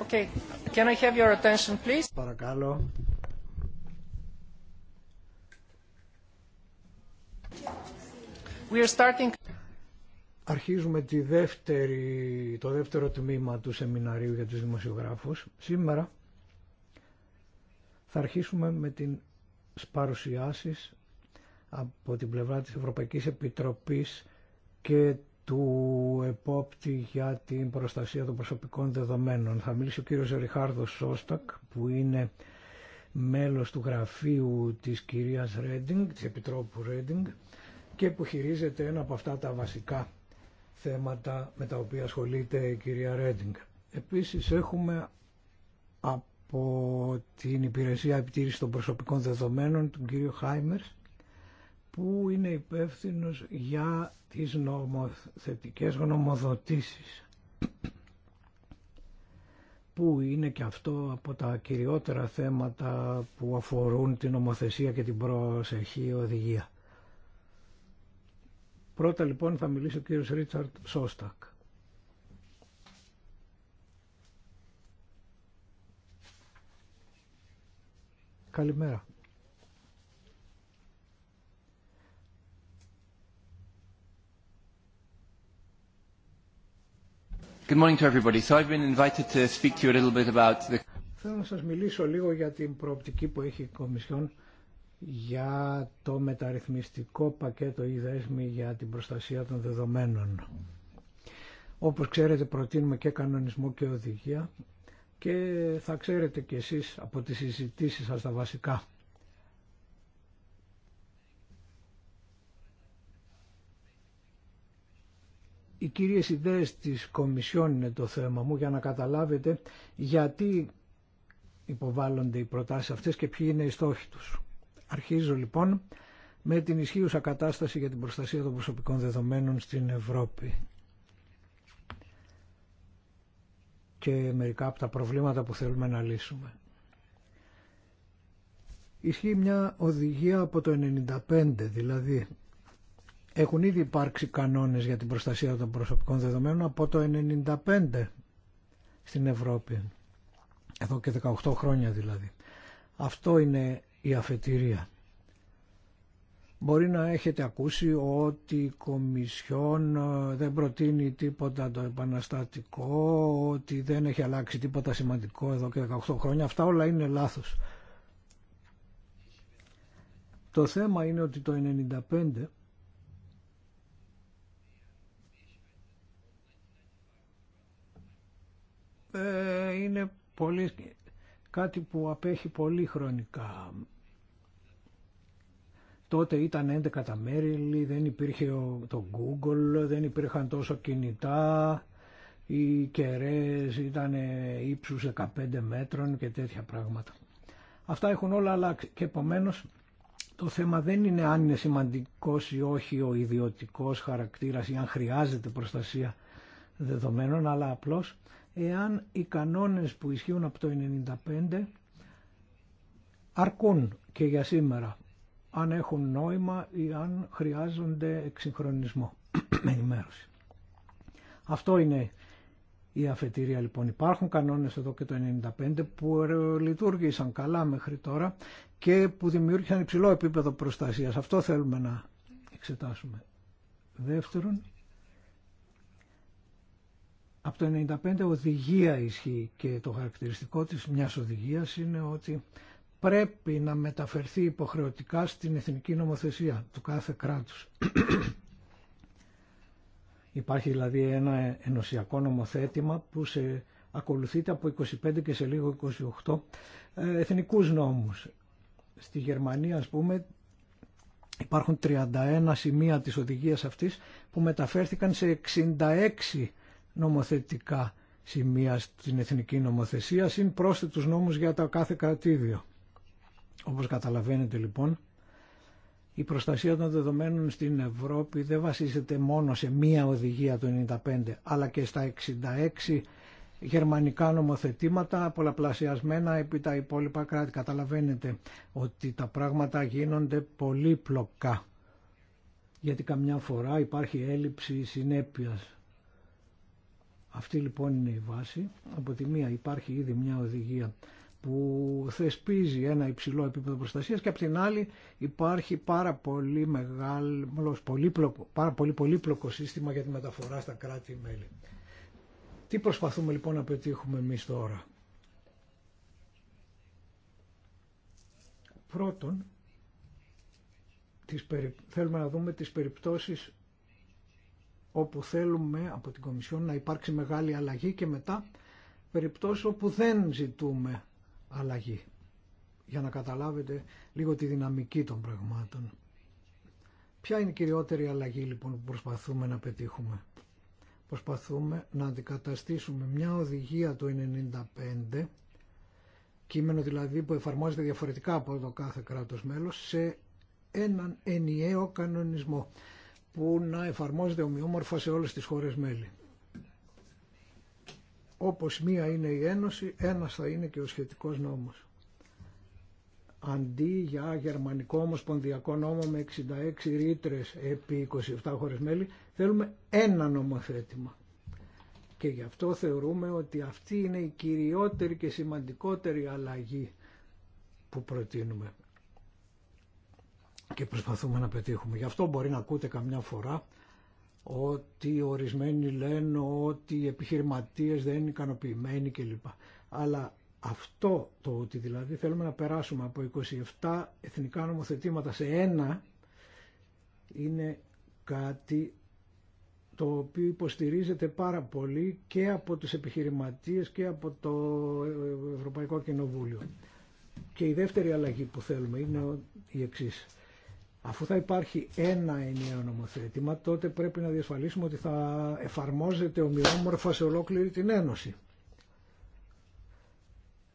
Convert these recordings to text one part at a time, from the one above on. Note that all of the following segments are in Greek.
Okay. Can I have your attention, please? Παρακαλώ. We are starting... Αρχίζουμε τη δεύτερη, το δεύτερο τμήμα του σεμιναρίου για τους δημοσιογράφους. Σήμερα θα αρχίσουμε με την παρουσιάσεις από την πλευρά της Ευρωπαϊκής Επιτροπής και του επόπτη για την προστασία των προσωπικών δεδομένων. Θα μιλήσει ο κύριος Ριχάρδος Σόστακ που είναι μέλος του γραφείου της κυρίας Ρέντινγκ, της Επιτρόπου Ρέντινγκ και που χειρίζεται ένα από αυτά τα βασικά θέματα με τα οποία ασχολείται η κυρία Ρέντινγκ. Επίσης έχουμε από την Υπηρεσία Επιτήρησης των Προσωπικών Δεδομένων, τον κύριο Χάιμερς, που είναι υπεύθυνο για τις νομοθετικές γνωμοδοτήσεις που είναι και αυτό από τα κυριότερα θέματα που αφορούν την νομοθεσία και την προσεχή οδηγία. Πρώτα λοιπόν θα μιλήσει ο κύριος Ρίτσαρτ Σόστακ. Καλημέρα. Good morning to everybody. So I've been invited to speak a little bit about the... Θέλω να σας μιλήσω λίγο για την προοπτική που έχει η Κομισιόν για το μεταρρυθμιστικό πακέτο ή δέσμη για την προστασία των δεδομένων. Όπως ξέρετε προτείνουμε και κανονισμό και οδηγία και θα ξέρετε κι εσείς από τις συζητήσεις σας τα βασικά. Οι κύριες ιδέες της Κομισιόν είναι το θέμα μου για να καταλάβετε γιατί υποβάλλονται οι προτάσεις αυτές και ποιοι είναι οι στόχοι τους. Αρχίζω λοιπόν με την ισχύουσα κατάσταση για την προστασία των προσωπικών δεδομένων στην Ευρώπη και μερικά από τα προβλήματα που θέλουμε να λύσουμε. Ισχύει μια οδηγία από το 1995, δηλαδή έχουν ήδη υπάρξει κανόνες για την προστασία των προσωπικών δεδομένων από το 1995 στην Ευρώπη. Εδώ και 18 χρόνια δηλαδή. Αυτό είναι η αφετηρία. Μπορεί να έχετε ακούσει ότι η Κομισιόν ε, δεν προτείνει τίποτα το επαναστατικό, ότι δεν έχει αλλάξει τίποτα σημαντικό εδώ και 18 χρόνια. Αυτά όλα είναι λάθος. Το θέμα είναι ότι το 1995 Ε, είναι πολύ, κάτι που απέχει πολύ χρονικά. Τότε ήταν 11 τα μέρη, δεν υπήρχε το Google, δεν υπήρχαν τόσο κινητά, οι κεραίες ήταν ύψους 15 μέτρων και τέτοια πράγματα. Αυτά έχουν όλα αλλάξει και επομένως το θέμα δεν είναι αν είναι σημαντικός ή όχι ο ιδιωτικός χαρακτήρας ή αν χρειάζεται προστασία δεδομένων, αλλά απλώς εάν οι κανόνες που ισχύουν από το 1995 αρκούν και για σήμερα, αν έχουν νόημα ή αν χρειάζονται εξυγχρονισμό, ενημέρωση. Αυτό είναι η αφετηρία λοιπόν. Υπάρχουν κανόνες εδώ και το 1995 που λειτουργήσαν καλά μέχρι τώρα και που δημιούργησαν υψηλό επίπεδο προστασίας. Αυτό θέλουμε να εξετάσουμε. Δεύτερον, από το 1995 οδηγία ισχύει και το χαρακτηριστικό της μιας οδηγίας είναι ότι πρέπει να μεταφερθεί υποχρεωτικά στην εθνική νομοθεσία του κάθε κράτους. Υπάρχει δηλαδή ένα ενωσιακό νομοθέτημα που σε ακολουθείται από 25 και σε λίγο 28 ε, εθνικούς νόμους. Στη Γερμανία ας πούμε υπάρχουν 31 σημεία της οδηγίας αυτής που μεταφέρθηκαν σε 66 νομοθετικά σημεία στην εθνική νομοθεσία συν πρόσθετους νόμους για τα κάθε κρατήδιο. Όπως καταλαβαίνετε λοιπόν, η προστασία των δεδομένων στην Ευρώπη δεν βασίζεται μόνο σε μία οδηγία του 95, αλλά και στα 66 γερμανικά νομοθετήματα πολλαπλασιασμένα επί τα υπόλοιπα κράτη. Καταλαβαίνετε ότι τα πράγματα γίνονται πολύπλοκα, γιατί καμιά φορά υπάρχει έλλειψη συνέπειας. Αυτή λοιπόν είναι η βάση. Από τη μία υπάρχει ήδη μια οδηγία που θεσπίζει ένα υψηλό επίπεδο προστασίας και από την άλλη υπάρχει πάρα πολύ μεγάλο, πολύπλοκο, πάρα πολύ πολύπλοκο σύστημα για τη μεταφορά στα κράτη-μέλη. Τι προσπαθούμε λοιπόν να πετύχουμε εμείς τώρα. Πρώτον, θέλουμε να δούμε τις περιπτώσεις όπου θέλουμε από την Κομισιόν να υπάρξει μεγάλη αλλαγή και μετά περιπτώσεις όπου δεν ζητούμε αλλαγή για να καταλάβετε λίγο τη δυναμική των πραγμάτων. Ποια είναι η κυριότερη αλλαγή λοιπόν που προσπαθούμε να πετύχουμε. Προσπαθούμε να αντικαταστήσουμε μια οδηγία του 95 κείμενο δηλαδή που εφαρμόζεται διαφορετικά από το κάθε κράτος μέλος, σε έναν ενιαίο κανονισμό που να εφαρμόζεται ομοιόμορφα σε όλες τις χώρες μέλη. Όπως μία είναι η Ένωση, ένας θα είναι και ο σχετικός νόμος. Αντί για γερμανικό ομοσπονδιακό νόμο με 66 ρήτρε επί 27 χώρες μέλη, θέλουμε ένα νομοθέτημα. Και γι' αυτό θεωρούμε ότι αυτή είναι η κυριότερη και σημαντικότερη αλλαγή που προτείνουμε και προσπαθούμε να πετύχουμε. Γι' αυτό μπορεί να ακούτε καμιά φορά ότι ορισμένοι λένε ότι οι επιχειρηματίες δεν είναι ικανοποιημένοι κλπ. Αλλά αυτό το ότι δηλαδή θέλουμε να περάσουμε από 27 εθνικά νομοθετήματα σε ένα είναι κάτι το οποίο υποστηρίζεται πάρα πολύ και από τους επιχειρηματίες και από το Ευρωπαϊκό Κοινοβούλιο. Και η δεύτερη αλλαγή που θέλουμε είναι η εξής. Αφού θα υπάρχει ένα ενιαίο νομοθέτημα, τότε πρέπει να διασφαλίσουμε ότι θα εφαρμόζεται ομοιόμορφα σε ολόκληρη την Ένωση.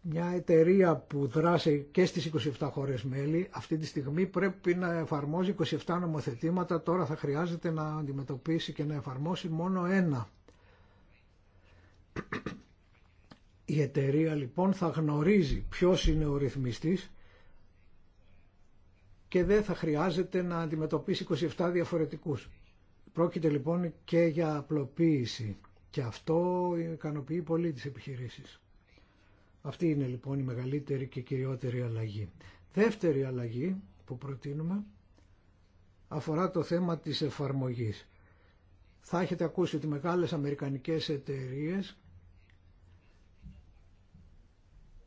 Μια εταιρεία που δράσει και στις 27 χώρες μέλη, αυτή τη στιγμή πρέπει να εφαρμόζει 27 νομοθετήματα, τώρα θα χρειάζεται να αντιμετωπίσει και να εφαρμόσει μόνο ένα. Η εταιρεία λοιπόν θα γνωρίζει ποιος είναι ο ρυθμιστής και δεν θα χρειάζεται να αντιμετωπίσει 27 διαφορετικούς. Πρόκειται λοιπόν και για απλοποίηση και αυτό ικανοποιεί πολύ τις επιχειρήσεις. Αυτή είναι λοιπόν η μεγαλύτερη και κυριότερη αλλαγή. Δεύτερη αλλαγή που προτείνουμε αφορά το θέμα της εφαρμογής. Θα έχετε ακούσει ότι μεγάλες αμερικανικές εταιρείες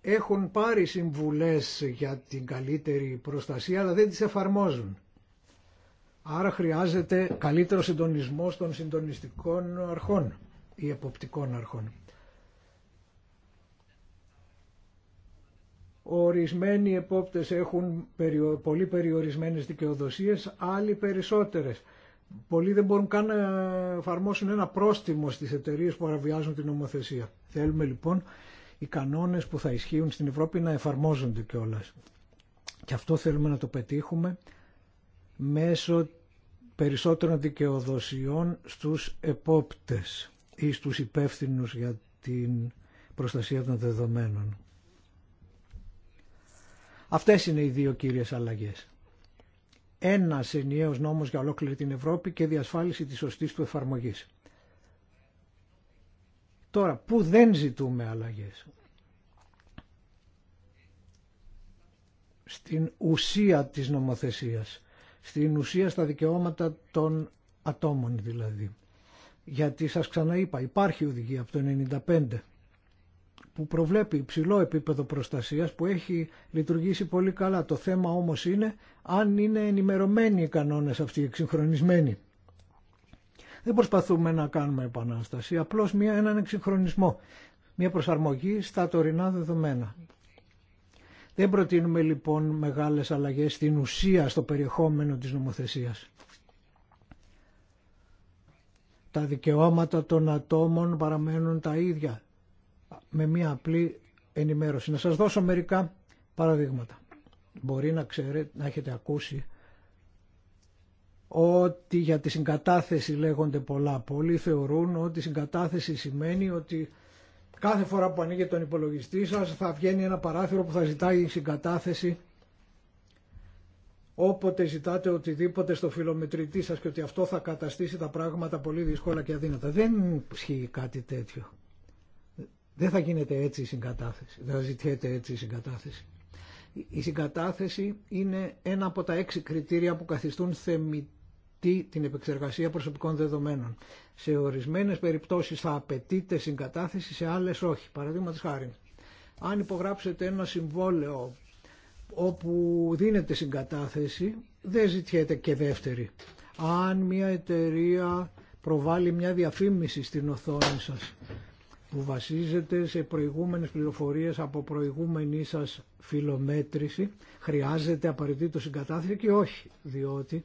έχουν πάρει συμβουλές για την καλύτερη προστασία αλλά δεν τις εφαρμόζουν. Άρα χρειάζεται καλύτερο συντονισμό των συντονιστικών αρχών ή εποπτικών αρχών. Ορισμένοι επόπτες έχουν πολύ περιορισμένες δικαιοδοσίες, άλλοι περισσότερες. Πολλοί δεν μπορούν καν να εφαρμόσουν ένα πρόστιμο στις εταιρείες που αραβιάζουν την νομοθεσία. Θέλουμε λοιπόν οι κανόνες που θα ισχύουν στην Ευρώπη να εφαρμόζονται κιόλα. Και αυτό θέλουμε να το πετύχουμε μέσω περισσότερων δικαιοδοσιών στους επόπτες ή στους υπεύθυνους για την προστασία των δεδομένων. Αυτές είναι οι δύο κύριες αλλαγές. Ένας ενιαίος νόμος για ολόκληρη την Ευρώπη και διασφάλιση της σωστής του εφαρμογής. Τώρα, πού δεν ζητούμε αλλαγές. Στην ουσία της νομοθεσίας. Στην ουσία στα δικαιώματα των ατόμων δηλαδή. Γιατί σας ξαναείπα, υπάρχει οδηγία από το 1995 που προβλέπει υψηλό επίπεδο προστασίας που έχει λειτουργήσει πολύ καλά. Το θέμα όμως είναι αν είναι ενημερωμένοι οι κανόνες αυτοί, εξυγχρονισμένοι. Δεν προσπαθούμε να κάνουμε επανάσταση, απλώς μια, έναν εξυγχρονισμό, μια προσαρμογή στα τωρινά δεδομένα. Δεν προτείνουμε λοιπόν μεγάλες αλλαγές στην ουσία, στο περιεχόμενο της νομοθεσίας. Τα δικαιώματα των ατόμων παραμένουν τα ίδια με μια απλή ενημέρωση. Να σας δώσω μερικά παραδείγματα. Μπορεί να, ξέρετε, να έχετε ακούσει ότι για τη συγκατάθεση λέγονται πολλά. Πολλοί θεωρούν ότι η συγκατάθεση σημαίνει ότι κάθε φορά που ανοίγει τον υπολογιστή σας θα βγαίνει ένα παράθυρο που θα ζητάει η συγκατάθεση όποτε ζητάτε οτιδήποτε στο φιλομετρητή σας και ότι αυτό θα καταστήσει τα πράγματα πολύ δύσκολα και αδύνατα. Δεν ισχύει κάτι τέτοιο. Δεν θα γίνεται έτσι η συγκατάθεση. Δεν θα ζητιέται έτσι η συγκατάθεση. Η συγκατάθεση είναι ένα από τα έξι κριτήρια που καθιστούν θεμητή την επεξεργασία προσωπικών δεδομένων. Σε ορισμένες περιπτώσεις θα απαιτείται συγκατάθεση, σε άλλες όχι. Παραδείγματος χάρη, αν υπογράψετε ένα συμβόλαιο όπου δίνεται συγκατάθεση, δεν ζητιέται και δεύτερη. Αν μια εταιρεία προβάλλει μια διαφήμιση στην οθόνη σας που βασίζεται σε προηγούμενες πληροφορίες από προηγούμενη σας φιλομέτρηση, χρειάζεται απαραίτητο συγκατάθεση και όχι, διότι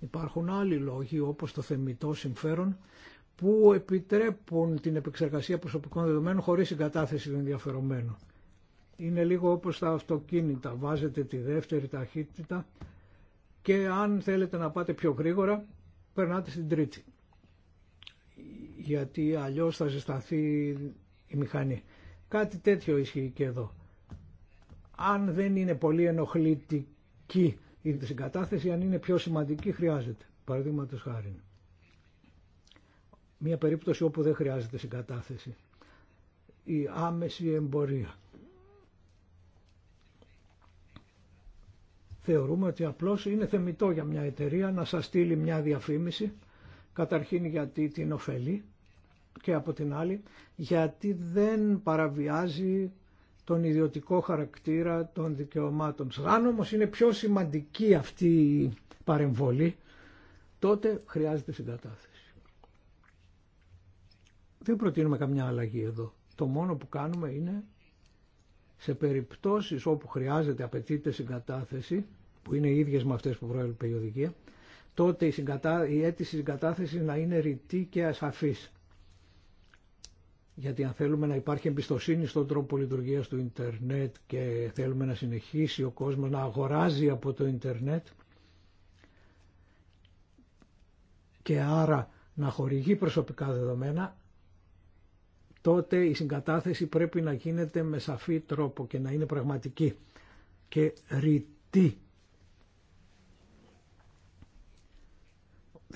Υπάρχουν άλλοι λόγοι όπως το θεμητό συμφέρον που επιτρέπουν την επεξεργασία προσωπικών δεδομένων χωρίς συγκατάθεση των ενδιαφερομένων. Είναι λίγο όπως τα αυτοκίνητα. Βάζετε τη δεύτερη ταχύτητα και αν θέλετε να πάτε πιο γρήγορα περνάτε στην τρίτη. Γιατί αλλιώς θα ζεσταθεί η μηχανή. Κάτι τέτοιο ισχύει και εδώ. Αν δεν είναι πολύ ενοχλητική η συγκατάθεση αν είναι πιο σημαντική χρειάζεται, παραδείγματος χάρη. Μία περίπτωση όπου δεν χρειάζεται συγκατάθεση. Η άμεση εμπορία. Θεωρούμε ότι απλώς είναι θεμητό για μια εταιρεία να σας στείλει μια διαφήμιση, καταρχήν γιατί την ωφελεί και από την άλλη γιατί δεν παραβιάζει τον ιδιωτικό χαρακτήρα των δικαιωμάτων Αν όμω είναι πιο σημαντική αυτή η παρεμβολή, τότε χρειάζεται συγκατάθεση. Δεν προτείνουμε καμιά αλλαγή εδώ. Το μόνο που κάνουμε είναι σε περιπτώσεις όπου χρειάζεται, απαιτείται συγκατάθεση, που είναι οι ίδιες με αυτές που προέλεπε η οδηγία, τότε η, συγκατά... αίτηση συγκατάθεση να είναι ρητή και ασαφής γιατί αν θέλουμε να υπάρχει εμπιστοσύνη στον τρόπο λειτουργίας του ίντερνετ και θέλουμε να συνεχίσει ο κόσμος να αγοράζει από το ίντερνετ και άρα να χορηγεί προσωπικά δεδομένα, τότε η συγκατάθεση πρέπει να γίνεται με σαφή τρόπο και να είναι πραγματική και ρητή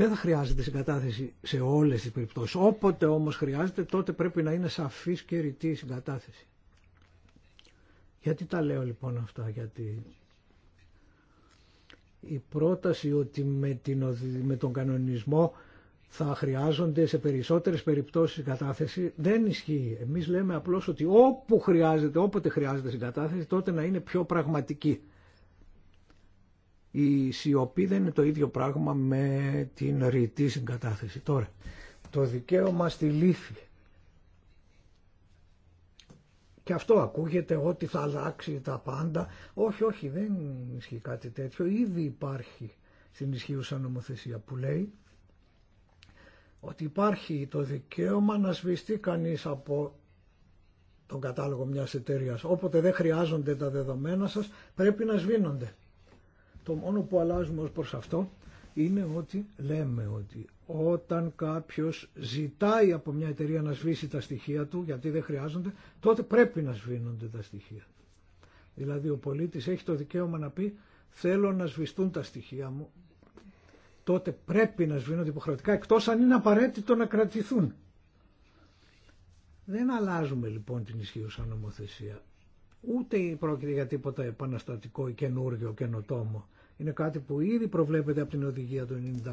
Δεν θα χρειάζεται συγκατάθεση σε όλες τις περιπτώσεις. Όποτε όμως χρειάζεται τότε πρέπει να είναι σαφής και ρητή η συγκατάθεση. Γιατί τα λέω λοιπόν αυτά, γιατί η πρόταση ότι με, την, με τον κανονισμό θα χρειάζονται σε περισσότερες περιπτώσεις συγκατάθεση δεν ισχύει. Εμείς λέμε απλώς ότι όπου χρειάζεται, όποτε χρειάζεται συγκατάθεση τότε να είναι πιο πραγματική η σιωπή δεν είναι το ίδιο πράγμα με την ρητή συγκατάθεση. Τώρα, το δικαίωμα στη λύθη. Και αυτό ακούγεται ότι θα αλλάξει τα πάντα. Όχι, όχι, δεν ισχύει κάτι τέτοιο. Ήδη υπάρχει στην ισχύουσα νομοθεσία που λέει ότι υπάρχει το δικαίωμα να σβηστεί κανείς από τον κατάλογο μιας εταιρείας. Όποτε δεν χρειάζονται τα δεδομένα σας πρέπει να σβήνονται. Το μόνο που αλλάζουμε ως προς αυτό είναι ότι λέμε ότι όταν κάποιος ζητάει από μια εταιρεία να σβήσει τα στοιχεία του, γιατί δεν χρειάζονται, τότε πρέπει να σβήνονται τα στοιχεία. Δηλαδή ο πολίτης έχει το δικαίωμα να πει θέλω να σβηστούν τα στοιχεία μου, τότε πρέπει να σβήνονται υποχρεωτικά, εκτός αν είναι απαραίτητο να κρατηθούν. Δεν αλλάζουμε λοιπόν την ισχύουσα νομοθεσία. Ούτε πρόκειται για τίποτα επαναστατικό ή καινούριο καινοτόμο. Είναι κάτι που ήδη προβλέπεται από την οδηγία του 95.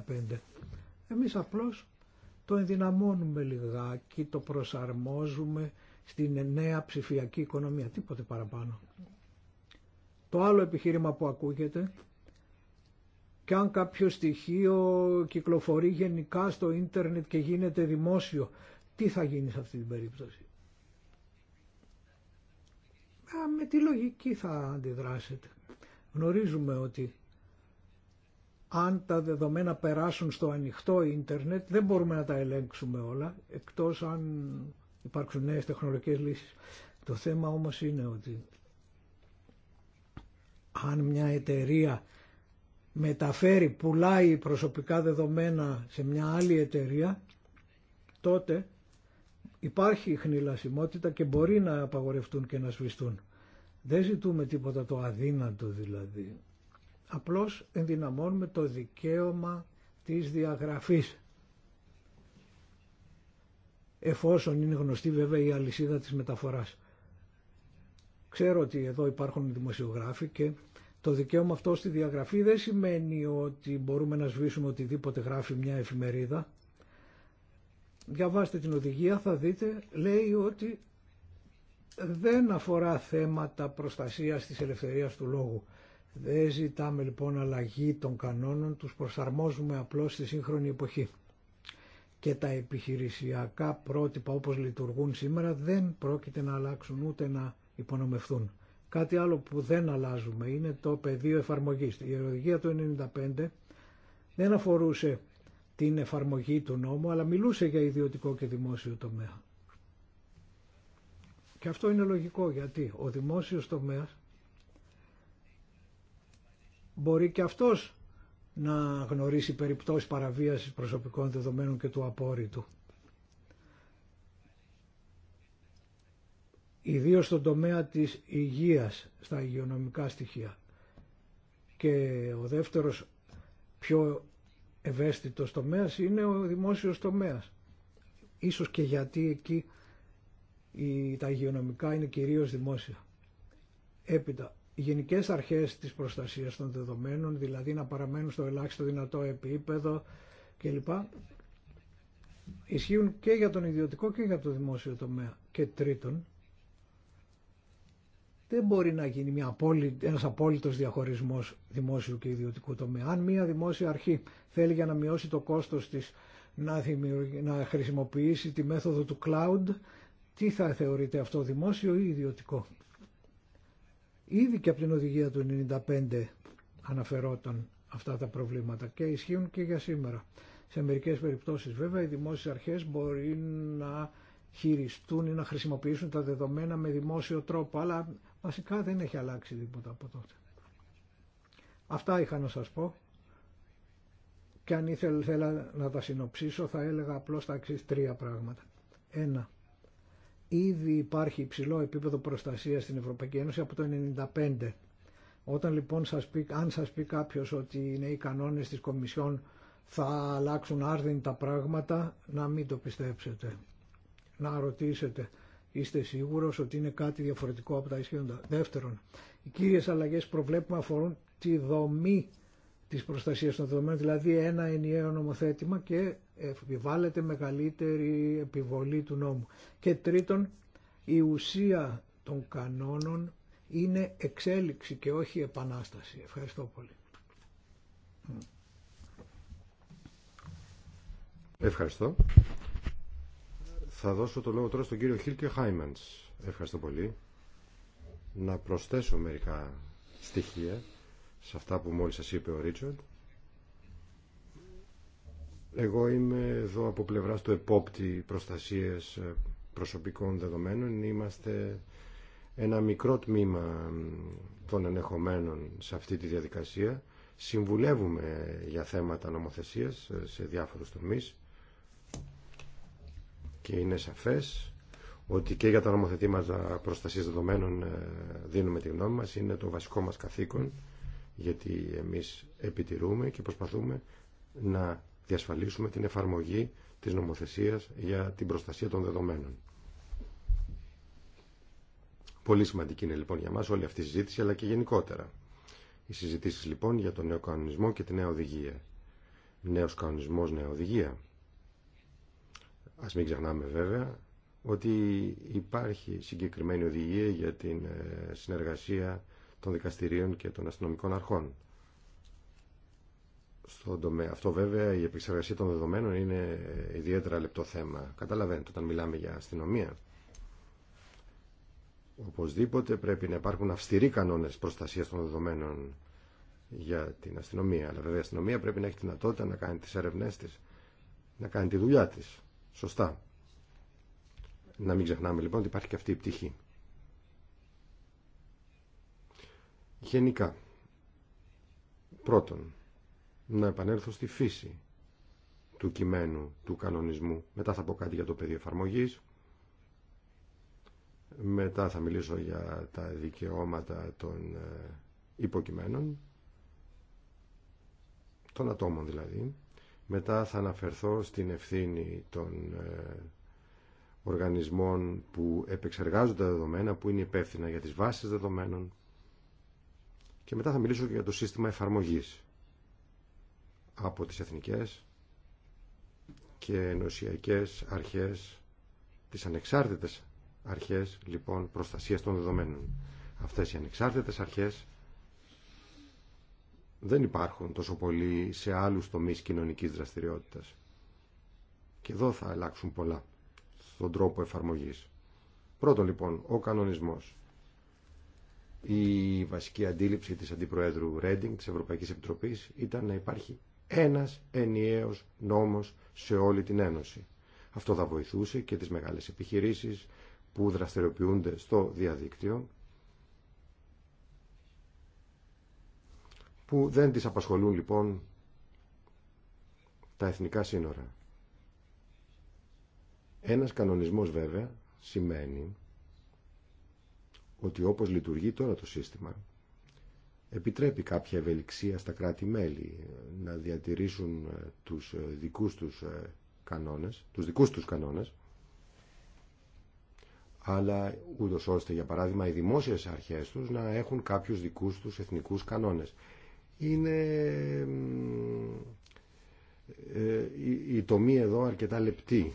Εμείς απλώς το ενδυναμώνουμε λιγάκι, το προσαρμόζουμε στην νέα ψηφιακή οικονομία, τίποτε παραπάνω. Το άλλο επιχείρημα που ακούγεται, και αν κάποιο στοιχείο κυκλοφορεί γενικά στο ίντερνετ και γίνεται δημόσιο, τι θα γίνει σε αυτή την περίπτωση με τη λογική θα αντιδράσετε. Γνωρίζουμε ότι αν τα δεδομένα περάσουν στο ανοιχτό ίντερνετ δεν μπορούμε να τα ελέγξουμε όλα εκτός αν υπάρξουν νέες τεχνολογικές λύσεις. Το θέμα όμως είναι ότι αν μια εταιρεία μεταφέρει, πουλάει προσωπικά δεδομένα σε μια άλλη εταιρεία τότε υπάρχει χνηλασιμότητα και μπορεί να απαγορευτούν και να σβηστούν. Δεν ζητούμε τίποτα το αδύνατο δηλαδή. Απλώς ενδυναμώνουμε το δικαίωμα της διαγραφής. Εφόσον είναι γνωστή βέβαια η αλυσίδα της μεταφοράς. Ξέρω ότι εδώ υπάρχουν δημοσιογράφοι και το δικαίωμα αυτό στη διαγραφή δεν σημαίνει ότι μπορούμε να σβήσουμε οτιδήποτε γράφει μια εφημερίδα διαβάστε την οδηγία θα δείτε λέει ότι δεν αφορά θέματα προστασίας της ελευθερίας του λόγου. Δεν ζητάμε λοιπόν αλλαγή των κανόνων, τους προσαρμόζουμε απλώς στη σύγχρονη εποχή. Και τα επιχειρησιακά πρότυπα όπως λειτουργούν σήμερα δεν πρόκειται να αλλάξουν ούτε να υπονομευθούν. Κάτι άλλο που δεν αλλάζουμε είναι το πεδίο εφαρμογής. Η οδηγία του 1995 δεν αφορούσε την εφαρμογή του νόμου, αλλά μιλούσε για ιδιωτικό και δημόσιο τομέα. Και αυτό είναι λογικό, γιατί ο δημόσιος τομέας μπορεί και αυτός να γνωρίσει περιπτώσεις παραβίασης προσωπικών δεδομένων και του απόρριτου. Ιδίως στον τομέα της υγείας, στα υγειονομικά στοιχεία. Και ο δεύτερος πιο ευαίσθητος τομέας είναι ο δημόσιος τομέας. Ίσως και γιατί εκεί τα υγειονομικά είναι κυρίως δημόσια. Έπειτα, οι γενικές αρχές της προστασίας των δεδομένων, δηλαδή να παραμένουν στο ελάχιστο δυνατό επίπεδο κλπ. Ισχύουν και για τον ιδιωτικό και για το δημόσιο τομέα. Και τρίτον, δεν μπορεί να γίνει μια απόλυ... ένας απόλυτος διαχωρισμός δημόσιου και ιδιωτικού τομέα. Αν μια δημόσια αρχή θέλει για να μειώσει το κόστος της να, να χρησιμοποιήσει τη μέθοδο του cloud, τι θα θεωρείται αυτό, δημόσιο ή ιδιωτικό. Ήδη και από την οδηγία του 95 αναφερόταν αυτά τα προβλήματα και ισχύουν και για σήμερα. Σε μερικές περιπτώσεις βέβαια οι δημόσιες αρχές μπορεί να χειριστούν ή να χρησιμοποιήσουν τα δεδομένα με δημόσιο τρόπο, αλλά Βασικά δεν έχει αλλάξει τίποτα από τότε. Αυτά είχα να σας πω. Και αν ήθελα να τα συνοψίσω θα έλεγα απλώς τα εξής τρία πράγματα. Ένα. Ήδη υπάρχει υψηλό επίπεδο προστασίας στην Ευρωπαϊκή Ένωση από το 1995. Όταν λοιπόν σας πει, αν σας πει κάποιος ότι είναι οι κανόνες της Κομισιόν θα αλλάξουν άρδιν τα πράγματα, να μην το πιστέψετε. Να ρωτήσετε Είστε σίγουρος ότι είναι κάτι διαφορετικό από τα ισχύοντα. Δεύτερον, οι κύριες αλλαγές προβλέπουμε αφορούν τη δομή της προστασίας των δεδομένων, δηλαδή ένα ενιαίο νομοθέτημα και επιβάλλεται μεγαλύτερη επιβολή του νόμου. Και τρίτον, η ουσία των κανόνων είναι εξέλιξη και όχι επανάσταση. Ευχαριστώ πολύ. Ευχαριστώ. Θα δώσω το λόγο τώρα στον κύριο Χίλκε Χάιμαντς. Ευχαριστώ πολύ. Να προσθέσω μερικά στοιχεία σε αυτά που μόλις σας είπε ο Ρίτσοντ. Εγώ είμαι εδώ από πλευρά του επόπτη προστασίας ε, προσωπικών δεδομένων. Είμαστε ένα μικρό τμήμα των ενεχομένων σε αυτή τη διαδικασία. Συμβουλεύουμε για θέματα νομοθεσίας ε, σε διάφορους τομείς και είναι σαφές ότι και για τα νομοθετήματα προστασίας δεδομένων ε, δίνουμε τη γνώμη μας, είναι το βασικό μας καθήκον, γιατί εμείς επιτηρούμε και προσπαθούμε να διασφαλίσουμε την εφαρμογή της νομοθεσίας για την προστασία των δεδομένων. Πολύ σημαντική είναι λοιπόν για μας όλη αυτή η συζήτηση, αλλά και γενικότερα. Οι συζητήσεις λοιπόν για τον νέο κανονισμό και τη νέα οδηγία. Νέος κανονισμός, νέα οδηγία. Ας μην ξεχνάμε βέβαια ότι υπάρχει συγκεκριμένη οδηγία για την ε, συνεργασία των δικαστηρίων και των αστυνομικών αρχών. Στον τομέα. Αυτό βέβαια η επεξεργασία των δεδομένων είναι ε, ιδιαίτερα λεπτό θέμα. Καταλαβαίνετε όταν μιλάμε για αστυνομία. Οπωσδήποτε πρέπει να υπάρχουν αυστηροί κανόνες προστασίας των δεδομένων για την αστυνομία. Αλλά βέβαια η αστυνομία πρέπει να έχει τη δυνατότητα να κάνει τις έρευνές της, να κάνει τη δουλειά της σωστά. Να μην ξεχνάμε λοιπόν ότι υπάρχει και αυτή η πτυχή. Γενικά, πρώτον, να επανέλθω στη φύση του κειμένου, του κανονισμού. Μετά θα πω κάτι για το πεδίο εφαρμογής. Μετά θα μιλήσω για τα δικαιώματα των ε, υποκειμένων, των ατόμων δηλαδή. Μετά θα αναφερθώ στην ευθύνη των ε, οργανισμών που επεξεργάζονται τα δεδομένα, που είναι υπεύθυνα για τις βάσεις δεδομένων και μετά θα μιλήσω και για το σύστημα εφαρμογής από τις εθνικές και ενωσιακές αρχές, τις ανεξάρτητες αρχές λοιπόν προστασίας των δεδομένων. Αυτές οι ανεξάρτητες αρχές δεν υπάρχουν τόσο πολύ σε άλλους τομείς κοινωνικής δραστηριότητας. Και εδώ θα αλλάξουν πολλά στον τρόπο εφαρμογής. Πρώτον λοιπόν, ο κανονισμός. Η βασική αντίληψη της Αντιπροέδρου Ρέντινγκ της Ευρωπαϊκής Επιτροπής ήταν να υπάρχει ένας ενιαίος νόμος σε όλη την Ένωση. Αυτό θα βοηθούσε και τις μεγάλες επιχειρήσεις που δραστηριοποιούνται στο διαδίκτυο που δεν τις απασχολούν λοιπόν τα εθνικά σύνορα. Ένας κανονισμός βέβαια σημαίνει ότι όπως λειτουργεί τώρα το σύστημα επιτρέπει κάποια ευελιξία στα κράτη-μέλη να διατηρήσουν ε, τους ε, δικούς τους ε, κανόνες, τους δικούς τους κανόνες αλλά ούτως ώστε για παράδειγμα οι δημόσιες αρχές τους να έχουν κάποιους δικούς τους εθνικούς κανόνες είναι ε, ε, η τομή εδώ αρκετά λεπτή.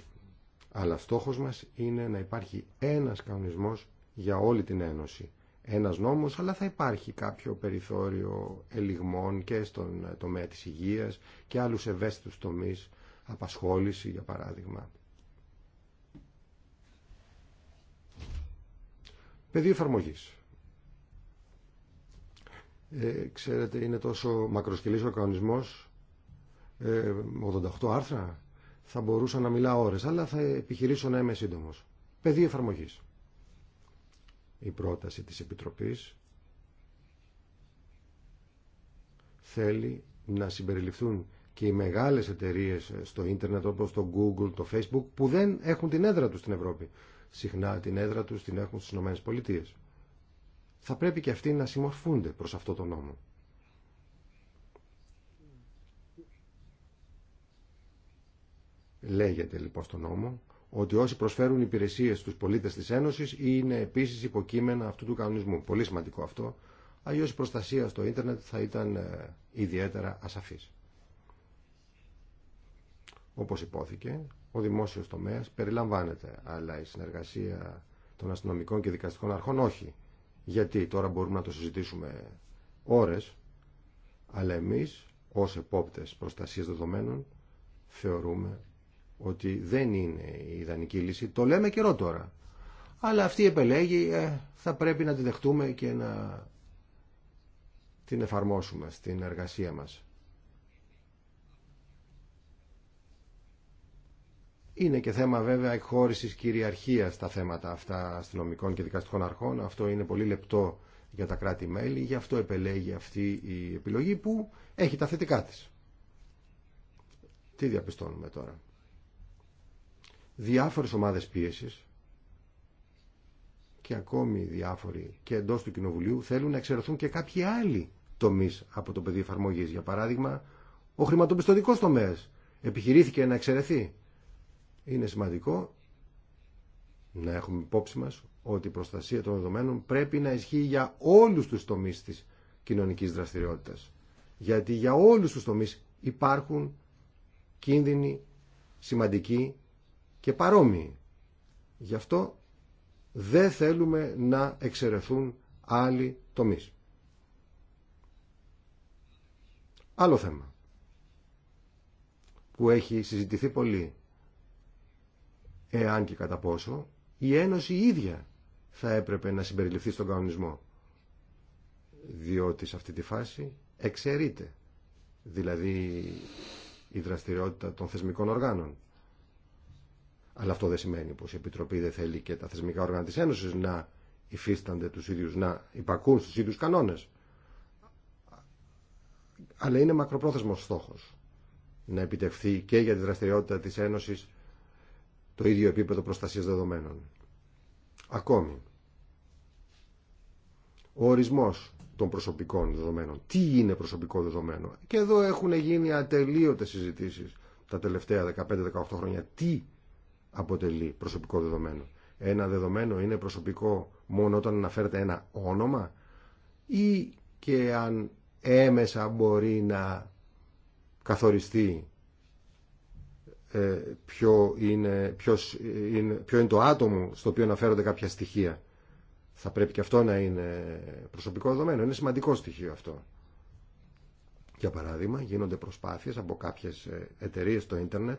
Αλλά στόχος μας είναι να υπάρχει ένας κανονισμός για όλη την Ένωση. Ένας νόμος, αλλά θα υπάρχει κάποιο περιθώριο ελιγμών και στον ε, τομέα της υγείας και άλλους ευαίσθητους τομείς, απασχόληση για παράδειγμα. Πεδίο εφαρμογής. Ε, ξέρετε, είναι τόσο μακροσκελής ο κανονισμός, ε, 88 άρθρα, θα μπορούσα να μιλάω ώρες, αλλά θα επιχειρήσω να είμαι σύντομος. Πεδίο εφαρμογής. Η πρόταση της Επιτροπής θέλει να συμπεριληφθούν και οι μεγάλες εταιρείες στο ίντερνετ όπως το Google, το Facebook που δεν έχουν την έδρα τους στην Ευρώπη. Συχνά την έδρα τους την έχουν στις Ηνωμένες Πολιτείες θα πρέπει και αυτοί να συμμορφούνται προς αυτό το νόμο. Λέγεται λοιπόν στο νόμο ότι όσοι προσφέρουν υπηρεσίες στους πολίτες της Ένωσης είναι επίσης υποκείμενα αυτού του κανονισμού. Πολύ σημαντικό αυτό. Αλλιώς η προστασία στο ίντερνετ θα ήταν ε, ιδιαίτερα ασαφής. Όπως υπόθηκε, ο δημόσιος τομέας περιλαμβάνεται, αλλά η συνεργασία των αστυνομικών και δικαστικών αρχών όχι. Γιατί τώρα μπορούμε να το συζητήσουμε ώρες, αλλά εμείς ως επόπτες προστασίας δεδομένων θεωρούμε ότι δεν είναι η ιδανική λύση. Το λέμε καιρό τώρα. Αλλά αυτή η ε, θα πρέπει να τη δεχτούμε και να την εφαρμόσουμε στην εργασία μας. Είναι και θέμα βέβαια εκχώρηση κυριαρχίας τα θέματα αυτά αστυνομικών και δικαστικών αρχών. Αυτό είναι πολύ λεπτό για τα κράτη-μέλη, γι' αυτό επελέγει αυτή η επιλογή που έχει τα θετικά τη. Τι διαπιστώνουμε τώρα. Διάφορες ομάδες πίεσης και ακόμη διάφοροι και εντός του Κοινοβουλίου θέλουν να εξαιρεθούν και κάποιοι άλλοι τομεί από το πεδίο εφαρμογή. Για παράδειγμα, ο χρηματοπιστωτικό τομέα επιχειρήθηκε να εξαιρεθεί είναι σημαντικό να έχουμε υπόψη μας ότι η προστασία των δεδομένων πρέπει να ισχύει για όλους τους τομείς της κοινωνικής δραστηριότητας. Γιατί για όλους τους τομείς υπάρχουν κίνδυνοι σημαντικοί και παρόμοιοι. Γι' αυτό δεν θέλουμε να εξαιρεθούν άλλοι τομείς. Άλλο θέμα που έχει συζητηθεί πολύ εάν και κατά πόσο, η Ένωση ίδια θα έπρεπε να συμπεριληφθεί στον κανονισμό. Διότι σε αυτή τη φάση εξαιρείται, δηλαδή η δραστηριότητα των θεσμικών οργάνων. Αλλά αυτό δεν σημαίνει πως η Επιτροπή δεν θέλει και τα θεσμικά όργανα της Ένωσης να υφίστανται τους ίδιους, να υπακούν στους ίδιους κανόνες. Αλλά είναι μακροπρόθεσμος στόχος να επιτευχθεί και για τη δραστηριότητα της Ένωσης το ίδιο επίπεδο προστασίας δεδομένων. Ακόμη, ο ορισμός των προσωπικών δεδομένων. Τι είναι προσωπικό δεδομένο. Και εδώ έχουν γίνει ατελείωτες συζητήσεις τα τελευταία 15-18 χρόνια. Τι αποτελεί προσωπικό δεδομένο. Ένα δεδομένο είναι προσωπικό μόνο όταν αναφέρεται ένα όνομα ή και αν έμεσα μπορεί να καθοριστεί ε, ποιο είναι, ποιος είναι, ποιο είναι το άτομο στο οποίο αναφέρονται κάποια στοιχεία. Θα πρέπει και αυτό να είναι προσωπικό δεδομένο. Είναι σημαντικό στοιχείο αυτό. Για παράδειγμα, γίνονται προσπάθειες από κάποιες ε, εταιρείε στο ίντερνετ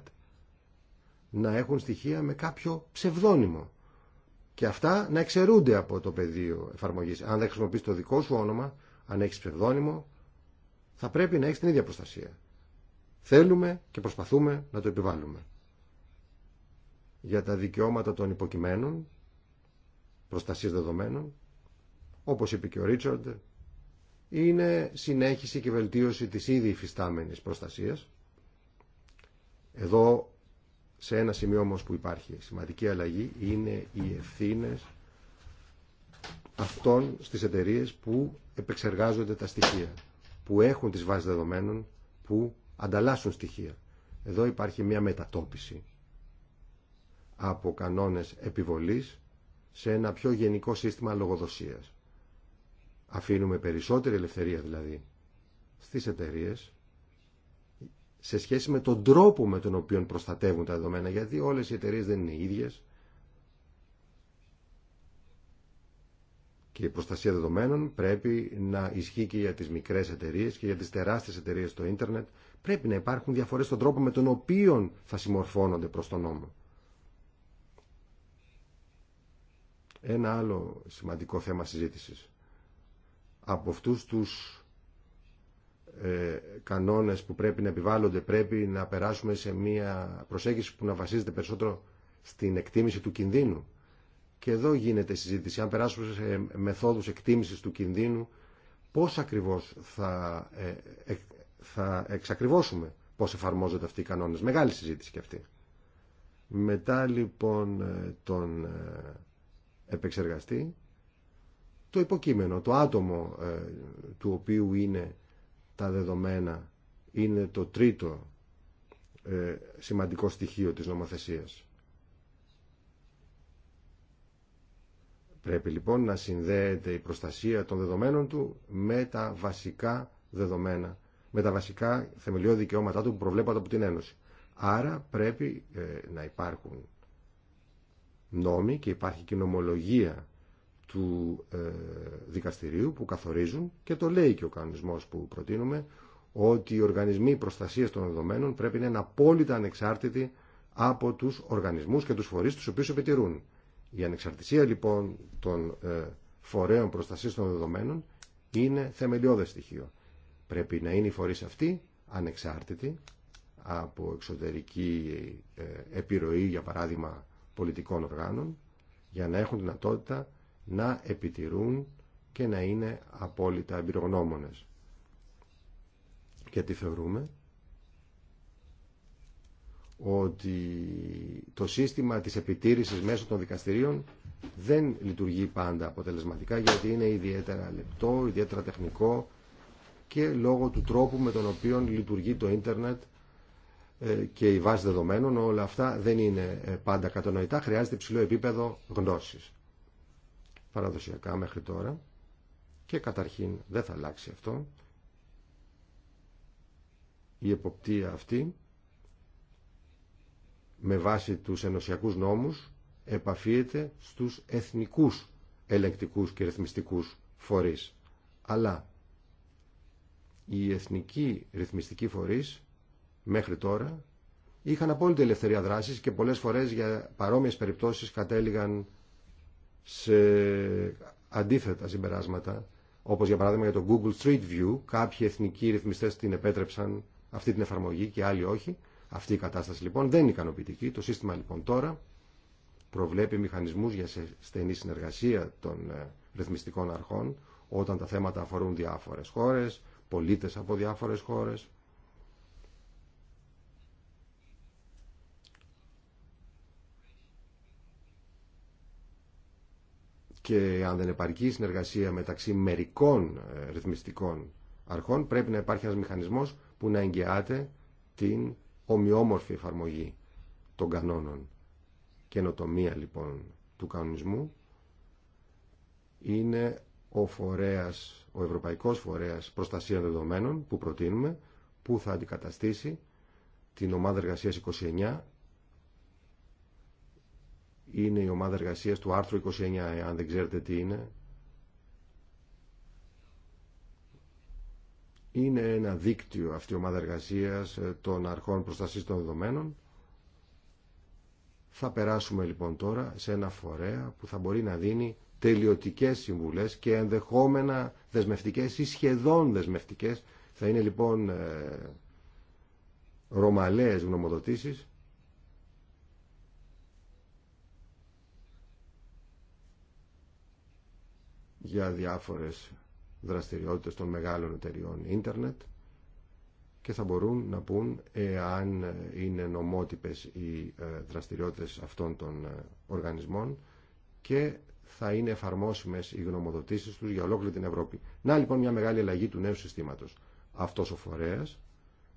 να έχουν στοιχεία με κάποιο ψευδόνυμο. Και αυτά να εξαιρούνται από το πεδίο εφαρμογής. Αν δεν χρησιμοποιείς το δικό σου όνομα, αν έχεις ψευδόνυμο, θα πρέπει να έχεις την ίδια προστασία. Θέλουμε και προσπαθούμε να το επιβάλλουμε. Για τα δικαιώματα των υποκειμένων, προστασίες δεδομένων, όπως είπε και ο Ρίτσαρντ, είναι συνέχιση και βελτίωση της ήδη υφιστάμενης προστασίας. Εδώ, σε ένα σημείο όμως που υπάρχει σημαντική αλλαγή, είναι οι ευθύνε αυτών στις εταιρείες που επεξεργάζονται τα στοιχεία, που έχουν τις βάσεις δεδομένων, που ανταλλάσσουν στοιχεία. Εδώ υπάρχει μια μετατόπιση από κανόνες επιβολής σε ένα πιο γενικό σύστημα λογοδοσίας. Αφήνουμε περισσότερη ελευθερία δηλαδή στις εταιρείε σε σχέση με τον τρόπο με τον οποίο προστατεύουν τα δεδομένα, γιατί όλες οι εταιρείε δεν είναι ίδιες και η προστασία δεδομένων πρέπει να ισχύει και για τις μικρές εταιρείες και για τις τεράστιες εταιρείες στο ίντερνετ. Πρέπει να υπάρχουν διαφορές στον τρόπο με τον οποίο θα συμμορφώνονται προς τον νόμο. Ένα άλλο σημαντικό θέμα συζήτησης. Από αυτούς τους ε, κανόνες που πρέπει να επιβάλλονται πρέπει να περάσουμε σε μια προσέγγιση που να βασίζεται περισσότερο στην εκτίμηση του κινδύνου και εδώ γίνεται συζήτηση. Αν περάσουμε σε μεθόδους εκτίμησης του κινδύνου, πώς ακριβώς θα, ε, ε, θα εξακριβώσουμε πώς εφαρμόζονται αυτοί οι κανόνες. Μεγάλη συζήτηση και αυτή. Μετά λοιπόν ε, τον επεξεργαστή, το υποκείμενο, το άτομο του οποίου είναι τα δεδομένα είναι το τρίτο ε, σημαντικό στοιχείο της νομοθεσίας. Πρέπει λοιπόν να συνδέεται η προστασία των δεδομένων του με τα βασικά δεδομένα, με τα βασικά θεμελιώδη δικαιώματά του που προβλέπονται από την Ένωση. Άρα πρέπει ε, να υπάρχουν νόμοι και υπάρχει και νομολογία του ε, δικαστηρίου που καθορίζουν και το λέει και ο κανονισμός που προτείνουμε ότι οι οργανισμοί προστασίας των δεδομένων πρέπει να είναι απόλυτα ανεξάρτητοι από τους οργανισμούς και τους φορείς τους οποίους επιτηρούν. Η ανεξαρτησία λοιπόν των ε, φορέων προστασίας των δεδομένων είναι θεμελιώδες στοιχείο. Πρέπει να είναι οι φορείς αυτοί ανεξάρτητοι από εξωτερική ε, επιρροή, για παράδειγμα, πολιτικών οργάνων, για να έχουν δυνατότητα να επιτηρούν και να είναι απόλυτα εμπειρογνώμονες. τι θεωρούμε ότι το σύστημα της επιτήρησης μέσω των δικαστηρίων δεν λειτουργεί πάντα αποτελεσματικά γιατί είναι ιδιαίτερα λεπτό, ιδιαίτερα τεχνικό και λόγω του τρόπου με τον οποίο λειτουργεί το ίντερνετ ε, και η βάση δεδομένων, όλα αυτά δεν είναι ε, πάντα κατανοητά, χρειάζεται υψηλό επίπεδο γνώσης. Παραδοσιακά μέχρι τώρα και καταρχήν δεν θα αλλάξει αυτό. Η εποπτεία αυτή με βάση τους ενωσιακούς νόμους επαφίεται στους εθνικούς ελεκτικούς και ρυθμιστικούς φορείς. Αλλά οι εθνικοί ρυθμιστικοί φορείς μέχρι τώρα είχαν απόλυτη ελευθερία δράσης και πολλές φορές για παρόμοιες περιπτώσεις κατέληγαν σε αντίθετα συμπεράσματα όπως για παράδειγμα για το Google Street View κάποιοι εθνικοί ρυθμιστές την επέτρεψαν αυτή την εφαρμογή και άλλοι όχι αυτή η κατάσταση λοιπόν δεν είναι ικανοποιητική. Το σύστημα λοιπόν τώρα προβλέπει μηχανισμούς για στενή συνεργασία των ε, ρυθμιστικών αρχών όταν τα θέματα αφορούν διάφορες χώρες, πολίτες από διάφορες χώρες. Και αν δεν υπάρχει συνεργασία μεταξύ μερικών ε, ρυθμιστικών αρχών, πρέπει να υπάρχει ένας μηχανισμός που να εγγυάται την ομοιόμορφη εφαρμογή των κανόνων. Καινοτομία λοιπόν του κανονισμού είναι ο, φορέας, ο Ευρωπαϊκός Φορέας Προστασία Δεδομένων που προτείνουμε που θα αντικαταστήσει την ομάδα εργασίας 29 είναι η ομάδα εργασίας του άρθρου 29 αν δεν ξέρετε τι είναι είναι ένα δίκτυο αυτή η ομάδα εργασίας ε, των αρχών προστασίας των δεδομένων. Θα περάσουμε λοιπόν τώρα σε ένα φορέα που θα μπορεί να δίνει τελειωτικές συμβουλές και ενδεχόμενα δεσμευτικές ή σχεδόν δεσμευτικές. Θα είναι λοιπόν ε, ρωμαλαίες γνωμοδοτήσεις για διάφορες δραστηριότητες των μεγάλων εταιριών ίντερνετ και θα μπορούν να πούν εάν είναι νομότυπες οι ε, δραστηριότητες αυτών των ε, οργανισμών και θα είναι εφαρμόσιμες οι γνωμοδοτήσεις τους για ολόκληρη την Ευρώπη. Να λοιπόν μια μεγάλη αλλαγή του νέου συστήματος. Αυτός ο φορέας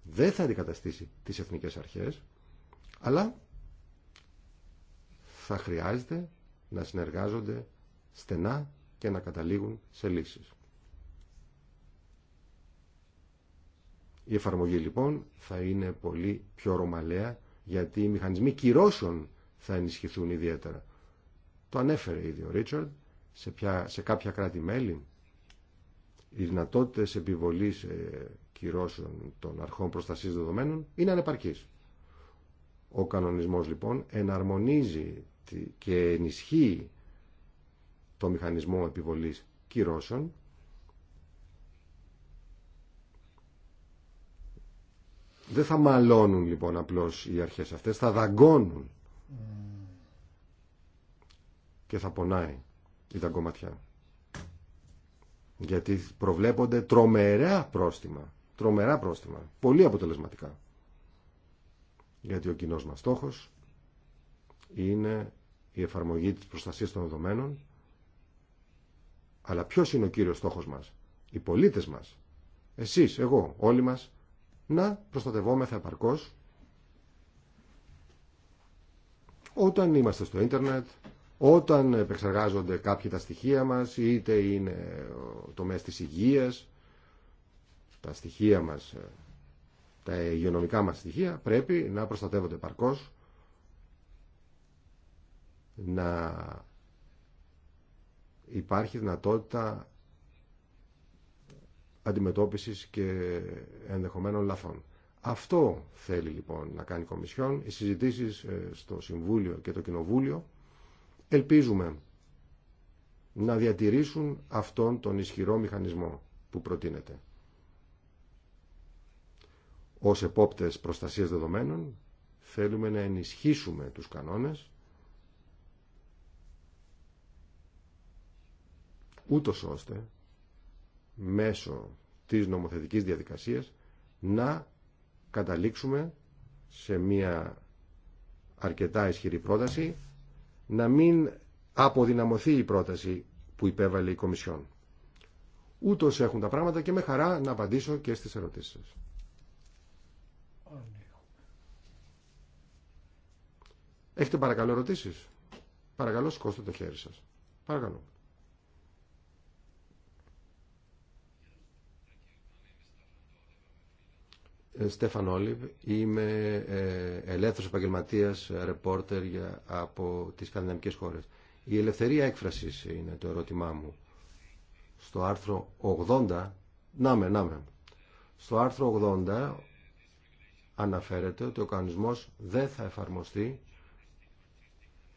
δεν θα αντικαταστήσει τις εθνικές αρχές, αλλά θα χρειάζεται να συνεργάζονται στενά και να καταλήγουν σε λύσεις. Η εφαρμογή λοιπόν θα είναι πολύ πιο ρωμαλαία γιατί οι μηχανισμοί κυρώσεων θα ενισχυθούν ιδιαίτερα. Το ανέφερε ήδη ο Ρίτσαρντ σε, σε κάποια κράτη-μέλη. Οι δυνατότητε επιβολής ε, κυρώσεων των αρχών προστασίας δεδομένων είναι ανεπαρκής. Ο κανονισμός λοιπόν εναρμονίζει και ενισχύει το μηχανισμό επιβολής κυρώσεων Δεν θα μαλώνουν λοιπόν απλώς οι αρχές αυτές, θα δαγκώνουν. Και θα πονάει η δαγκωματιά. Γιατί προβλέπονται τρομερά πρόστιμα. Τρομερά πρόστιμα. Πολύ αποτελεσματικά. Γιατί ο κοινός μας στόχος είναι η εφαρμογή της προστασίας των δεδομένων. Αλλά ποιος είναι ο κύριος στόχος μας. Οι πολίτες μας. Εσείς, εγώ, όλοι μας να προστατευόμεθα επαρκώς όταν είμαστε στο ίντερνετ, όταν επεξεργάζονται κάποιοι τα στοιχεία μας, είτε είναι το μέσο της υγείας, τα στοιχεία μας, ε, τα υγειονομικά μας στοιχεία, πρέπει να προστατεύονται επαρκώς, να υπάρχει δυνατότητα αντιμετώπισης και ενδεχομένων λαθών. Αυτό θέλει λοιπόν να κάνει η Κομισιόν. Οι συζητήσεις ε, στο Συμβούλιο και το Κοινοβούλιο ελπίζουμε να διατηρήσουν αυτόν τον ισχυρό μηχανισμό που προτείνεται. Ως επόπτες προστασίας δεδομένων θέλουμε να ενισχύσουμε τους κανόνες ούτως ώστε μέσω της νομοθετικής διαδικασίας να καταλήξουμε σε μια αρκετά ισχυρή πρόταση να μην αποδυναμωθεί η πρόταση που υπέβαλε η Κομισιόν. Ούτως έχουν τα πράγματα και με χαρά να απαντήσω και στις ερωτήσεις σας. Έχετε παρακαλώ ερωτήσεις. Παρακαλώ σηκώστε το χέρι σας. Παρακαλώ. Στέφαν Όλιβ, είμαι ε, ελεύθερος επαγγελματίας, ρεπόρτερ για, από τις σκανδιναμικές χώρες. Η ελευθερία έκφρασης είναι το ερώτημά μου. Στο άρθρο 80, να με, να Στο άρθρο 80 αναφέρεται ότι ο κανονισμός δεν θα εφαρμοστεί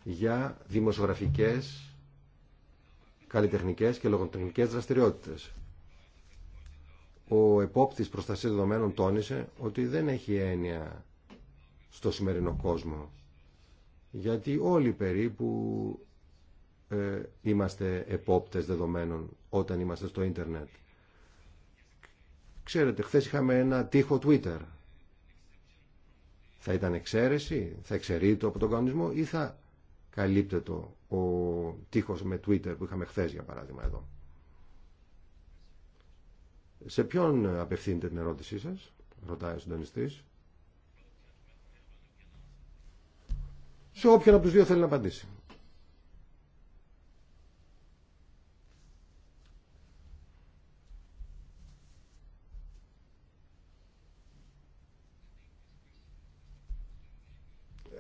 για δημοσιογραφικές, καλλιτεχνικές και λογοτεχνικές δραστηριότητες ο επόπτης προστασίας δεδομένων τόνισε ότι δεν έχει έννοια στο σημερινό κόσμο γιατί όλοι περίπου ε, είμαστε επόπτες δεδομένων όταν είμαστε στο ίντερνετ. Ξέρετε, χθες είχαμε ένα τείχο Twitter. Θα ήταν εξαίρεση, θα εξαιρείται από τον κανονισμό ή θα καλύπτεται ο τείχος με Twitter που είχαμε χθες για παράδειγμα εδώ. Σε ποιον απευθύνεται την ερώτησή σας, ρωτάει ο συντονιστής. Σε όποιον από τους δύο θέλει να απαντήσει.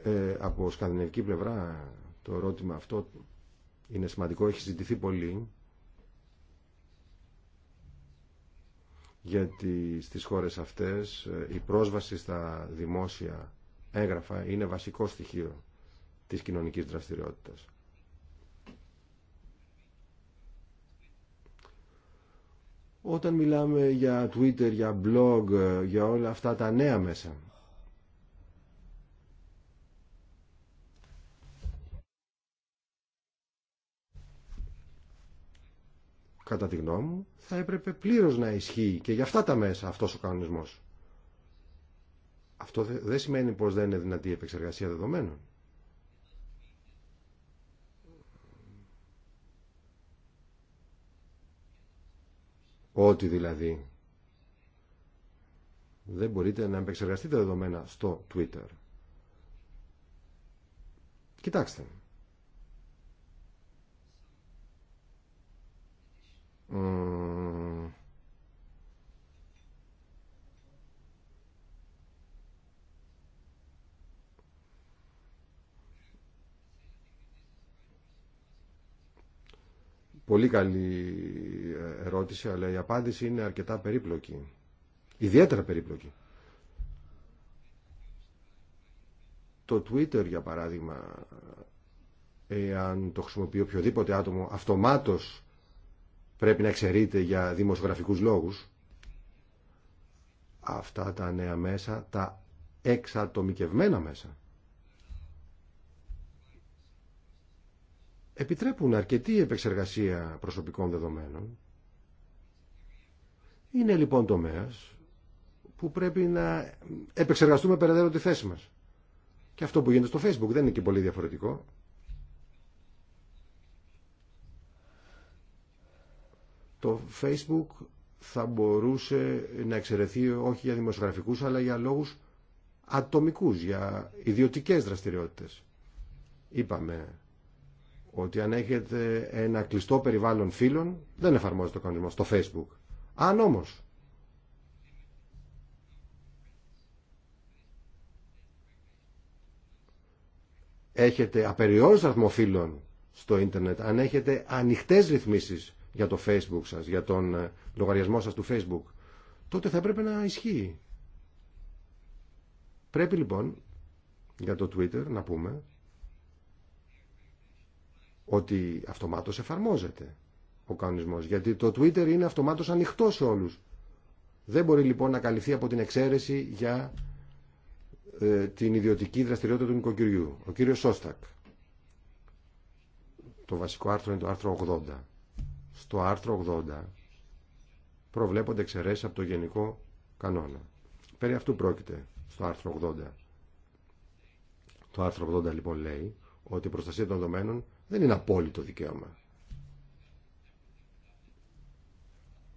Ε, από σκανδιναβική πλευρά το ερώτημα αυτό είναι σημαντικό, έχει συζητηθεί πολύ γιατί στις χώρες αυτές ε, η πρόσβαση στα δημόσια έγγραφα είναι βασικό στοιχείο της κοινωνικής δραστηριότητας. Όταν μιλάμε για Twitter, για blog, ε, για όλα αυτά τα νέα μέσα, κατά τη γνώμη μου, θα έπρεπε πλήρως να ισχύει και για αυτά τα μέσα αυτός ο κανονισμός. Αυτό δεν σημαίνει πως δεν είναι δυνατή η επεξεργασία δεδομένων. Ότι δηλαδή δεν μπορείτε να επεξεργαστείτε δεδομένα στο Twitter. Κοιτάξτε, Πολύ καλή ερώτηση, αλλά η απάντηση είναι αρκετά περίπλοκη. Ιδιαίτερα περίπλοκη. Το Twitter, για παράδειγμα, εάν το χρησιμοποιεί οποιοδήποτε άτομο, αυτομάτως πρέπει να εξαιρείται για δημοσιογραφικούς λόγους. Αυτά τα νέα μέσα, τα εξατομικευμένα μέσα, επιτρέπουν αρκετή επεξεργασία προσωπικών δεδομένων. Είναι λοιπόν τομέας που πρέπει να επεξεργαστούμε περαιτέρω τη θέση μας. Και αυτό που γίνεται στο facebook δεν είναι και πολύ διαφορετικό. το Facebook θα μπορούσε να εξαιρεθεί όχι για δημοσιογραφικούς αλλά για λόγους ατομικούς, για ιδιωτικές δραστηριότητες. Είπαμε ότι αν έχετε ένα κλειστό περιβάλλον φίλων δεν εφαρμόζεται το κανονισμό στο Facebook. Αν όμως έχετε απεριόριστο αριθμό φίλων στο ίντερνετ, αν έχετε ανοιχτές ρυθμίσεις για το Facebook σας, για τον ε, λογαριασμό σας του Facebook, τότε θα έπρεπε να ισχύει. Πρέπει λοιπόν για το Twitter να πούμε ότι αυτομάτως εφαρμόζεται ο κανονισμός, γιατί το Twitter είναι αυτομάτως ανοιχτό σε όλους. Δεν μπορεί λοιπόν να καλυφθεί από την εξαίρεση για ε, την ιδιωτική δραστηριότητα του νοικοκυριού. Ο κύριος Σόστακ, Το βασικό άρθρο είναι το άρθρο 80 στο άρθρο 80 προβλέπονται εξαιρέσεις από το γενικό κανόνα. Περί αυτού πρόκειται στο άρθρο 80. Το άρθρο 80 λοιπόν λέει ότι η προστασία των δεδομένων δεν είναι απόλυτο δικαίωμα.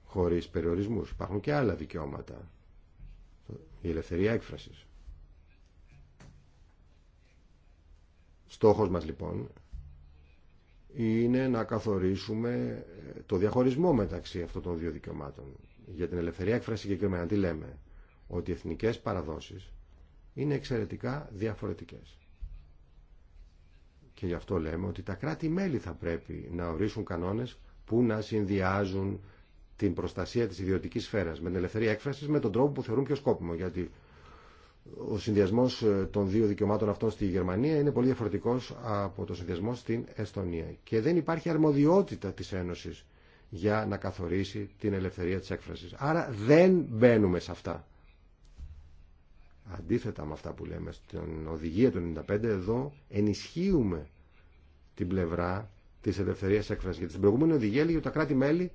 Χωρίς περιορισμούς. Υπάρχουν και άλλα δικαιώματα. Η ελευθερία έκφρασης. Στόχος μας λοιπόν είναι να καθορίσουμε ε, το διαχωρισμό μεταξύ αυτών των δύο δικαιωμάτων. Για την ελευθερία έκφραση συγκεκριμένα τι λέμε, ότι οι εθνικές παραδόσεις είναι εξαιρετικά διαφορετικές. Και γι' αυτό λέμε ότι τα κράτη-μέλη θα πρέπει να ορίσουν κανόνες που να συνδυάζουν την προστασία της ιδιωτικής σφαίρας με την ελευθερία έκφρασης με τον τρόπο που θεωρούν πιο σκόπιμο. Γιατί ο συνδυασμό ε, των δύο δικαιωμάτων αυτών στη Γερμανία είναι πολύ διαφορετικό από το συνδυασμό στην Εστονία. Και δεν υπάρχει αρμοδιότητα τη Ένωση για να καθορίσει την ελευθερία τη έκφραση. Άρα δεν μπαίνουμε σε αυτά. Αντίθετα με αυτά που λέμε στην οδηγία του 95, εδώ ενισχύουμε την πλευρά τη ελευθερία έκφραση. Γιατί στην προηγούμενη οδηγία έλεγε ότι τα κράτη-μέλη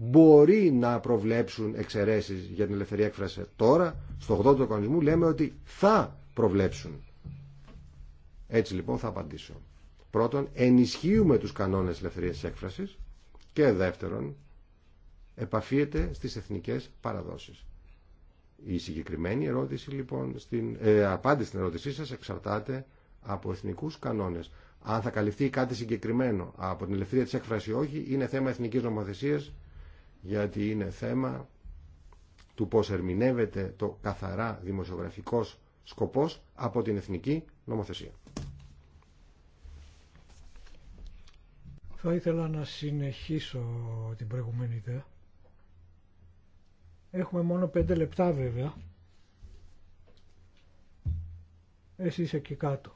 μπορεί να προβλέψουν εξαιρέσεις για την ελευθερία έκφραση. Τώρα, στο 6ο του κανονισμού λέμε ότι θα προβλέψουν. Έτσι λοιπόν θα απαντήσω. Πρώτον, ενισχύουμε τους κανόνες ελευθερίας έκφρασης και δεύτερον, επαφίεται στις εθνικές παραδόσεις. Η συγκεκριμένη ερώτηση λοιπόν, στην, ε, απάντηση στην ερώτησή σας εξαρτάται από εθνικούς κανόνες. Αν θα καλυφθεί κάτι συγκεκριμένο από την ελευθερία της έκφρασης ή όχι, είναι θέμα εθνικής νομοθεσίας γιατί είναι θέμα του πώς ερμηνεύεται το καθαρά δημοσιογραφικός σκοπός από την εθνική νομοθεσία. Θα ήθελα να συνεχίσω την προηγουμένη ιδέα. Έχουμε μόνο πέντε λεπτά βέβαια. Εσείς εκεί κάτω.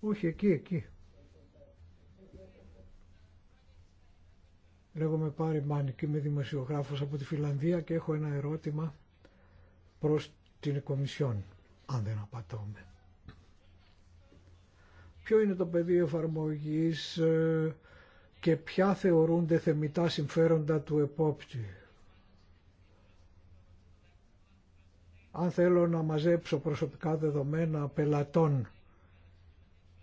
Όχι, εκεί, εκεί. Λέγομαι Πάρη Μάνικ, είμαι δημοσιογράφος από τη Φιλανδία και έχω ένα ερώτημα προς την Κομισιόν, αν δεν απατώμε. Ποιο είναι το πεδίο εφαρμογής ε, και ποια θεωρούνται θεμητά συμφέροντα του επόπτη. Αν θέλω να μαζέψω προσωπικά δεδομένα πελατών,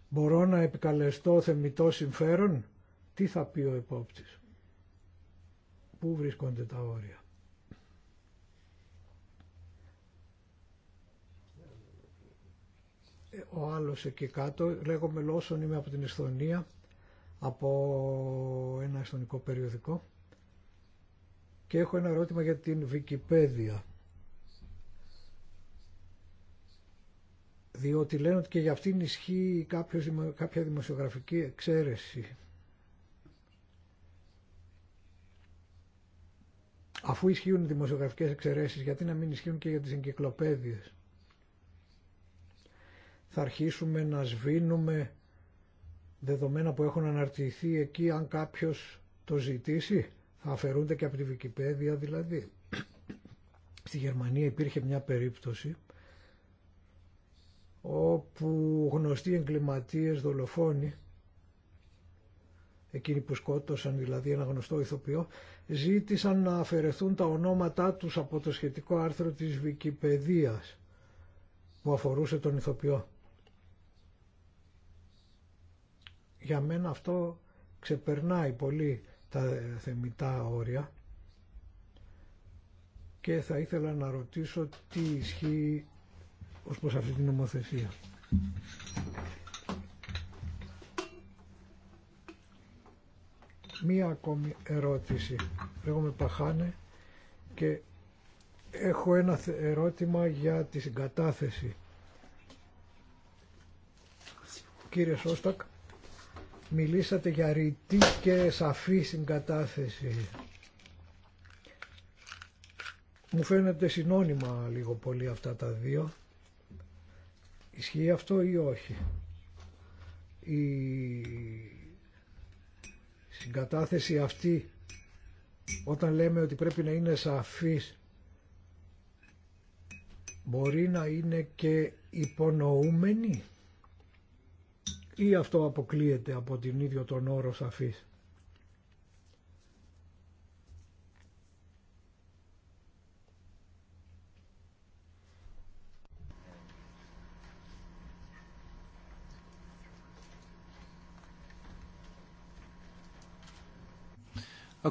μπορώ να επικαλεστώ θεμητό συμφέρον, τι θα πει ο επόπτης πού βρίσκονται τα όρια. Ε, ο άλλος εκεί κάτω, λέγομαι Λόσον, είμαι από την Εσθονία, από ένα εσθονικό περιοδικό και έχω ένα ερώτημα για την Wikipedia. Διότι λένε ότι και για αυτήν ισχύει κάποια δημοσιογραφική εξαίρεση. Αφού ισχύουν δημοσιογραφικές εξαιρέσεις, γιατί να μην ισχύουν και για τις εγκυκλοπαίδειες. Θα αρχίσουμε να σβήνουμε δεδομένα που έχουν αναρτηθεί εκεί αν κάποιος το ζητήσει. Θα αφαιρούνται και από τη Wikipedia δηλαδή. Στη Γερμανία υπήρχε μια περίπτωση όπου γνωστοί εγκληματίες δολοφόνοι εκείνοι που σκότωσαν δηλαδή ένα γνωστό ηθοποιό, ζήτησαν να αφαιρεθούν τα ονόματά τους από το σχετικό άρθρο της βικιπεδίας που αφορούσε τον ηθοποιό. Για μένα αυτό ξεπερνάει πολύ τα θεμητά όρια και θα ήθελα να ρωτήσω τι ισχύει ως προς αυτή την νομοθεσία. Μία ακόμη ερώτηση. με Παχάνε και έχω ένα ερώτημα για τη συγκατάθεση. Κύριε Σώστακ, μιλήσατε για ρητή και σαφή συγκατάθεση. Μου φαίνεται συνώνυμα λίγο πολύ αυτά τα δύο. Ισχύει αυτό ή όχι. Η κατάθεση αυτή όταν λέμε ότι πρέπει να είναι σαφής μπορεί να είναι και υπονοούμενη ή αυτό αποκλείεται από την ίδιο τον όρο σαφής.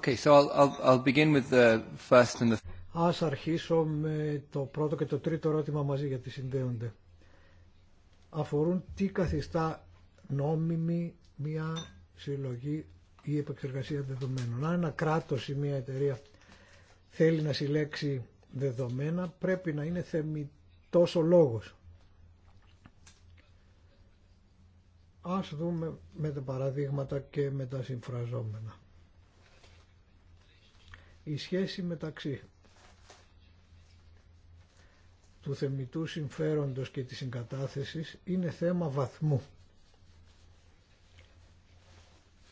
Okay, so I'll, I'll, Ας αρχίσω με το πρώτο και το τρίτο ερώτημα μαζί γιατί συνδέονται. Αφορούν τι καθιστά νόμιμη μια συλλογή ή επεξεργασία δεδομένων. Αν ένα κράτος ή μια εταιρεία θέλει να συλλέξει δεδομένα πρέπει να είναι θεμητός ο λόγος. Ας δούμε με τα παραδείγματα και με τα συμφραζόμενα η σχέση μεταξύ του θεμητού συμφέροντος και της συγκατάθεσης είναι θέμα βαθμού.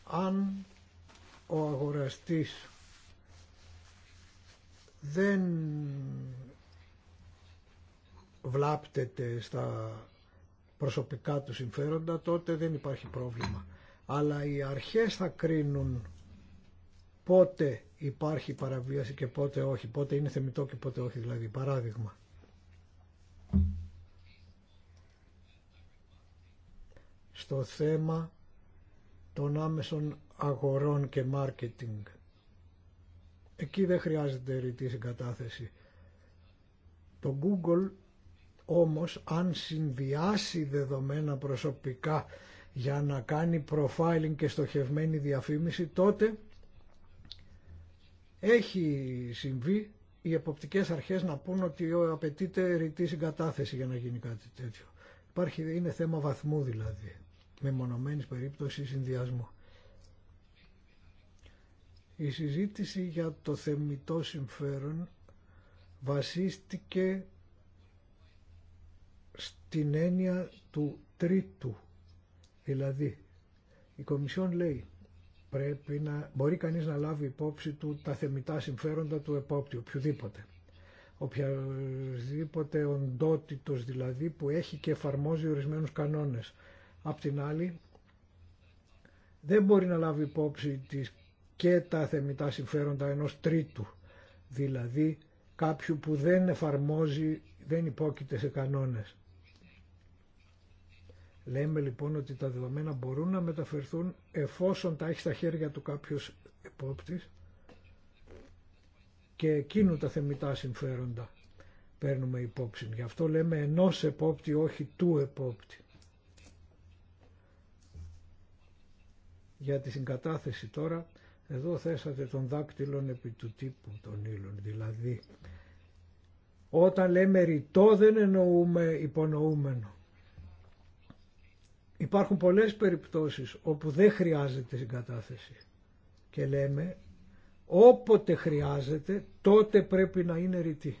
Αν ο αγοραστής δεν βλάπτεται στα προσωπικά του συμφέροντα, τότε δεν υπάρχει πρόβλημα. Αλλά οι αρχές θα κρίνουν πότε υπάρχει παραβίαση και πότε όχι, πότε είναι θεμητό και πότε όχι δηλαδή. Παράδειγμα. Στο θέμα των άμεσων αγορών και μάρκετινγκ. Εκεί δεν χρειάζεται ρητή συγκατάθεση. Το Google όμως αν συνδυάσει δεδομένα προσωπικά για να κάνει profiling και στοχευμένη διαφήμιση τότε έχει συμβεί οι εποπτικές αρχές να πούν ότι απαιτείται ρητή συγκατάθεση για να γίνει κάτι τέτοιο. Υπάρχει, είναι θέμα βαθμού δηλαδή, με μονομένη περίπτωση συνδυασμού. Η συζήτηση για το θεμητό συμφέρον βασίστηκε στην έννοια του τρίτου. Δηλαδή, η Κομισιόν λέει πρέπει να, μπορεί κανείς να λάβει υπόψη του τα θεμητά συμφέροντα του επόπτη, οποιοδήποτε. Οποιαδήποτε οντότητος δηλαδή που έχει και εφαρμόζει ορισμένους κανόνες. Απ' την άλλη, δεν μπορεί να λάβει υπόψη της και τα θεμητά συμφέροντα ενός τρίτου, δηλαδή κάποιου που δεν εφαρμόζει, δεν υπόκειται σε κανόνες. Λέμε λοιπόν ότι τα δεδομένα μπορούν να μεταφερθούν εφόσον τα έχει στα χέρια του κάποιος επόπτης και εκείνου τα θεμητά συμφέροντα παίρνουμε υπόψη. Γι' αυτό λέμε ενός επόπτη όχι του επόπτη. Για τη συγκατάθεση τώρα, εδώ θέσατε τον δάκτυλων επί του τύπου των ύλων, δηλαδή όταν λέμε ρητό δεν εννοούμε υπονοούμενο. Υπάρχουν πολλές περιπτώσεις όπου δεν χρειάζεται συγκατάθεση και λέμε όποτε χρειάζεται τότε πρέπει να είναι ρητή.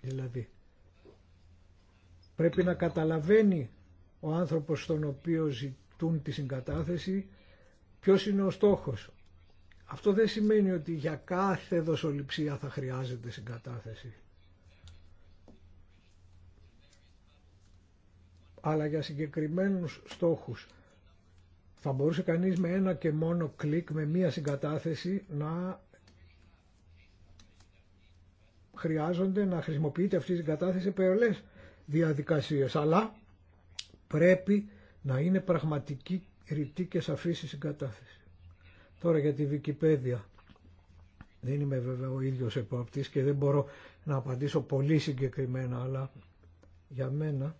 Δηλαδή πρέπει να καταλαβαίνει ο άνθρωπος στον οποίο ζητούν τη συγκατάθεση ποιος είναι ο στόχος. Αυτό δεν σημαίνει ότι για κάθε δοσοληψία θα χρειάζεται συγκατάθεση. αλλά για συγκεκριμένους στόχους. Θα μπορούσε κανείς με ένα και μόνο κλικ, με μία συγκατάθεση να χρειάζονται να χρησιμοποιείται αυτή η συγκατάθεση πολλές διαδικασίες, αλλά πρέπει να είναι πραγματική, ρητή και σαφή η συγκατάθεση. Τώρα για τη Wikipedia. Δεν είμαι βέβαια ο ίδιος επόπτης και δεν μπορώ να απαντήσω πολύ συγκεκριμένα, αλλά για μένα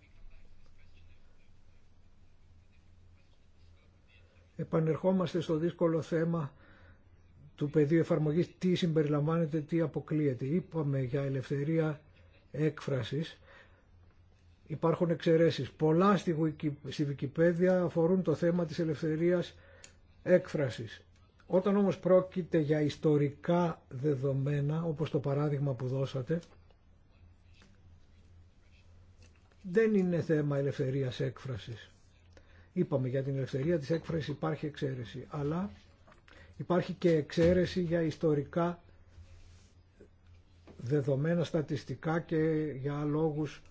επανερχόμαστε στο δύσκολο θέμα του πεδίου εφαρμογής, τι συμπεριλαμβάνεται, τι αποκλείεται. Είπαμε για ελευθερία έκφρασης, υπάρχουν εξαιρέσεις. Πολλά στη Wikipedia αφορούν το θέμα της ελευθερίας έκφρασης. Όταν όμως πρόκειται για ιστορικά δεδομένα, όπως το παράδειγμα που δώσατε, δεν είναι θέμα ελευθερίας έκφρασης. Είπαμε για την ελευθερία της έκφρασης υπάρχει εξαίρεση, αλλά υπάρχει και εξαίρεση για ιστορικά δεδομένα στατιστικά και για λόγους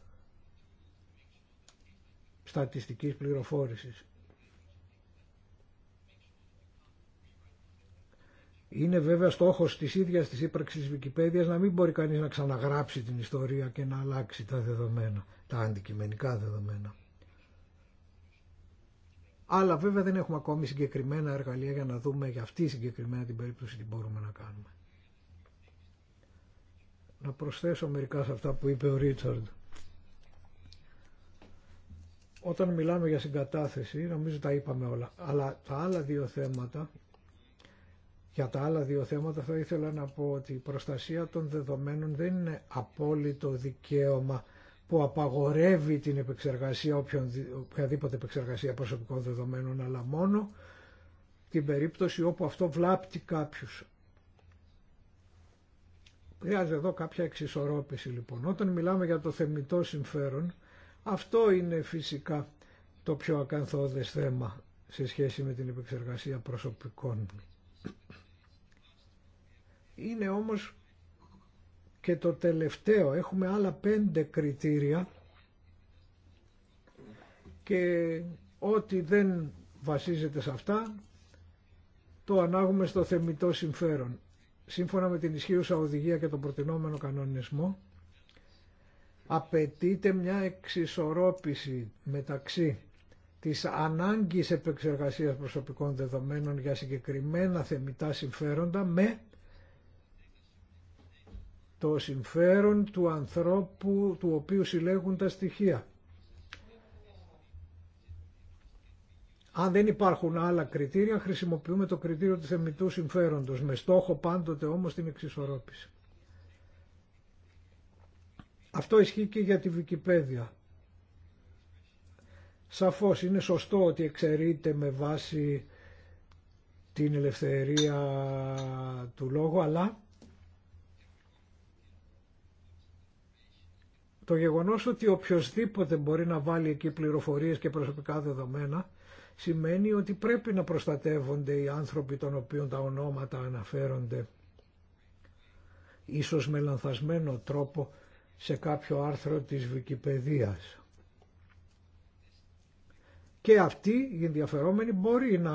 στατιστικής πληροφόρησης. Είναι βέβαια στόχος της ίδιας της ύπαρξης της Wikipedia να μην μπορεί κανείς να ξαναγράψει την ιστορία και να αλλάξει τα δεδομένα, τα αντικειμενικά δεδομένα. Αλλά βέβαια δεν έχουμε ακόμη συγκεκριμένα εργαλεία για να δούμε για αυτή συγκεκριμένα την περίπτωση τι μπορούμε να κάνουμε. Να προσθέσω μερικά σε αυτά που είπε ο Ρίτσαρντ. Όταν μιλάμε για συγκατάθεση, νομίζω τα είπαμε όλα. Αλλά τα άλλα δύο θέματα, για τα άλλα δύο θέματα θα ήθελα να πω ότι η προστασία των δεδομένων δεν είναι απόλυτο δικαίωμα που απαγορεύει την επεξεργασία, οποιαδήποτε επεξεργασία προσωπικών δεδομένων, αλλά μόνο την περίπτωση όπου αυτό βλάπτει κάποιους. Χρειάζεται εδώ κάποια εξισορρόπηση λοιπόν. Όταν μιλάμε για το θεμητό συμφέρον, αυτό είναι φυσικά το πιο ακαθόδες θέμα σε σχέση με την επεξεργασία προσωπικών. Είναι όμως και το τελευταίο, έχουμε άλλα πέντε κριτήρια και ό,τι δεν βασίζεται σε αυτά το ανάγουμε στο θεμητό συμφέρον. Σύμφωνα με την ισχύουσα οδηγία και τον προτινόμενο κανονισμό απαιτείται μια εξισορρόπηση μεταξύ της ανάγκης επεξεργασίας προσωπικών δεδομένων για συγκεκριμένα θεμητά συμφέροντα με το συμφέρον του ανθρώπου του οποίου συλλέγουν τα στοιχεία. Αν δεν υπάρχουν άλλα κριτήρια, χρησιμοποιούμε το κριτήριο του θεμητού συμφέροντος, με στόχο πάντοτε όμως την εξισορρόπηση. Αυτό ισχύει και για τη Βικιπέδια. Σαφώς είναι σωστό ότι εξαιρείται με βάση την ελευθερία του λόγου, αλλά Το γεγονός ότι οποιοδήποτε μπορεί να βάλει εκεί πληροφορίες και προσωπικά δεδομένα σημαίνει ότι πρέπει να προστατεύονται οι άνθρωποι των οποίων τα ονόματα αναφέρονται ίσως με λανθασμένο τρόπο σε κάποιο άρθρο της βικιπεδίας. Και αυτοί οι ενδιαφερόμενοι μπορεί να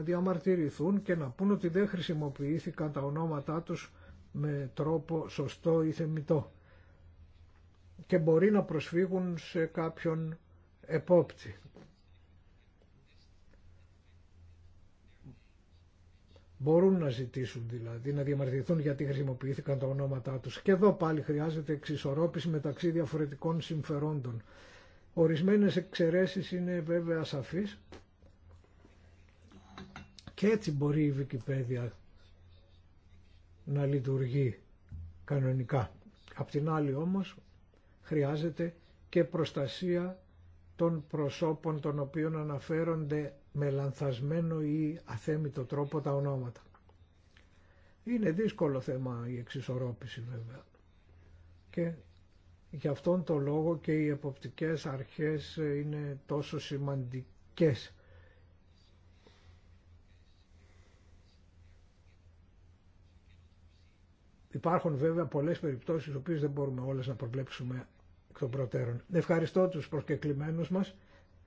διαμαρτυρηθούν και να πούν ότι δεν χρησιμοποιήθηκαν τα ονόματά τους με τρόπο σωστό ή θεμητό και μπορεί να προσφύγουν σε κάποιον επόπτη. Μπορούν να ζητήσουν δηλαδή, να διαμαρτυρηθούν γιατί χρησιμοποιήθηκαν τα ονόματά τους. Και εδώ πάλι χρειάζεται εξισορρόπηση μεταξύ διαφορετικών συμφερόντων. Ορισμένες εξαιρέσεις είναι βέβαια σαφείς και έτσι μπορεί η Wikipedia να λειτουργεί κανονικά. Απ' την άλλη όμως χρειάζεται και προστασία των προσώπων των οποίων αναφέρονται με λανθασμένο ή αθέμητο τρόπο τα ονόματα. Είναι δύσκολο θέμα η εξισορρόπηση βέβαια. Και γι' αυτόν τον λόγο και οι εποπτικές αρχές είναι τόσο σημαντικές. Υπάρχουν βέβαια πολλές περιπτώσεις, οποίες δεν μπορούμε όλες να προβλέψουμε εκ των προτέρων. Ευχαριστώ τους προσκεκλημένους μας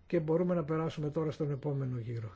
και μπορούμε να περάσουμε τώρα στον επόμενο γύρο.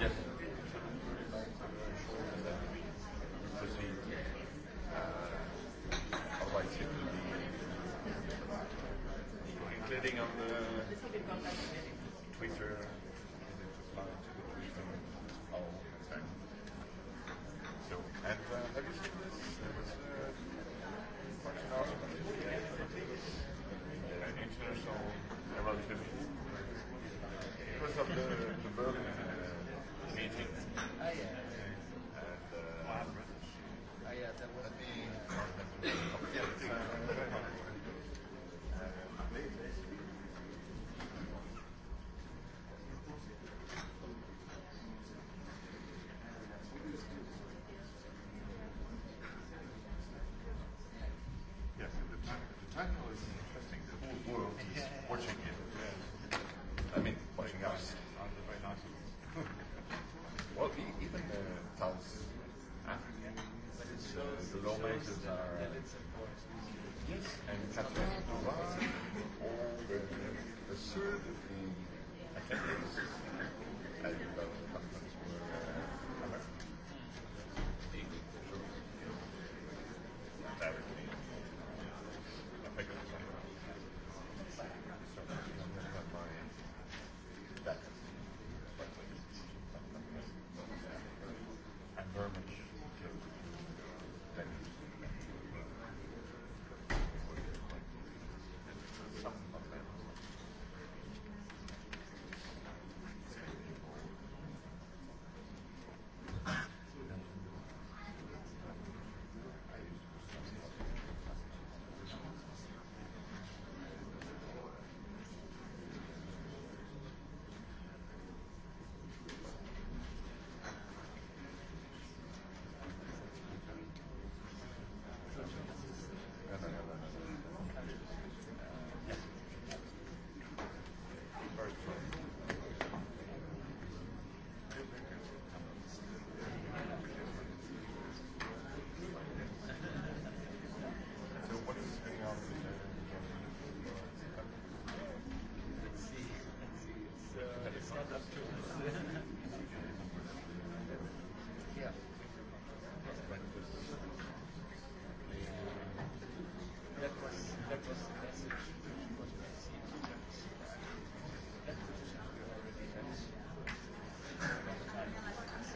Yes.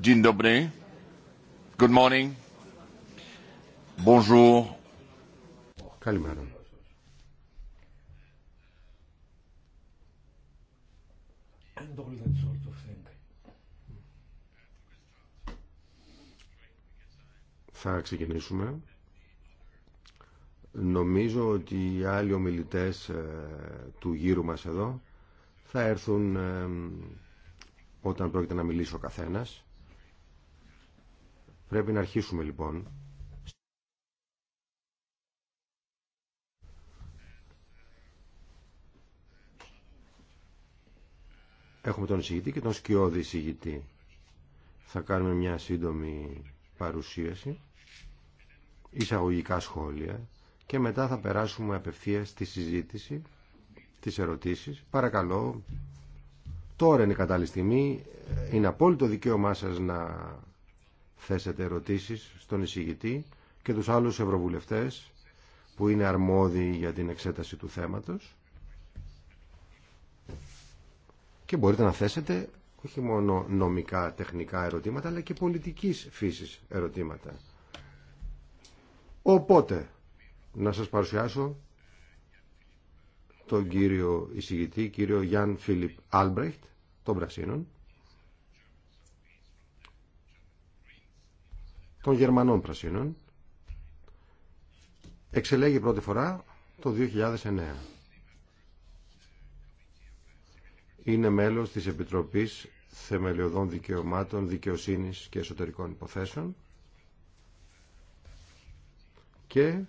Dzień dobry. Good morning. Bonjour. Καλημέρα. Θα ξεκινήσουμε. Νομίζω ότι οι άλλοι ομιλητές ε, του γύρου μας εδώ θα έρθουν ε, όταν πρόκειται να μιλήσει ο καθένας. Πρέπει να αρχίσουμε λοιπόν. Έχουμε τον εισηγητή και τον σκιώδη εισηγητή. Θα κάνουμε μια σύντομη παρουσίαση, εισαγωγικά σχόλια και μετά θα περάσουμε απευθείας στη συζήτηση, τις ερωτήσεις. Παρακαλώ, τώρα είναι η κατάλληλη στιγμή, είναι απόλυτο δικαίωμά σας να θέσετε ερωτήσεις στον εισηγητή και τους άλλους ευρωβουλευτές που είναι αρμόδιοι για την εξέταση του θέματος και μπορείτε να θέσετε όχι μόνο νομικά, τεχνικά ερωτήματα αλλά και πολιτικής φύσης ερωτήματα. Οπότε, να σας παρουσιάσω τον κύριο εισηγητή, κύριο Γιάνν Φίλιπ Άλμπρεχτ των Πρασίνων, των Γερμανών Πρασίνων, εξελέγει πρώτη φορά το 2009. Είναι μέλος της Επιτροπής Θεμελιωδών Δικαιωμάτων, Δικαιοσύνης και Εσωτερικών Υποθέσεων και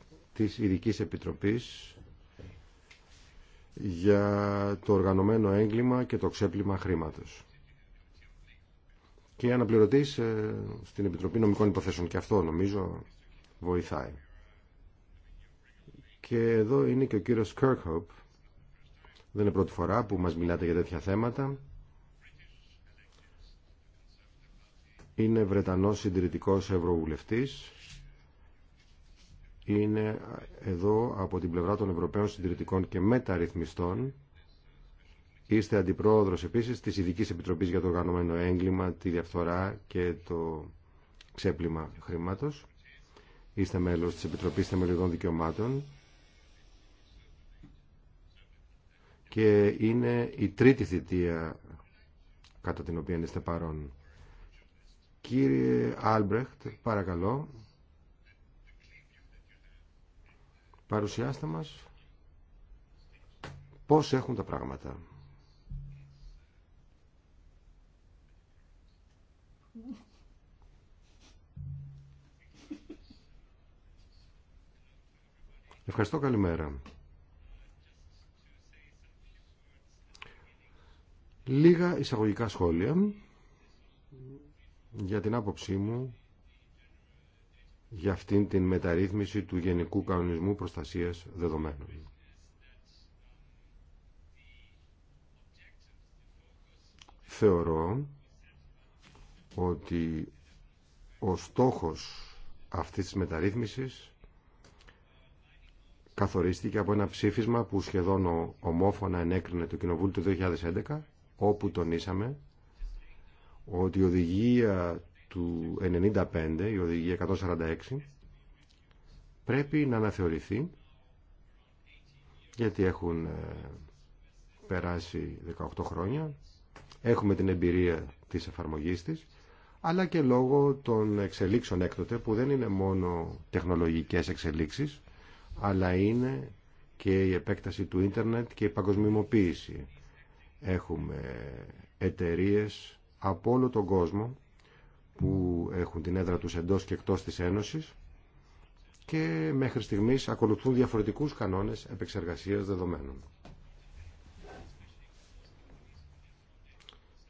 της ειδική Επιτροπής για το οργανωμένο έγκλημα και το ξέπλυμα χρήματος. Και αναπληρωτής ε, στην Επιτροπή Νομικών Υποθέσεων και αυτό νομίζω βοηθάει. Και εδώ είναι και ο κύριος Kirkhope. Δεν είναι πρώτη φορά που μας μιλάτε για τέτοια θέματα. Είναι Βρετανός συντηρητικός ευρωβουλευτής είναι εδώ από την πλευρά των Ευρωπαίων Συντηρητικών και Μεταρρυθμιστών. Είστε αντιπρόεδρος επίσης της Ειδικής Επιτροπής για το Οργανωμένο Έγκλημα, τη Διαφθορά και το Ξέπλυμα Χρήματος. Είστε μέλος της Επιτροπής Θεμελιωδών Δικαιωμάτων και είναι η τρίτη θητεία κατά την οποία είστε παρόν. Κύριε Άλμπρεχτ, παρακαλώ, Παρουσιάστε μας πώς έχουν τα πράγματα. Ευχαριστώ, καλημέρα. Λίγα εισαγωγικά σχόλια για την άποψή μου για αυτήν την μεταρρύθμιση του Γενικού Κανονισμού Προστασίας Δεδομένων. Θεωρώ ότι ο στόχος αυτής της μεταρρύθμισης καθορίστηκε από ένα ψήφισμα που σχεδόν ομόφωνα ενέκρινε το Κοινοβούλιο του 2011, όπου τονίσαμε ότι η οδηγία του 95, η οδηγία 146, πρέπει να αναθεωρηθεί γιατί έχουν ε, περάσει 18 χρόνια, έχουμε την εμπειρία της εφαρμογής της, αλλά και λόγω των εξελίξεων έκτοτε που δεν είναι μόνο τεχνολογικές εξελίξεις, αλλά είναι και η επέκταση του ίντερνετ και η παγκοσμιμοποίηση. Έχουμε εταιρείες από όλο τον κόσμο που έχουν την έδρα τους εντός και εκτός της Ένωσης και μέχρι στιγμής ακολουθούν διαφορετικούς κανόνες επεξεργασίας δεδομένων.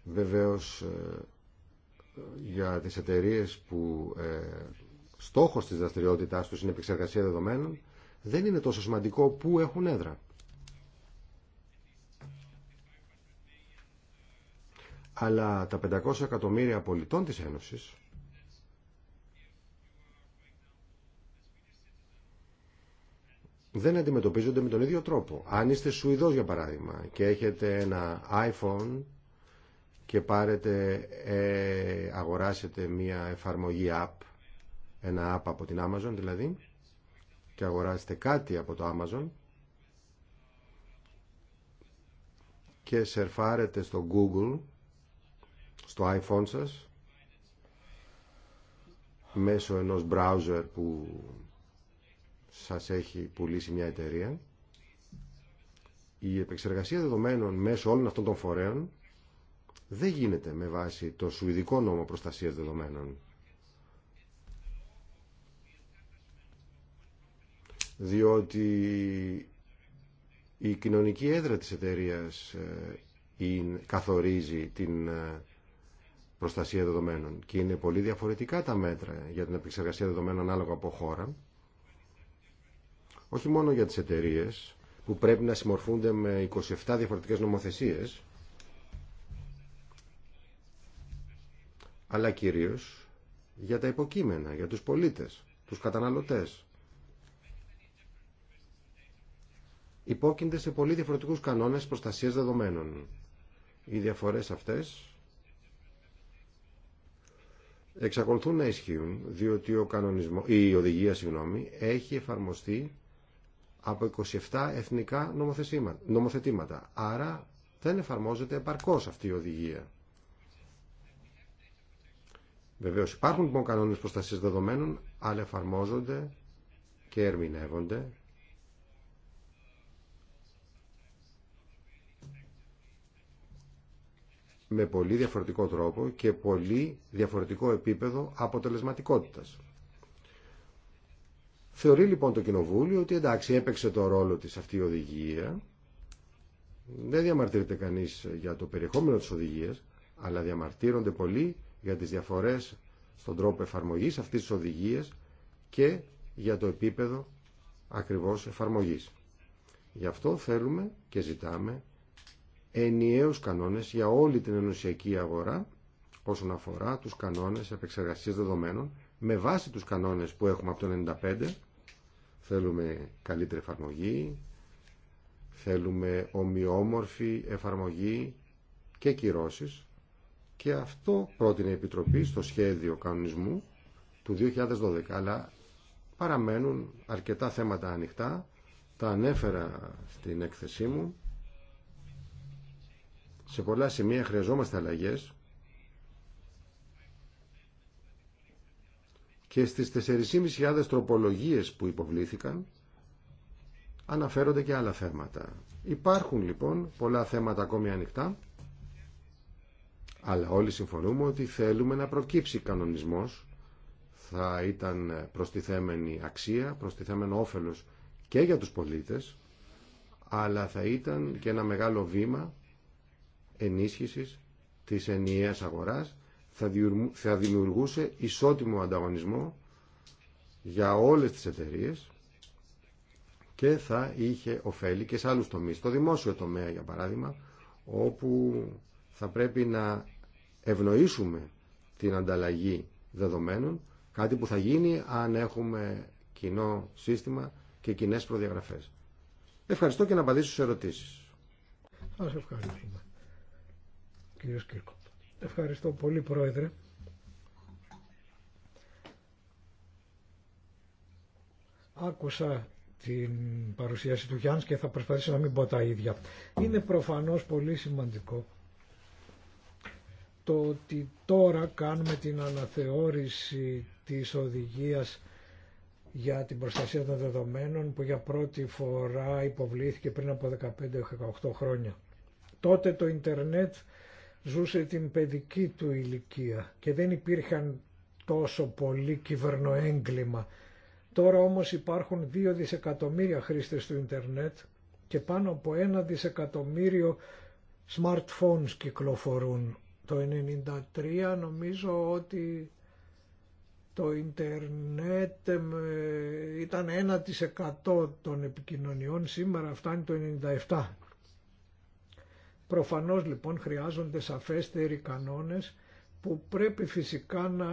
Βεβαίως ε, για τις εταιρείε που ε, στόχος της δραστηριότητάς τους είναι επεξεργασία δεδομένων δεν είναι τόσο σημαντικό που έχουν έδρα. αλλά τα 500 εκατομμύρια πολιτών της Ένωσης δεν αντιμετωπίζονται με τον ίδιο τρόπο. Αν είστε Σουηδός για παράδειγμα και έχετε ένα iPhone και πάρετε, ε, αγοράσετε μια εφαρμογή app, ένα app από την Amazon δηλαδή, και αγοράσετε κάτι από το Amazon και σερφάρετε στο Google στο iPhone σας μέσω ενός browser που σας έχει πουλήσει μια εταιρεία. Η επεξεργασία δεδομένων μέσω όλων αυτών των φορέων δεν γίνεται με βάση το Σουηδικό νόμο προστασίας δεδομένων. Διότι η κοινωνική έδρα της εταιρείας ε, καθορίζει την ε, προστασία δεδομένων και είναι πολύ διαφορετικά τα μέτρα για την επεξεργασία δεδομένων ανάλογα από χώρα όχι μόνο για τις εταιρείε που πρέπει να συμμορφούνται με 27 διαφορετικές νομοθεσίες αλλά κυρίως για τα υποκείμενα, για τους πολίτες, τους καταναλωτές. Υπόκεινται σε πολύ διαφορετικούς κανόνες προστασίας δεδομένων. Οι διαφορές αυτές εξακολουθούν να ισχύουν διότι ο κανονισμός, η οδηγία συγγνώμη, έχει εφαρμοστεί από 27 εθνικά νομοθετήματα. Άρα δεν εφαρμόζεται επαρκώς αυτή η οδηγία. Βεβαίω υπάρχουν λοιπόν κανόνε προστασία δεδομένων, αλλά εφαρμόζονται και ερμηνεύονται με πολύ διαφορετικό τρόπο και πολύ διαφορετικό επίπεδο αποτελεσματικότητας. Θεωρεί λοιπόν το Κοινοβούλιο ότι εντάξει έπαιξε το ρόλο της αυτή η οδηγία, δεν διαμαρτύρεται κανείς για το περιεχόμενο της οδηγίας, αλλά διαμαρτύρονται πολλοί για τις διαφορές στον τρόπο εφαρμογής αυτής της οδηγίας και για το επίπεδο ακριβώς εφαρμογής. Γι' αυτό θέλουμε και ζητάμε ενιαίους κανόνες για όλη την ενωσιακή αγορά όσον αφορά τους κανόνες επεξεργασίας δεδομένων με βάση τους κανόνες που έχουμε από το 95. θέλουμε καλύτερη εφαρμογή θέλουμε ομοιόμορφη εφαρμογή και κυρώσεις και αυτό πρότεινε η Επιτροπή στο σχέδιο κανονισμού του 2012 αλλά παραμένουν αρκετά θέματα ανοιχτά τα ανέφερα στην έκθεσή μου σε πολλά σημεία χρειαζόμαστε αλλαγές και στις 4.500 τροπολογίες που υποβλήθηκαν αναφέρονται και άλλα θέματα. Υπάρχουν λοιπόν πολλά θέματα ακόμη ανοιχτά αλλά όλοι συμφωνούμε ότι θέλουμε να προκύψει κανονισμός θα ήταν προστιθέμενη αξία, προστιθέμενο όφελος και για τους πολίτες αλλά θα ήταν και ένα μεγάλο βήμα ενίσχυσης της ενιαίας αγοράς θα δημιουργούσε ισότιμο ανταγωνισμό για όλες τις εταιρείες και θα είχε ωφέλη και σε άλλους τομείς. Το δημόσιο τομέα, για παράδειγμα, όπου θα πρέπει να ευνοήσουμε την ανταλλαγή δεδομένων, κάτι που θα γίνει αν έχουμε κοινό σύστημα και κοινέ προδιαγραφές. Ευχαριστώ και να απαντήσω στις ερωτήσεις. Σας κύριος Κύρκο. Ευχαριστώ πολύ πρόεδρε. Άκουσα την παρουσίαση του Γιάννης και θα προσπαθήσω να μην πω τα ίδια. Είναι προφανώς πολύ σημαντικό το ότι τώρα κάνουμε την αναθεώρηση της οδηγίας για την προστασία των δεδομένων που για πρώτη φορά υποβλήθηκε πριν από 15-18 χρόνια. Τότε το ίντερνετ ζούσε την παιδική του ηλικία και δεν υπήρχαν τόσο πολύ κυβερνοέγκλημα. Τώρα όμως υπάρχουν δύο δισεκατομμύρια χρήστες του ίντερνετ και πάνω από ένα δισεκατομμύριο smartphones κυκλοφορούν. Το 1993 νομίζω ότι το ίντερνετ ε, ήταν 1% των επικοινωνιών, σήμερα φτάνει το 97%. Προφανώς λοιπόν χρειάζονται σαφέστεροι κανόνες που πρέπει φυσικά να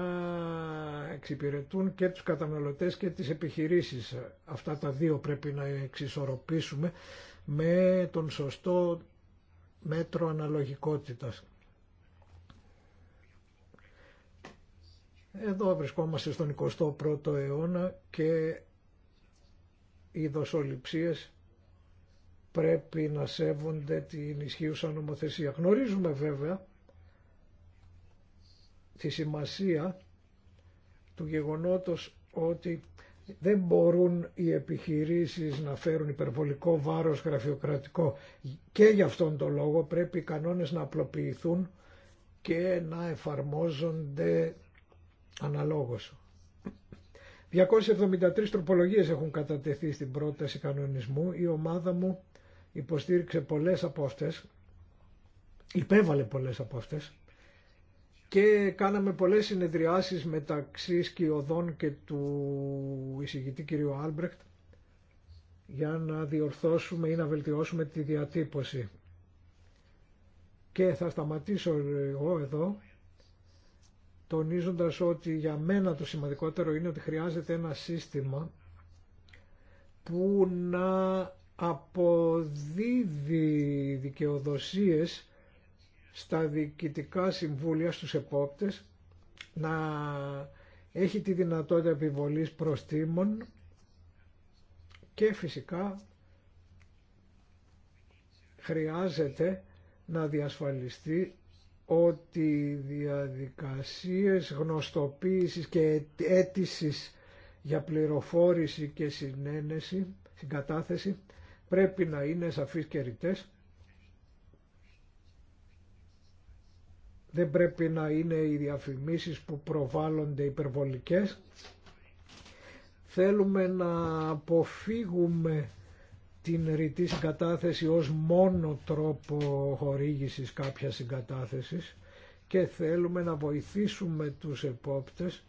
εξυπηρετούν και τους καταναλωτές και τις επιχειρήσεις. Αυτά τα δύο πρέπει να εξισορροπήσουμε με τον σωστό μέτρο αναλογικότητας. Εδώ βρισκόμαστε στον 21ο αιώνα και οι δοσοληψίες πρέπει να σέβονται την ισχύουσα νομοθεσία. Γνωρίζουμε βέβαια τη σημασία του γεγονότος ότι δεν μπορούν οι επιχειρήσεις να φέρουν υπερβολικό βάρος γραφειοκρατικό και γι' αυτόν τον λόγο πρέπει οι κανόνες να απλοποιηθούν και να εφαρμόζονται αναλόγως. 273 τροπολογίες έχουν κατατεθεί στην πρόταση κανονισμού. Η ομάδα μου υποστήριξε πολλές από αυτές, υπέβαλε πολλές από αυτές και κάναμε πολλές συνεδριάσεις μεταξύ Σκιωδών και του εισηγητή κ. Άλμπρεκτ για να διορθώσουμε ή να βελτιώσουμε τη διατύπωση. Και θα σταματήσω εγώ εδώ τονίζοντας ότι για μένα το σημαντικότερο είναι ότι χρειάζεται ένα σύστημα που να αποδίδει δικαιοδοσίες στα διοικητικά συμβούλια στους επόπτες να έχει τη δυνατότητα επιβολής προστήμων και φυσικά χρειάζεται να διασφαλιστεί ότι οι διαδικασίες γνωστοποίησης και αίτηση για πληροφόρηση και συνένεση, συγκατάθεση πρέπει να είναι σαφείς και ρητές. Δεν πρέπει να είναι οι διαφημίσεις που προβάλλονται υπερβολικές. Θέλουμε να αποφύγουμε την ρητή συγκατάθεση ως μόνο τρόπο χορήγησης κάποιας συγκατάθεσης και θέλουμε να βοηθήσουμε τους επόπτες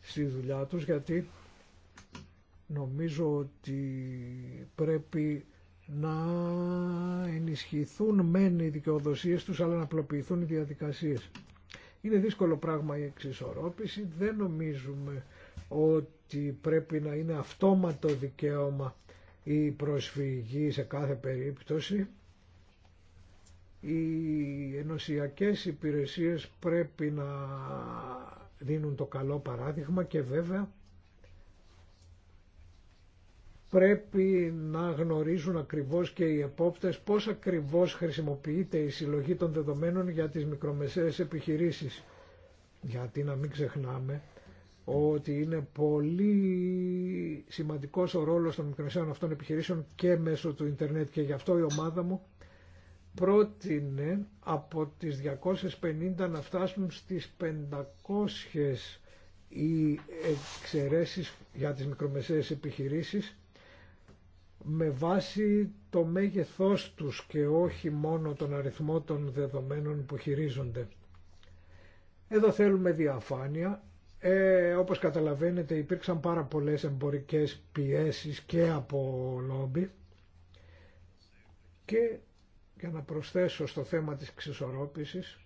στη δουλειά τους γιατί Νομίζω ότι πρέπει να ενισχυθούν μεν οι δικαιοδοσίε τους αλλά να απλοποιηθούν οι διαδικασίες. Είναι δύσκολο πράγμα η εξισορρόπηση. Δεν νομίζουμε ότι πρέπει να είναι αυτόματο δικαίωμα η προσφυγή σε κάθε περίπτωση. Οι ενωσιακές υπηρεσίες πρέπει να δίνουν το καλό παράδειγμα και βέβαια πρέπει να γνωρίζουν ακριβώς και οι επόπτες πώς ακριβώς χρησιμοποιείται η συλλογή των δεδομένων για τις μικρομεσαίες επιχειρήσεις. Γιατί να μην ξεχνάμε ότι είναι πολύ σημαντικός ο ρόλος των μικρομεσαίων αυτών επιχειρήσεων και μέσω του ίντερνετ και γι' αυτό η ομάδα μου πρότεινε από τις 250 να φτάσουν στις 500 οι εξαιρέσεις για τις μικρομεσαίες επιχειρήσεις με βάση το μέγεθός τους και όχι μόνο τον αριθμό των δεδομένων που χειρίζονται. Εδώ θέλουμε διαφάνεια. Ε, όπως καταλαβαίνετε υπήρξαν πάρα πολλές εμπορικές πιέσεις και από λόμπι και για να προσθέσω στο θέμα της ξεσορρόπησης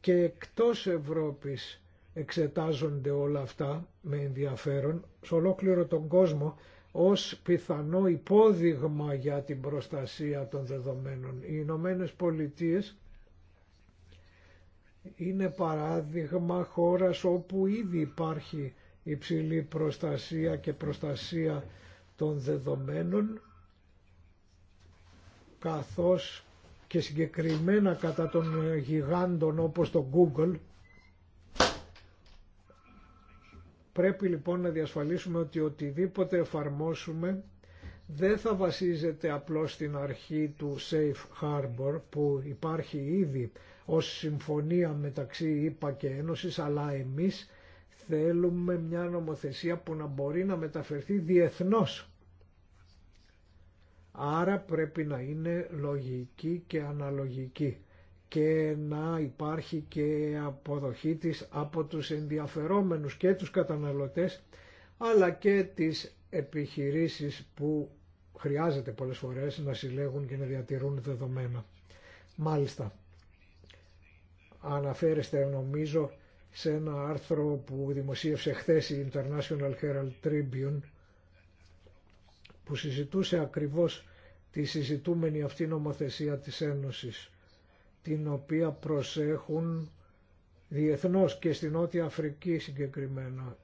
και εκτός Ευρώπης εξετάζονται όλα αυτά με ενδιαφέρον σε ολόκληρο τον κόσμο ως πιθανό υπόδειγμα για την προστασία των δεδομένων. Οι Ηνωμένε Πολιτείε είναι παράδειγμα χώρας όπου ήδη υπάρχει υψηλή προστασία και προστασία των δεδομένων καθώς και συγκεκριμένα κατά των γιγάντων όπως το Google Πρέπει λοιπόν να διασφαλίσουμε ότι οτιδήποτε εφαρμόσουμε δεν θα βασίζεται απλώς στην αρχή του Safe Harbor που υπάρχει ήδη ως συμφωνία μεταξύ ΙΠΑ ΕΕ και Ένωσης αλλά εμείς θέλουμε μια νομοθεσία που να μπορεί να μεταφερθεί διεθνώς. Άρα πρέπει να είναι λογική και αναλογική και να υπάρχει και αποδοχή της από τους ενδιαφερόμενους και τους καταναλωτές αλλά και τις επιχειρήσεις που χρειάζεται πολλές φορές να συλλέγουν και να διατηρούν δεδομένα. Μάλιστα, αναφέρεστε νομίζω σε ένα άρθρο που δημοσίευσε χθες η International Herald Tribune που συζητούσε ακριβώς τη συζητούμενη αυτή νομοθεσία της Ένωσης την οποία προσέχουν διεθνώς και στην Νότια Αφρική συγκεκριμένα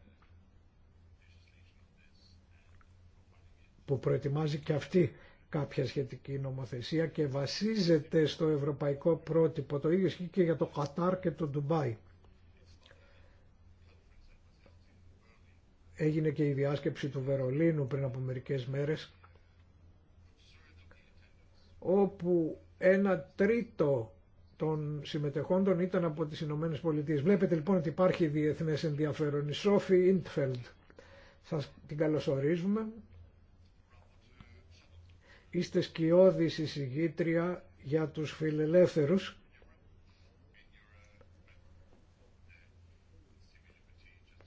που προετοιμάζει και αυτή κάποια σχετική νομοθεσία και βασίζεται στο ευρωπαϊκό πρότυπο. Το ίδιο ισχύει και για το Κατάρ και το Ντουμπάι. Έγινε και η διάσκεψη του Βερολίνου πριν από μερικές μέρες όπου ένα τρίτο των συμμετεχόντων ήταν από τις Ηνωμένε Πολιτείες. Βλέπετε λοιπόν ότι υπάρχει διεθνές ενδιαφέρον. Η Σόφη Ιντφελντ. Σας την καλωσορίζουμε. Είστε σκιώδη εισηγήτρια για τους φιλελεύθερους.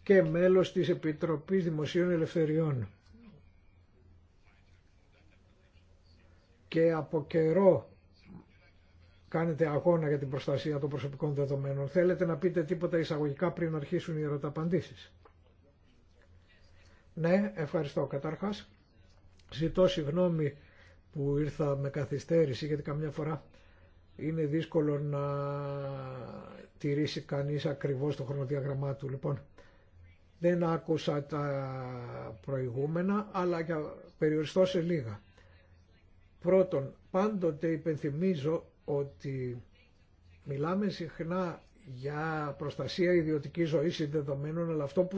και μέλος της Επιτροπής Δημοσίων Ελευθεριών. Και από καιρό κάνετε αγώνα για την προστασία των προσωπικών δεδομένων. Θέλετε να πείτε τίποτα εισαγωγικά πριν αρχίσουν οι ερωταπαντήσεις. Ναι, ευχαριστώ καταρχάς. Ζητώ συγγνώμη που ήρθα με καθυστέρηση γιατί καμιά φορά είναι δύσκολο να τηρήσει κανείς ακριβώς το χρονοδιαγραμμά του. Λοιπόν, δεν άκουσα τα προηγούμενα, αλλά για περιοριστώ σε λίγα. Πρώτον, πάντοτε υπενθυμίζω ότι μιλάμε συχνά για προστασία ιδιωτικής ζωής ή αλλά αυτό που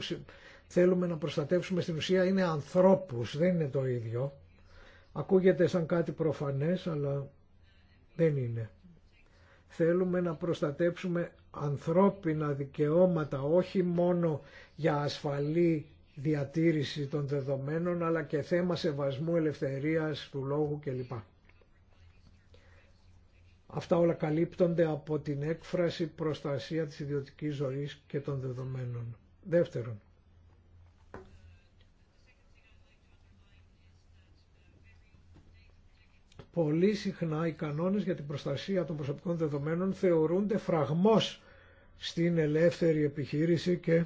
θέλουμε να προστατεύσουμε στην ουσία είναι ανθρώπους, δεν είναι το ίδιο. Ακούγεται σαν κάτι προφανές, αλλά δεν είναι. Θέλουμε να προστατέψουμε ανθρώπινα δικαιώματα, όχι μόνο για ασφαλή διατήρηση των δεδομένων, αλλά και θέμα σεβασμού ελευθερίας του λόγου κλπ. Αυτά όλα καλύπτονται από την έκφραση προστασία της ιδιωτικής ζωής και των δεδομένων. Δεύτερον, πολύ συχνά οι κανόνες για την προστασία των προσωπικών δεδομένων θεωρούνται φραγμός στην ελεύθερη επιχείρηση και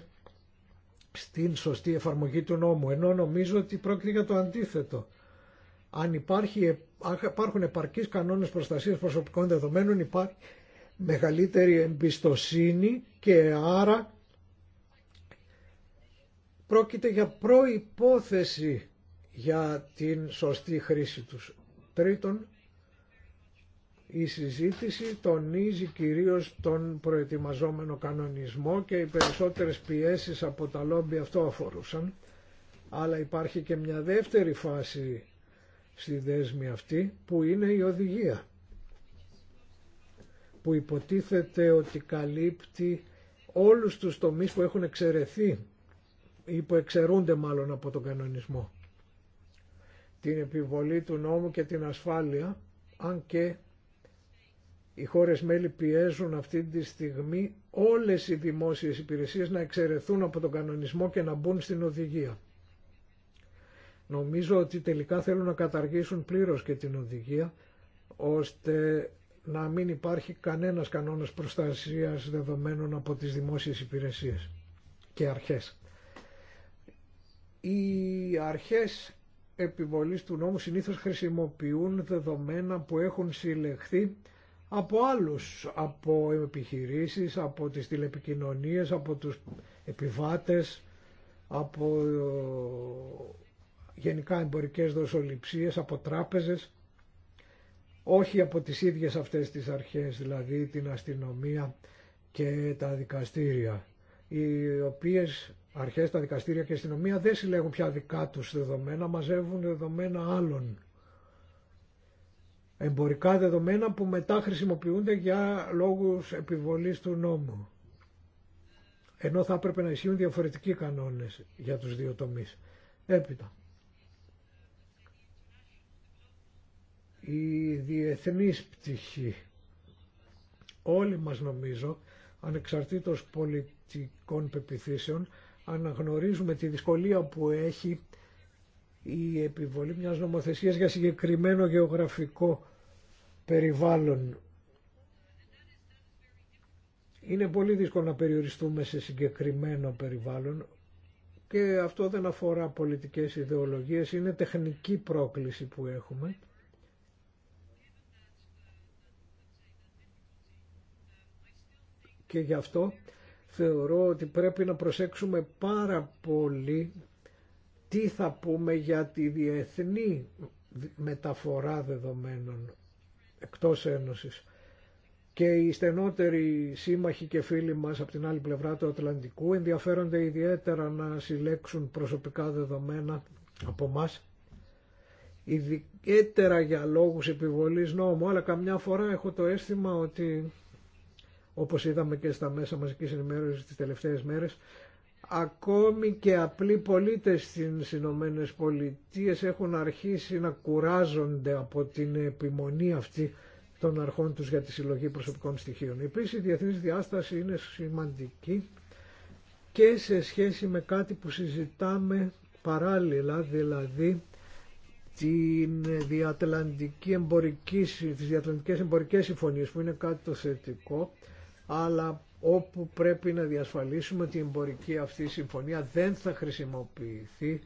στην σωστή εφαρμογή του νόμου, ενώ νομίζω ότι πρόκειται για το αντίθετο. Αν, υπάρχει, υπάρχουν επαρκείς κανόνες προστασίας προσωπικών δεδομένων υπάρχει μεγαλύτερη εμπιστοσύνη και άρα πρόκειται για προϋπόθεση για την σωστή χρήση τους. Τρίτον, η συζήτηση τονίζει κυρίως τον προετοιμαζόμενο κανονισμό και οι περισσότερες πιέσεις από τα λόμπι αυτό αφορούσαν. Αλλά υπάρχει και μια δεύτερη φάση στη δέσμη αυτή που είναι η οδηγία που υποτίθεται ότι καλύπτει όλους τους τομείς που έχουν εξαιρεθεί ή που εξαιρούνται μάλλον από τον κανονισμό. Την επιβολή του νόμου και την ασφάλεια, αν και οι χώρες μέλη πιέζουν αυτή τη στιγμή όλες οι δημόσιες υπηρεσίες να εξαιρεθούν από τον κανονισμό και να μπουν στην οδηγία. Νομίζω ότι τελικά θέλουν να καταργήσουν πλήρως και την οδηγία ώστε να μην υπάρχει κανένας κανόνας προστασίας δεδομένων από τις δημόσιες υπηρεσίες και αρχές. Οι αρχές επιβολής του νόμου συνήθως χρησιμοποιούν δεδομένα που έχουν συλλεχθεί από άλλους, από επιχειρήσεις, από τις τηλεπικοινωνίες, από τους επιβάτες, από γενικά εμπορικές δοσοληψίες από τράπεζες, όχι από τις ίδιες αυτές τις αρχές, δηλαδή την αστυνομία και τα δικαστήρια, οι οποίες αρχές, τα δικαστήρια και η αστυνομία δεν συλλέγουν πια δικά τους δεδομένα, μαζεύουν δεδομένα άλλων. Εμπορικά δεδομένα που μετά χρησιμοποιούνται για λόγους επιβολής του νόμου. Ενώ θα έπρεπε να ισχύουν διαφορετικοί κανόνες για τους δύο τομείς. Έπειτα. η διεθνής πτυχή. Όλοι μας νομίζω, ανεξαρτήτως πολιτικών πεπιθήσεων, αναγνωρίζουμε τη δυσκολία που έχει η επιβολή μιας νομοθεσίας για συγκεκριμένο γεωγραφικό περιβάλλον. Είναι πολύ δύσκολο να περιοριστούμε σε συγκεκριμένο περιβάλλον και αυτό δεν αφορά πολιτικές ιδεολογίες, είναι τεχνική πρόκληση που έχουμε. και γι' αυτό θεωρώ ότι πρέπει να προσέξουμε πάρα πολύ τι θα πούμε για τη διεθνή μεταφορά δεδομένων εκτός Ένωσης. Και οι στενότεροι σύμμαχοι και φίλοι μας από την άλλη πλευρά του Ατλαντικού ενδιαφέρονται ιδιαίτερα να συλλέξουν προσωπικά δεδομένα από μας ιδιαίτερα για λόγους επιβολής νόμου, αλλά καμιά φορά έχω το αίσθημα ότι όπως είδαμε και στα μέσα μαζικής ενημέρωσης τις τελευταίες μέρες, ακόμη και απλοί πολίτες στις Ηνωμένε Πολιτείες έχουν αρχίσει να κουράζονται από την επιμονή αυτή των αρχών τους για τη συλλογή προσωπικών στοιχείων. Επίσης η διεθνής διάσταση είναι σημαντική και σε σχέση με κάτι που συζητάμε παράλληλα, δηλαδή την διατλαντική εμπορική, τις διατλαντικές εμπορικές συμφωνίες που είναι κάτι το θετικό αλλά όπου πρέπει να διασφαλίσουμε ότι η εμπορική αυτή συμφωνία δεν θα χρησιμοποιηθεί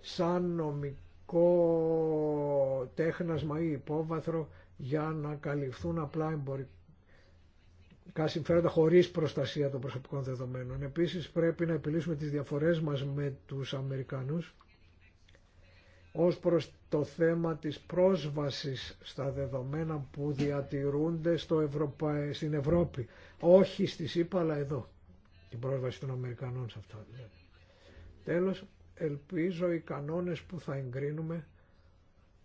σαν νομικό τέχνασμα ή υπόβαθρο για να καλυφθούν απλά εμπορικά συμφέροντα χωρίς προστασία των προσωπικών δεδομένων. Επίσης πρέπει να επιλύσουμε τις διαφορές μας με τους Αμερικανούς ως προς το θέμα της πρόσβασης στα δεδομένα που διατηρούνται στο Ευρωπα... στην Ευρώπη. Όχι στη ΣΥΠΑ, αλλά εδώ. Την πρόσβαση των Αμερικανών σε αυτά. Δηλαδή. Τέλος, ελπίζω οι κανόνες που θα εγκρίνουμε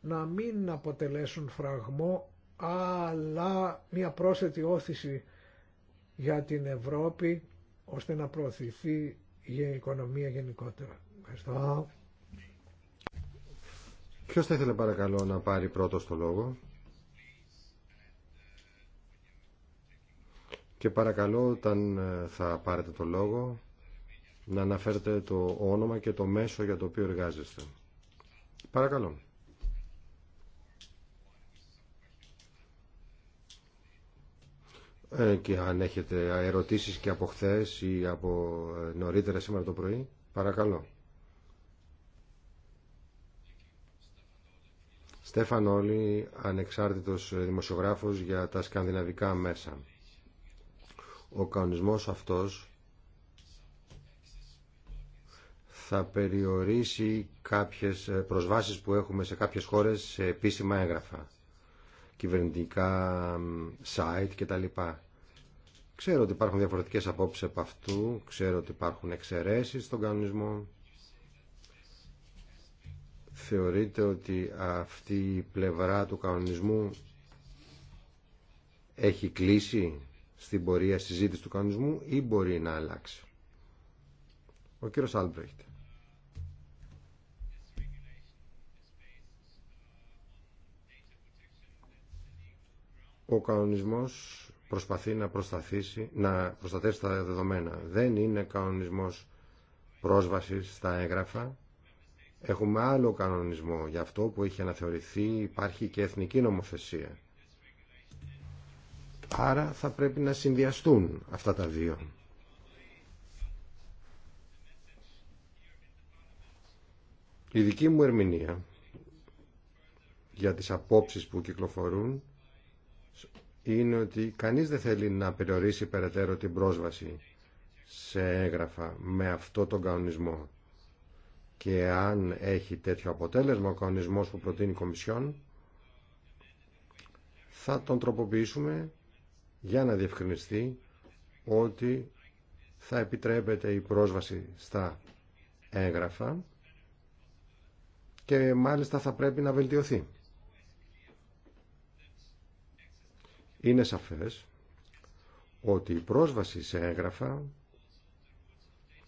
να μην αποτελέσουν φραγμό, αλλά μια πρόσθετη όθηση για την Ευρώπη, ώστε να προωθηθεί η οικονομία γενικότερα. Ευχαριστώ. Ποιος θα ήθελε παρακαλώ να πάρει πρώτος το λόγο. Και παρακαλώ όταν ε, θα πάρετε το λόγο να αναφέρετε το όνομα και το μέσο για το οποίο εργάζεστε. Παρακαλώ. Ε, και αν έχετε ερωτήσεις και από χθε ή από ε, νωρίτερα σήμερα το πρωί, παρακαλώ. Στέφαν Όλη, ανεξάρτητος δημοσιογράφος για τα σκανδιναβικά μέσα. Ο κανονισμός αυτός θα περιορίσει κάποιες προσβάσεις που έχουμε σε κάποιες χώρες σε επίσημα έγγραφα, κυβερνητικά site κτλ. Ξέρω ότι υπάρχουν διαφορετικές απόψεις από αυτού, ξέρω ότι υπάρχουν εξαιρέσεις στον κανονισμό. Θεωρείτε ότι αυτή η πλευρά του κανονισμού έχει κλείσει στην πορεία συζήτηση του κανονισμού ή μπορεί να αλλάξει. Ο κύριος Άλμπρεχτ. Ο κανονισμός προσπαθεί να, να προστατεύσει τα δεδομένα. Δεν είναι κανονισμός πρόσβασης στα έγγραφα Έχουμε άλλο κανονισμό για αυτό που έχει αναθεωρηθεί, υπάρχει και εθνική νομοθεσία. Άρα θα πρέπει να συνδυαστούν αυτά τα δύο. Η δική μου ερμηνεία για τις απόψεις που κυκλοφορούν είναι ότι κανείς δεν θέλει να περιορίσει περαιτέρω την πρόσβαση σε έγγραφα με αυτό τον κανονισμό και αν έχει τέτοιο αποτέλεσμα ο κανονισμός που προτείνει η Κομισιόν θα τον τροποποιήσουμε για να διευκρινιστεί ότι θα επιτρέπεται η πρόσβαση στα έγγραφα και μάλιστα θα πρέπει να βελτιωθεί. Είναι σαφές ότι η πρόσβαση σε έγγραφα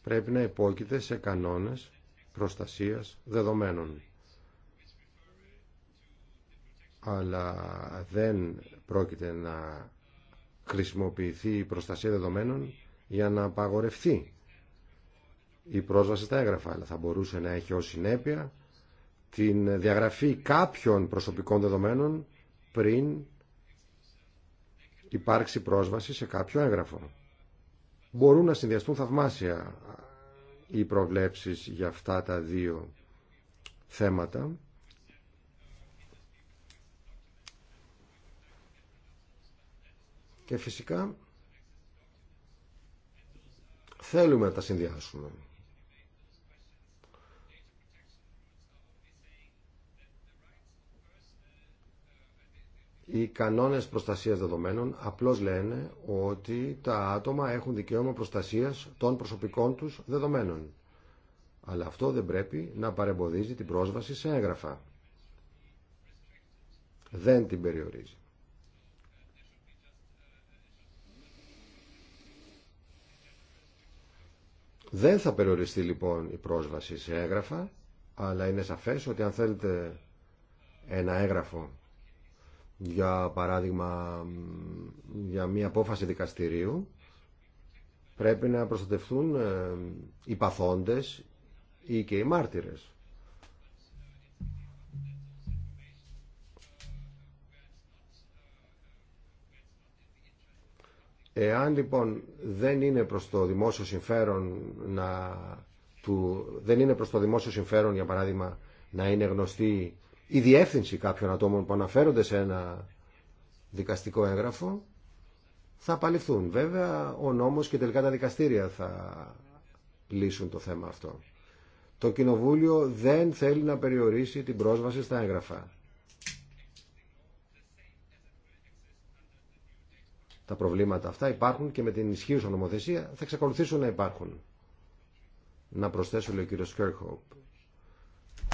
πρέπει να υπόκειται σε κανόνες προστασίας δεδομένων. Αλλά δεν πρόκειται να χρησιμοποιηθεί η προστασία δεδομένων για να απαγορευτεί η πρόσβαση στα έγγραφα, αλλά θα μπορούσε να έχει ως συνέπεια την διαγραφή κάποιων προσωπικών δεδομένων πριν υπάρξει πρόσβαση σε κάποιο έγγραφο. Μπορούν να συνδυαστούν θαυμάσια οι προβλέψεις για αυτά τα δύο θέματα. Και φυσικά θέλουμε να τα συνδυάσουμε. Οι κανόνες προστασίας δεδομένων απλώς λένε ότι τα άτομα έχουν δικαίωμα προστασίας των προσωπικών τους δεδομένων. Αλλά αυτό δεν πρέπει να παρεμποδίζει την πρόσβαση σε έγγραφα. Δεν την περιορίζει. Δεν θα περιοριστεί λοιπόν η πρόσβαση σε έγγραφα, αλλά είναι σαφές ότι αν θέλετε ένα έγγραφο για παράδειγμα για μια απόφαση δικαστηρίου πρέπει να προστατευτούν ε, οι παθόντες ή και οι μάρτυρες. Εάν λοιπόν δεν είναι προς το δημόσιο συμφέρον να του, δεν είναι προς το συμφέρον για παράδειγμα να είναι γνωστή η διεύθυνση κάποιων ατόμων που αναφέρονται σε ένα δικαστικό έγγραφο θα απαλληφθούν. Βέβαια, ο νόμος και τελικά τα δικαστήρια θα λύσουν το θέμα αυτό. Το Κοινοβούλιο δεν θέλει να περιορίσει την πρόσβαση στα έγγραφα. Τα προβλήματα αυτά υπάρχουν και με την ισχύουσα νομοθεσία θα εξακολουθήσουν να υπάρχουν. Να προσθέσω, λέει ο κύριος Κέρχοπ,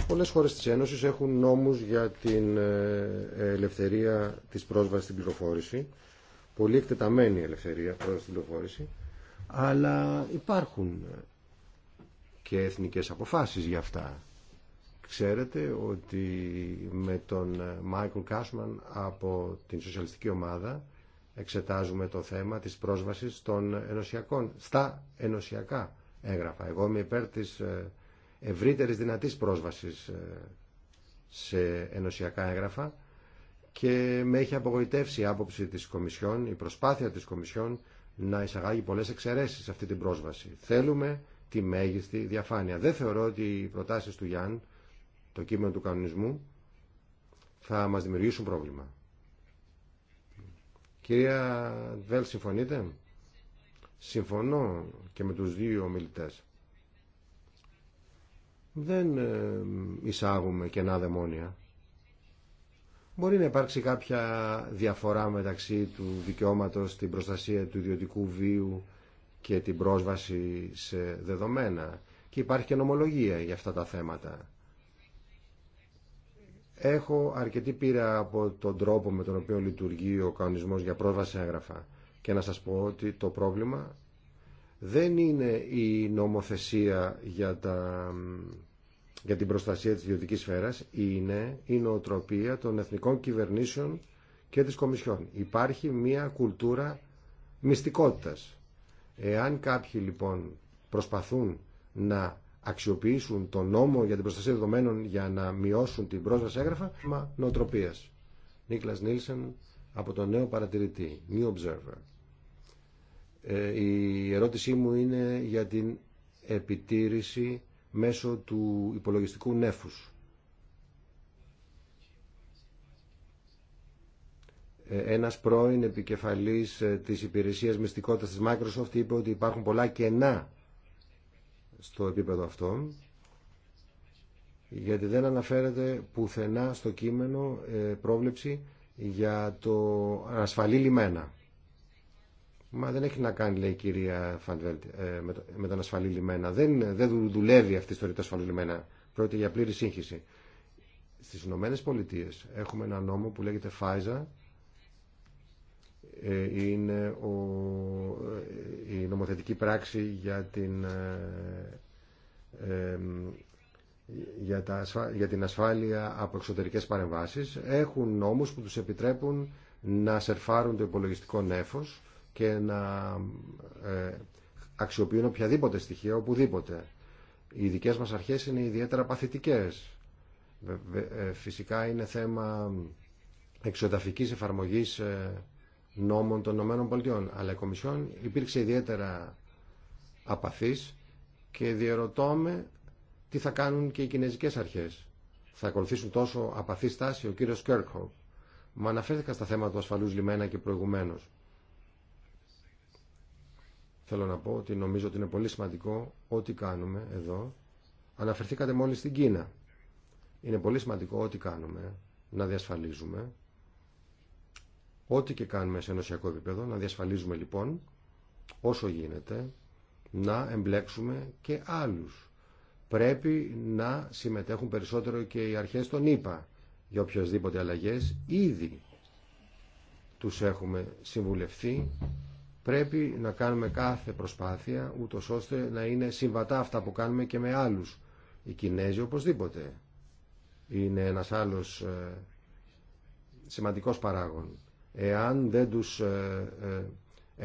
Πολλές χώρες της Ένωσης έχουν νόμους για την ε, ε, ελευθερία της πρόσβασης στην πληροφόρηση, πολύ εκτεταμένη ελευθερία πρόσβασης στην πληροφόρηση, αλλά υπάρχουν ε, και εθνικές αποφάσεις για αυτά. Ξέρετε ότι με τον Μάικλ Κάσμαν από την Σοσιαλιστική Ομάδα εξετάζουμε το θέμα της πρόσβασης των ενωσιακών, στα ενωσιακά έγγραφα. Εγώ είμαι υπέρ της ευρύτερη δυνατής πρόσβασης ε, σε ενωσιακά έγγραφα και με έχει απογοητεύσει η άποψη της Κομισιόν, η προσπάθεια της Κομισιόν να εισαγάγει πολλές εξαιρεσει σε αυτή την πρόσβαση. Θέλουμε τη μέγιστη διαφάνεια. Δεν θεωρώ ότι οι προτάσεις του Γιάνν, το κείμενο του κανονισμού, θα μας δημιουργήσουν πρόβλημα. Κυρία Βέλ, συμφωνείτε? Συμφωνώ και με τους δύο ομιλητές δεν ε, εισάγουμε κενά δαιμόνια. Μπορεί να υπάρξει κάποια διαφορά μεταξύ του δικαιώματος στην προστασία του ιδιωτικού βίου και την πρόσβαση σε δεδομένα. Και υπάρχει και νομολογία για αυτά τα θέματα. Έχω αρκετή πείρα από τον τρόπο με τον οποίο λειτουργεί ο κανονισμός για πρόσβαση έγγραφα και να σας πω ότι το πρόβλημα δεν είναι η νομοθεσία για, για την προστασία της ιδιωτικής σφαίρας, είναι η νοοτροπία των εθνικών κυβερνήσεων και της Κομισιόν. Υπάρχει μια κουλτούρα μυστικότητας. Εάν κάποιοι λοιπόν προσπαθούν να αξιοποιήσουν το νόμο για την προστασία δεδομένων για να μειώσουν την πρόσβαση έγγραφα, μα νοοτροπίας. Νίκλας Νίλσεν από το νέο παρατηρητή, New Observer. Ε, η ερώτησή μου είναι για την επιτήρηση μέσω του υπολογιστικού νέφους. Ε, ένας πρώην επικεφαλής ε, της υπηρεσίας μυστικότητας της Microsoft είπε ότι υπάρχουν πολλά κενά στο επίπεδο αυτό γιατί δεν αναφέρεται πουθενά στο κείμενο πρόβλεψη για το ασφαλή λιμένα. Μα δεν έχει να κάνει, λέει η κυρία Φαντβέλτ, ε, με τον ασφαλή λιμένα. Δεν, δεν δουλεύει αυτή η ιστορία του ασφαλή λιμένα. Πρόκειται για πλήρη σύγχυση. Στις Ηνωμένε Πολιτείε έχουμε ένα νόμο που λέγεται ΦΑΙΖΑ. Ε, είναι ο, ε, η νομοθετική πράξη για την για, τα, για την ασφάλεια από εξωτερικές παρεμβάσεις έχουν νόμους που τους επιτρέπουν να σερφάρουν το υπολογιστικό νέφος και να ε, αξιοποιούν οποιαδήποτε στοιχεία οπουδήποτε. Οι δικές μας αρχές είναι ιδιαίτερα παθητικές. Ε, φυσικά είναι θέμα εξωταφικής εφαρμογής ε, νόμων των ΗΠΑ. Αλλά η Κομισιόν υπήρξε ιδιαίτερα απαθής και διαρωτώ τι θα κάνουν και οι κινέζικες αρχές. Θα ακολουθήσουν τόσο απαθή στάση ο κύριος Κέρκχοπ. Μα αναφέρθηκα στα θέματα του ασφαλούς λιμένα και προηγουμένως θέλω να πω ότι νομίζω ότι είναι πολύ σημαντικό ό,τι κάνουμε εδώ. Αναφερθήκατε μόλις στην Κίνα. Είναι πολύ σημαντικό ό,τι κάνουμε να διασφαλίζουμε ό,τι και κάνουμε σε ενωσιακό επίπεδο, να διασφαλίζουμε λοιπόν όσο γίνεται να εμπλέξουμε και άλλους. Πρέπει να συμμετέχουν περισσότερο και οι αρχές των ΗΠΑ για οποιασδήποτε αλλαγές. Ήδη τους έχουμε συμβουλευτεί Πρέπει να κάνουμε κάθε προσπάθεια ούτω ώστε να είναι συμβατά αυτά που κάνουμε και με άλλους. Οι Κινέζοι οπωσδήποτε είναι ένας άλλος ε, σημαντικός παράγων. Εάν δεν τους ε, ε,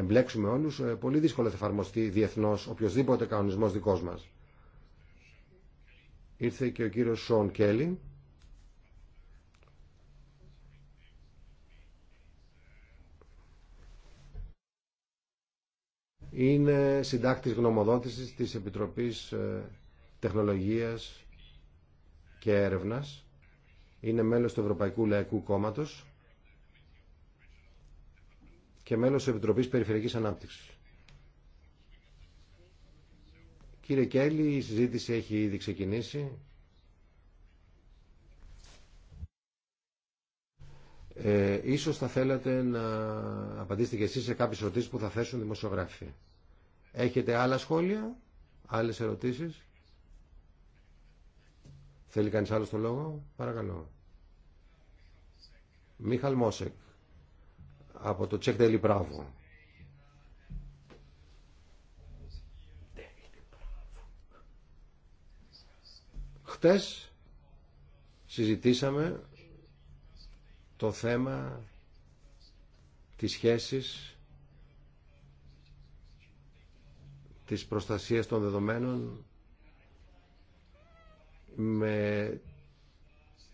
εμπλέξουμε όλους, πολύ δύσκολο θα εφαρμοστεί διεθνώς οποιοδήποτε κανονισμός δικός μας. Ήρθε και ο κύριος Σον Κέλλιν. είναι συντάκτης γνωμοδότησης της Επιτροπής ε, Τεχνολογίας και Έρευνας. Είναι μέλος του Ευρωπαϊκού Λαϊκού Κόμματος και μέλος της Επιτροπής Περιφερειακής Ανάπτυξης. Κύριε Κέλλη, η συζήτηση έχει ήδη ξεκινήσει. Ε, ίσως θα θέλατε να απαντήσετε και εσείς σε κάποιες ερωτήσεις που θα θέσουν δημοσιογράφοι. Έχετε άλλα σχόλια, άλλες ερωτήσεις. Θέλει κανείς άλλο το λόγο, παρακαλώ. Μίχαλ Μόσεκ, από το Τσεκ Daily πράβο. Χτες συζητήσαμε το θέμα της σχέσης της προστασίας των δεδομένων με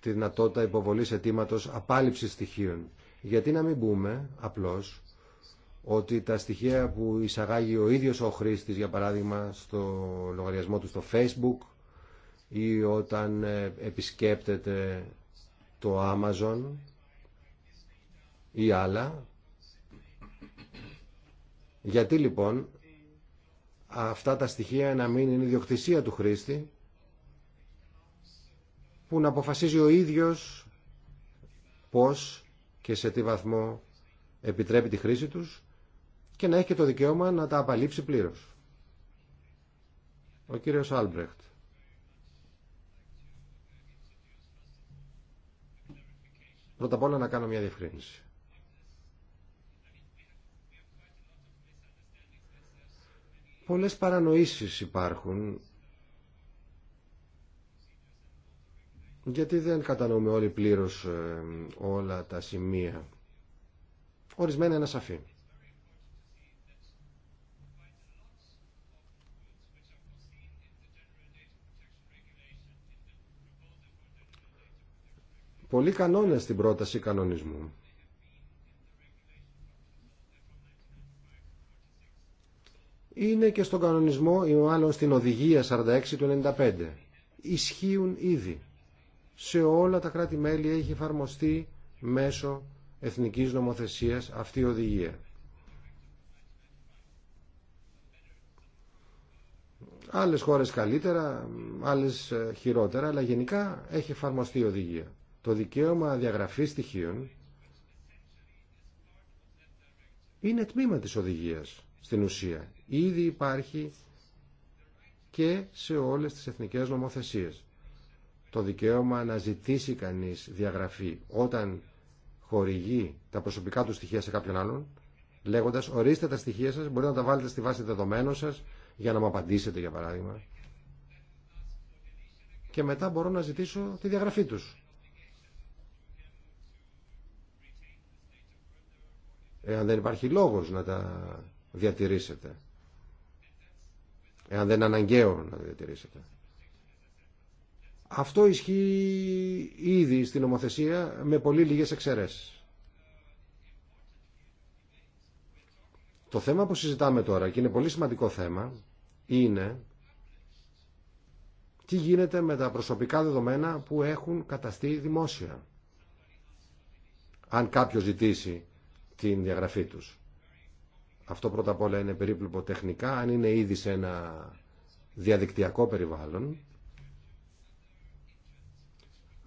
τη δυνατότητα υποβολής αιτήματος απάλληψης στοιχείων. Γιατί να μην πούμε απλώς ότι τα στοιχεία που εισαγάγει ο ίδιος ο χρήστης, για παράδειγμα, στο λογαριασμό του στο Facebook ή όταν ε, επισκέπτεται το Amazon, ή άλλα. Γιατί λοιπόν αυτά τα στοιχεία να μην είναι ιδιοκτησία του χρήστη που να αποφασίζει ο ίδιος πώς και σε τι βαθμό επιτρέπει τη χρήση τους και να έχει και το δικαίωμα να τα απαλείψει πλήρως. Ο κύριος Άλμπρεχτ. Πρώτα απ' όλα να κάνω μια διευκρίνηση. Πολλές παρανοήσεις υπάρχουν γιατί δεν κατανοούμε όλοι πλήρως ε, όλα τα σημεία. Ορισμένα είναι σαφή. πολλοί κανόνες στην πρόταση κανονισμού. είναι και στον κανονισμό ή μάλλον στην οδηγία 46 του 95. Ισχύουν ήδη. Σε όλα τα κράτη-μέλη έχει εφαρμοστεί μέσω εθνικής νομοθεσίας αυτή η οδηγία. Άλλες χώρες καλύτερα, άλλες ε, χειρότερα, αλλά γενικά έχει εφαρμοστεί η οδηγία. Το δικαίωμα διαγραφής στοιχείων είναι τμήμα της οδηγίας στην ουσία. Ήδη υπάρχει και σε όλες τις εθνικές νομοθεσίες. Το δικαίωμα να ζητήσει κανείς διαγραφή όταν χορηγεί τα προσωπικά του στοιχεία σε κάποιον άλλον, λέγοντας ορίστε τα στοιχεία σας, μπορείτε να τα βάλετε στη βάση δεδομένων σας για να μου απαντήσετε για παράδειγμα. Και μετά μπορώ να ζητήσω τη διαγραφή τους. Εάν δεν υπάρχει λόγος να τα διατηρήσετε. Εάν δεν αναγκαίο να διατηρήσετε. Αυτό ισχύει ήδη στην νομοθεσία με πολύ λίγες εξαιρέσεις. Το θέμα που συζητάμε τώρα και είναι πολύ σημαντικό θέμα είναι τι γίνεται με τα προσωπικά δεδομένα που έχουν καταστεί δημόσια αν κάποιος ζητήσει την διαγραφή τους. Αυτό πρώτα απ' όλα είναι περίπλοκο τεχνικά, αν είναι ήδη σε ένα διαδικτυακό περιβάλλον,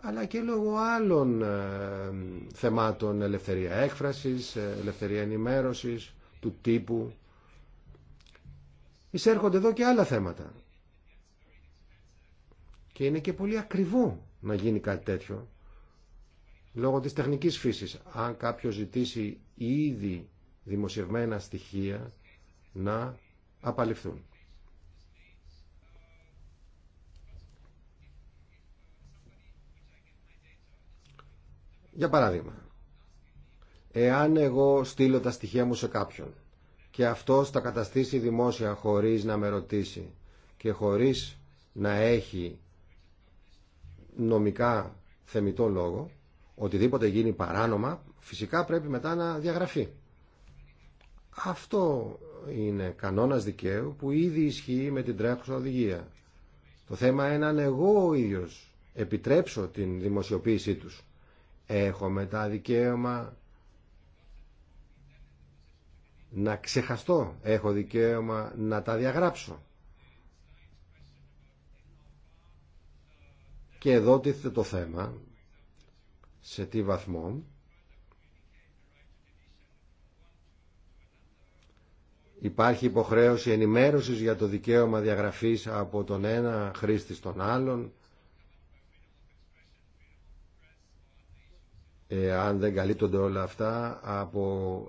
αλλά και λόγω άλλων ε, θεμάτων ελευθερία έκφρασης, ε, ελευθερία ενημέρωσης, του τύπου. Εισέρχονται εδώ και άλλα θέματα. Και είναι και πολύ ακριβό να γίνει κάτι τέτοιο, λόγω της τεχνικής φύσης. Αν κάποιος ζητήσει ήδη δημοσιευμένα στοιχεία να απαλληφθούν. Για παράδειγμα, εάν εγώ στείλω τα στοιχεία μου σε κάποιον και αυτός τα καταστήσει δημόσια χωρίς να με ρωτήσει και χωρίς να έχει νομικά θεμητό λόγο, οτιδήποτε γίνει παράνομα, φυσικά πρέπει μετά να διαγραφεί. Αυτό είναι κανόνας δικαίου που ήδη ισχύει με την τρέχουσα οδηγία. Το θέμα είναι αν εγώ ο ίδιος επιτρέψω την δημοσιοποίησή τους. Έχω μετά δικαίωμα να ξεχαστώ. Έχω δικαίωμα να τα διαγράψω. Και εδώ τίθεται το θέμα σε τι βαθμό Υπάρχει υποχρέωση ενημέρωσης για το δικαίωμα διαγραφής από τον ένα χρήστη στον άλλον. αν δεν καλύπτονται όλα αυτά από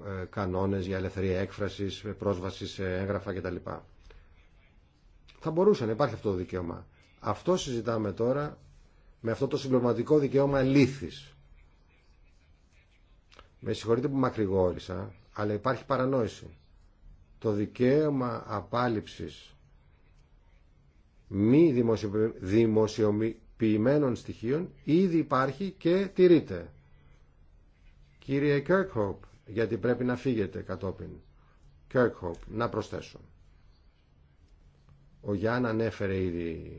ε, κανόνες για ελευθερία έκφρασης, πρόσβαση σε έγγραφα κτλ. Θα μπορούσε να υπάρχει αυτό το δικαίωμα. Αυτό συζητάμε τώρα με αυτό το συμπληρωματικό δικαίωμα λύθης. Με συγχωρείτε που μακρηγόρησα, αλλά υπάρχει παρανόηση το δικαίωμα απάλληψης μη δημοσιοποιημένων στοιχείων ήδη υπάρχει και τηρείται. Κύριε Κέρκχοπ, γιατί πρέπει να φύγετε κατόπιν. Κέρκχοπ, να προσθέσω. Ο Γιάννα ανέφερε ήδη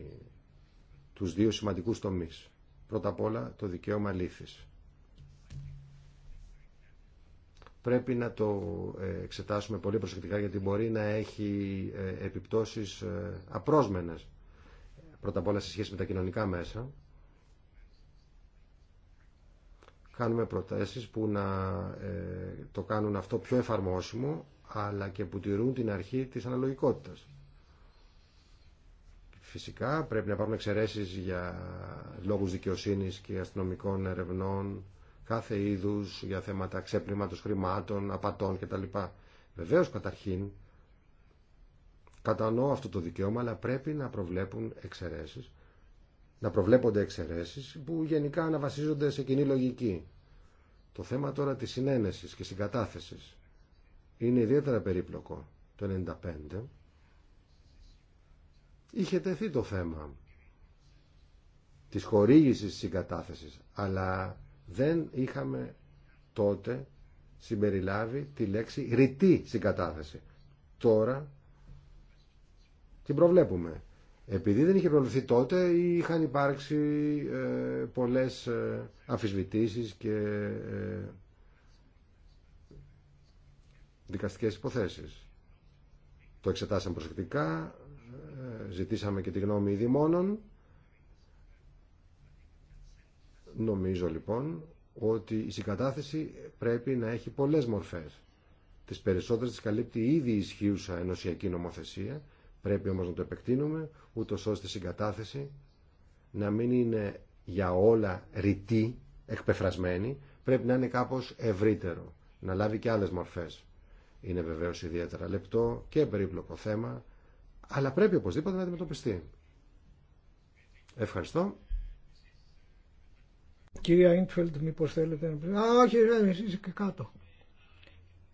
τους δύο σημαντικούς τομείς. Πρώτα απ' όλα το δικαίωμα λήθης. πρέπει να το ε, εξετάσουμε πολύ προσεκτικά γιατί μπορεί να έχει ε, επιπτώσεις ε, απρόσμενες πρώτα απ' όλα σε σχέση με τα κοινωνικά μέσα κάνουμε προτάσεις που να το κάνουν αυτό πιο εφαρμόσιμο αλλά και που τηρούν την αρχή της αναλογικότητας φυσικά πρέπει να υπάρχουν εξαιρέσεις για λόγους δικαιοσύνης και αστυνομικών ερευνών κάθε είδους για θέματα ξέπλυματο χρημάτων, απατών κτλ. Βεβαίως καταρχήν κατανοώ αυτό το δικαίωμα αλλά πρέπει να προβλέπουν εξαιρέσεις να προβλέπονται εξαιρέσεις που γενικά αναβασίζονται σε κοινή λογική. Το θέμα τώρα της συνένεσης και συγκατάθεσης είναι ιδιαίτερα περίπλοκο. Το 1995 είχε τεθεί το θέμα της χορήγησης αλλά δεν είχαμε τότε συμπεριλάβει τη λέξη ρητή συγκατάθεση. Τώρα την προβλέπουμε. Επειδή δεν είχε προβληθεί τότε είχαν υπάρξει ε, πολλές ε, και ε, δικαστικές υποθέσεις. Το εξετάσαμε προσεκτικά, ε, ζητήσαμε και τη γνώμη μόνον, Νομίζω λοιπόν ότι η συγκατάθεση πρέπει να έχει πολλές μορφές. Τις περισσότερες τις καλύπτει ήδη ισχύουσα ενωσιακή νομοθεσία, πρέπει όμως να το επεκτείνουμε, ούτω ώστε η συγκατάθεση να μην είναι για όλα ρητή, εκπεφρασμένη, πρέπει να είναι κάπως ευρύτερο, να λάβει και άλλες μορφές. Είναι βεβαίως ιδιαίτερα λεπτό και περίπλοκο θέμα, αλλά πρέπει οπωσδήποτε να αντιμετωπιστεί. Ευχαριστώ. Κυρία Ιντφελτ, μήπω θέλετε να Α, όχι, εσείς και ε, ε, κάτω.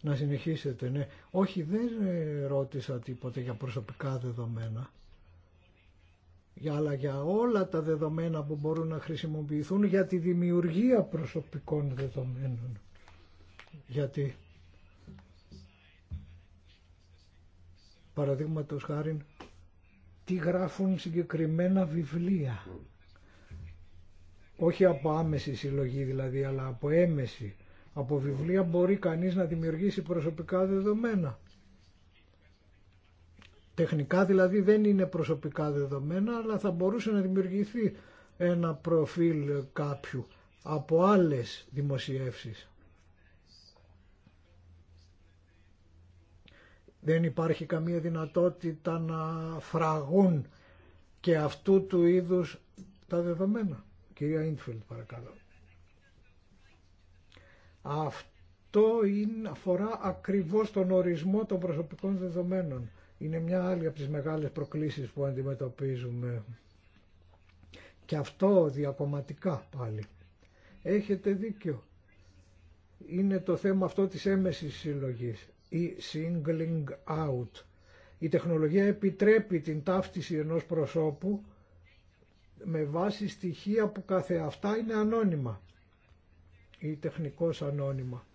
Να συνεχίσετε, ναι. Όχι, δεν ε, ρώτησα τίποτα για προσωπικά δεδομένα. Για, αλλά για όλα τα δεδομένα που μπορούν να χρησιμοποιηθούν για τη δημιουργία προσωπικών δεδομένων. Γιατί, παραδείγματος χάρη, τι γράφουν συγκεκριμένα βιβλία όχι από άμεση συλλογή δηλαδή, αλλά από έμεση, από βιβλία μπορεί κανείς να δημιουργήσει προσωπικά δεδομένα. Τεχνικά δηλαδή δεν είναι προσωπικά δεδομένα, αλλά θα μπορούσε να δημιουργηθεί ένα προφίλ κάποιου από άλλες δημοσιεύσεις. Δεν υπάρχει καμία δυνατότητα να φραγούν και αυτού του είδους τα δεδομένα. Κυρία παρακαλώ. Αυτό είναι, αφορά ακριβώς τον ορισμό των προσωπικών δεδομένων. Είναι μια άλλη από τις μεγάλες προκλήσεις που αντιμετωπίζουμε. Και αυτό διακομματικά πάλι. Έχετε δίκιο. Είναι το θέμα αυτό της έμεσης συλλογής ή singling out. Η τεχνολογία επιτρέπει την ταύτιση ενός προσώπου με βάση στοιχεία που καθεαυτά είναι ανώνυμα ή τεχνικός ανώνυμα.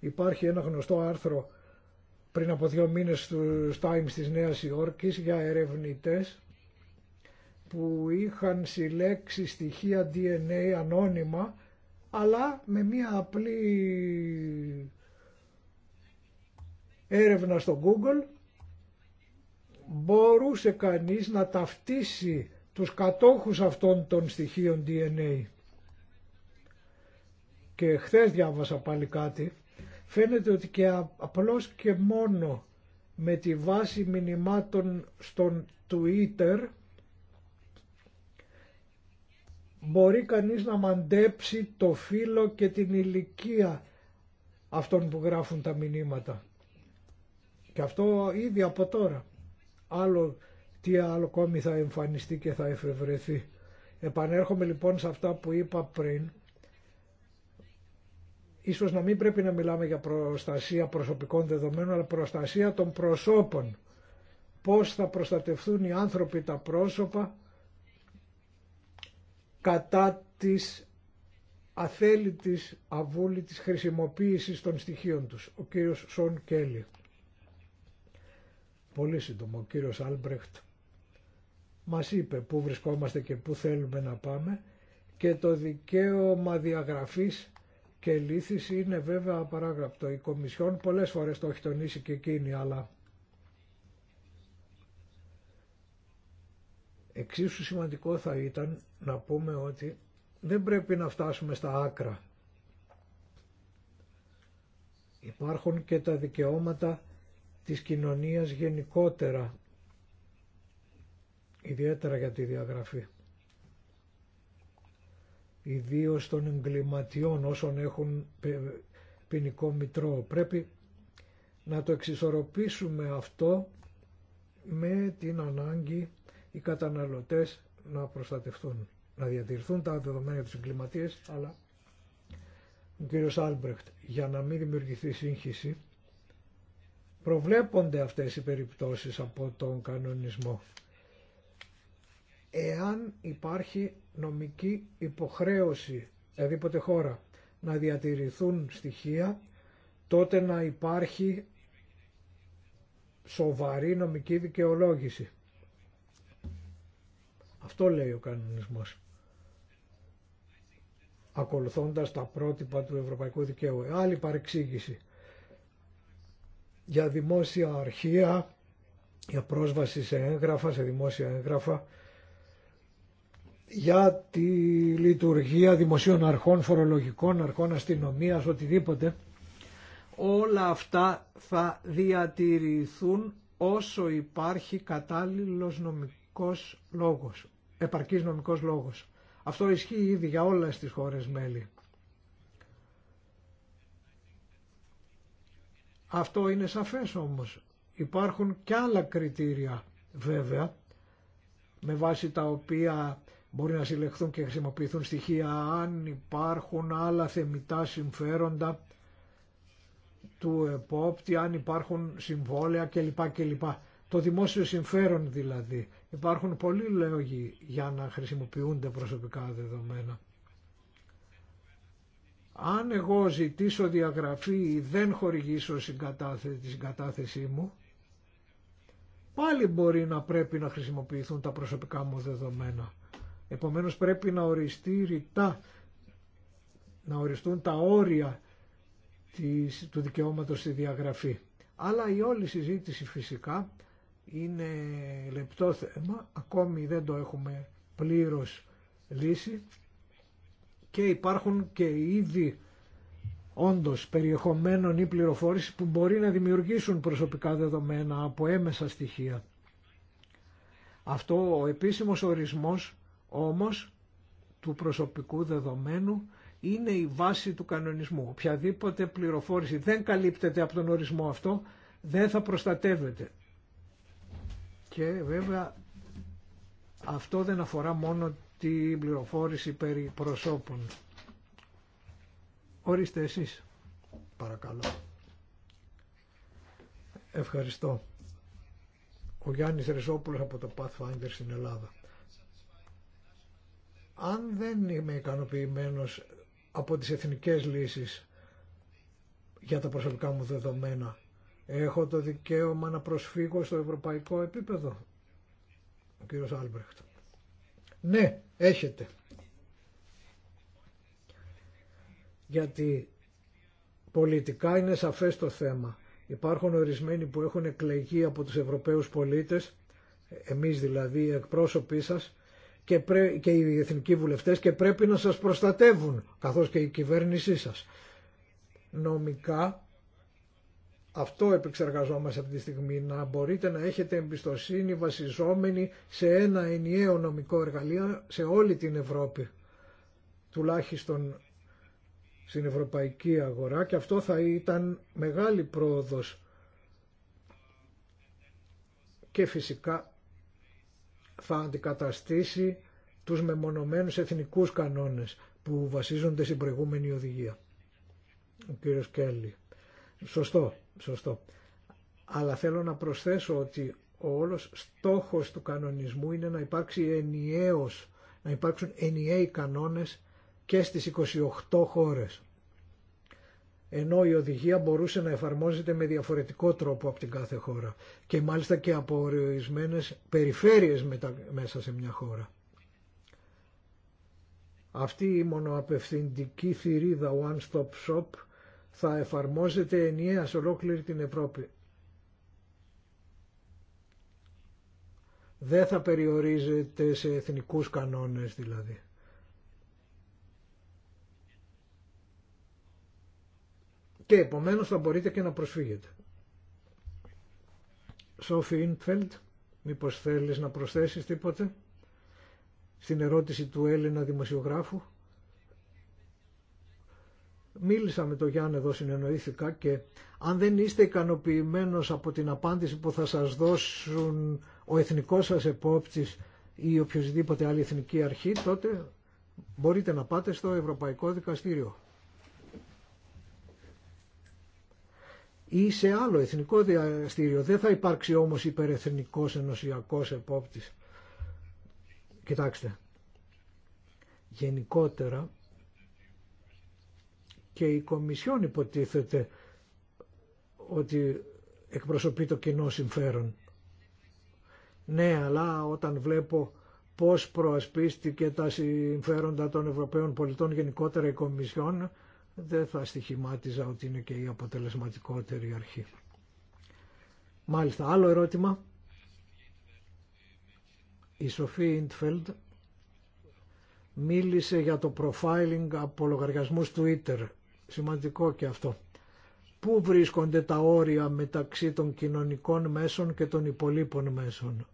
Υπάρχει ένα γνωστό άρθρο πριν από δύο μήνες του Times της Νέας Υόρκης για ερευνητές που είχαν συλλέξει στοιχεία DNA ανώνυμα αλλά με μία απλή έρευνα στο Google μπορούσε κανείς να ταυτίσει τους κατόχους αυτών των στοιχείων DNA. Και χθες διάβασα πάλι κάτι. Φαίνεται ότι και απλώς και μόνο με τη βάση μηνυμάτων στον Twitter μπορεί κανείς να μαντέψει το φύλλο και την ηλικία αυτών που γράφουν τα μηνύματα. Και αυτό ήδη από τώρα. Άλλο τι άλλο ακόμη θα εμφανιστεί και θα εφευρεθεί. Επανέρχομαι λοιπόν σε αυτά που είπα πριν. Ίσως να μην πρέπει να μιλάμε για προστασία προσωπικών δεδομένων, αλλά προστασία των προσώπων. Πώς θα προστατευτούν οι άνθρωποι τα πρόσωπα κατά της αθέλητης αβούλητης χρησιμοποίησης των στοιχείων τους. Ο κύριος Σον Κέλλη. Πολύ σύντομο, ο κύριος Άλμπρεχτ μας είπε πού βρισκόμαστε και πού θέλουμε να πάμε και το δικαίωμα διαγραφής και λύθης είναι βέβαια απαράγραπτο. Η Κομισιόν πολλές φορές το έχει τονίσει και εκείνη, αλλά εξίσου σημαντικό θα ήταν να πούμε ότι δεν πρέπει να φτάσουμε στα άκρα. Υπάρχουν και τα δικαιώματα της κοινωνίας γενικότερα ιδιαίτερα για τη διαγραφή ιδίω των εγκληματιών όσων έχουν ποινικό μητρό. Πρέπει να το εξισορροπήσουμε αυτό με την ανάγκη οι καταναλωτές να προστατευτούν, να διατηρηθούν τα δεδομένα για τους εγκληματίες, αλλά ο κύριος Άλμπρεχτ, για να μην δημιουργηθεί σύγχυση, προβλέπονται αυτές οι περιπτώσεις από τον κανονισμό εάν υπάρχει νομική υποχρέωση οποιαδήποτε χώρα να διατηρηθούν στοιχεία, τότε να υπάρχει σοβαρή νομική δικαιολόγηση. Αυτό λέει ο κανονισμός. Ακολουθώντας τα πρότυπα του Ευρωπαϊκού Δικαίου. Άλλη παρεξήγηση. Για δημόσια αρχεία, για πρόσβαση σε έγγραφα, σε δημόσια έγγραφα, για τη λειτουργία δημοσίων αρχών, φορολογικών αρχών, αστυνομίας, οτιδήποτε, όλα αυτά θα διατηρηθούν όσο υπάρχει κατάλληλος νομικός λόγος, επαρκής νομικός λόγος. Αυτό ισχύει ήδη για όλες τις χώρες μέλη. Αυτό είναι σαφές όμως. Υπάρχουν και άλλα κριτήρια βέβαια με βάση τα οποία Μπορεί να συλλεχθούν και χρησιμοποιηθούν στοιχεία αν υπάρχουν άλλα θεμητά συμφέροντα του επόπτη, αν υπάρχουν συμβόλαια κλπ. κλπ. Το δημόσιο συμφέρον δηλαδή. Υπάρχουν πολλοί λόγοι για να χρησιμοποιούνται προσωπικά δεδομένα. Αν εγώ ζητήσω διαγραφή ή δεν χορηγήσω τη συγκατάθεσή μου, πάλι μπορεί να πρέπει να χρησιμοποιηθούν τα προσωπικά μου δεδομένα. Επομένως πρέπει να οριστεί ρητά, να οριστούν τα όρια της, του δικαιώματος στη διαγραφή. Αλλά η όλη συζήτηση φυσικά είναι λεπτό θέμα, ακόμη δεν το έχουμε πλήρως λύσει και υπάρχουν και ήδη όντως περιεχομένων ή πληροφόρηση που μπορεί να δημιουργήσουν προσωπικά δεδομένα από έμεσα στοιχεία. Αυτό ο επίσημος ορισμός όμως του προσωπικού δεδομένου είναι η βάση του κανονισμού. Οποιαδήποτε πληροφόρηση δεν καλύπτεται από τον ορισμό αυτό, δεν θα προστατεύεται. Και βέβαια αυτό δεν αφορά μόνο την πληροφόρηση περί προσώπων. Ορίστε εσείς, παρακαλώ. Ευχαριστώ. Ο Γιάννης Ρεζόπουλος από το Pathfinder στην Ελλάδα. Αν δεν είμαι ικανοποιημένος από τις εθνικές λύσεις για τα προσωπικά μου δεδομένα, έχω το δικαίωμα να προσφύγω στο ευρωπαϊκό επίπεδο. Ο κύριος Άλμπρεχτ. Ναι, έχετε. Γιατί πολιτικά είναι σαφές το θέμα. Υπάρχουν ορισμένοι που έχουν εκλεγεί από τους Ευρωπαίους πολίτες, εμείς δηλαδή οι εκπρόσωποι σας, και, πρέ... και οι εθνικοί βουλευτές και πρέπει να σας προστατεύουν καθώς και η κυβέρνησή σας. Νομικά αυτό επεξεργαζόμαστε αυτή τη στιγμή, να μπορείτε να έχετε εμπιστοσύνη βασιζόμενη σε ένα ενιαίο νομικό εργαλείο σε όλη την Ευρώπη, τουλάχιστον στην ευρωπαϊκή αγορά και αυτό θα ήταν μεγάλη πρόοδος και φυσικά θα αντικαταστήσει τους μεμονωμένους εθνικούς κανόνες που βασίζονται στην προηγούμενη οδηγία. Ο κύριος Κέλλη. Σωστό, σωστό. Αλλά θέλω να προσθέσω ότι ο όλος στόχος του κανονισμού είναι να υπάρξει ενιαίος, να υπάρξουν ενιαίοι κανόνες και στις 28 χώρες ενώ η οδηγία μπορούσε να εφαρμόζεται με διαφορετικό τρόπο από την κάθε χώρα και μάλιστα και από ορισμένε περιφέρειες μέσα σε μια χώρα. Αυτή η μονοαπευθυντική θηρίδα One Stop Shop θα εφαρμόζεται ενιαία σε ολόκληρη την Ευρώπη. Δεν θα περιορίζεται σε εθνικούς κανόνες δηλαδή. και επομένως θα μπορείτε και να προσφύγετε. Σόφι Ινφελτ, μήπως θέλεις να προσθέσεις τίποτε στην ερώτηση του Έλληνα δημοσιογράφου. Μίλησα με τον Γιάννη εδώ συνεννοήθηκα και αν δεν είστε ικανοποιημένος από την απάντηση που θα σας δώσουν ο εθνικός σας επόπτης ή οποιοδήποτε άλλη εθνική αρχή, τότε μπορείτε να πάτε στο Ευρωπαϊκό Δικαστήριο. ή σε άλλο εθνικό διαστήριο. Δεν θα υπάρξει όμως υπερεθνικός ενωσιακός επόπτης. Κοιτάξτε, γενικότερα και η Κομισιόν υποτίθεται ότι εκπροσωπεί το κοινό συμφέρον. Ναι, αλλά όταν βλέπω πώς προασπίστηκε τα συμφέροντα των Ευρωπαίων πολιτών γενικότερα η Κομισιόν, δεν θα στοιχημάτιζα ότι είναι και η αποτελεσματικότερη αρχή. Μάλιστα, άλλο ερώτημα. Η Σοφή Ιντφελντ μίλησε για το profiling από λογαριασμούς Twitter. Σημαντικό και αυτό. Πού βρίσκονται τα όρια μεταξύ των κοινωνικών μέσων και των υπολείπων μέσων.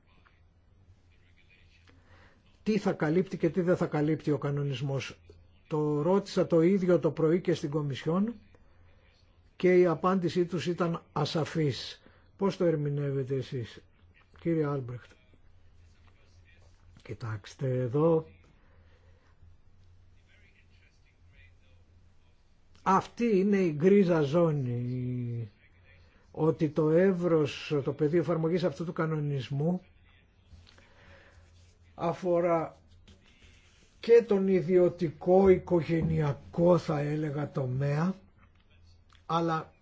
Τι θα καλύπτει και τι δεν θα καλύπτει ο κανονισμός. Το ρώτησα το ίδιο το πρωί και στην Κομισιόν και η απάντησή τους ήταν ασαφής. Πώς το ερμηνεύετε εσείς, κύριε Άλμπρεχτ. Κοιτάξτε εδώ. Αυτή είναι η γκρίζα ζώνη ότι το εύρος, το πεδίο εφαρμογής αυτού του κανονισμού αφορά και τον ιδιωτικό οικογενειακό θα έλεγα τομέα αλλά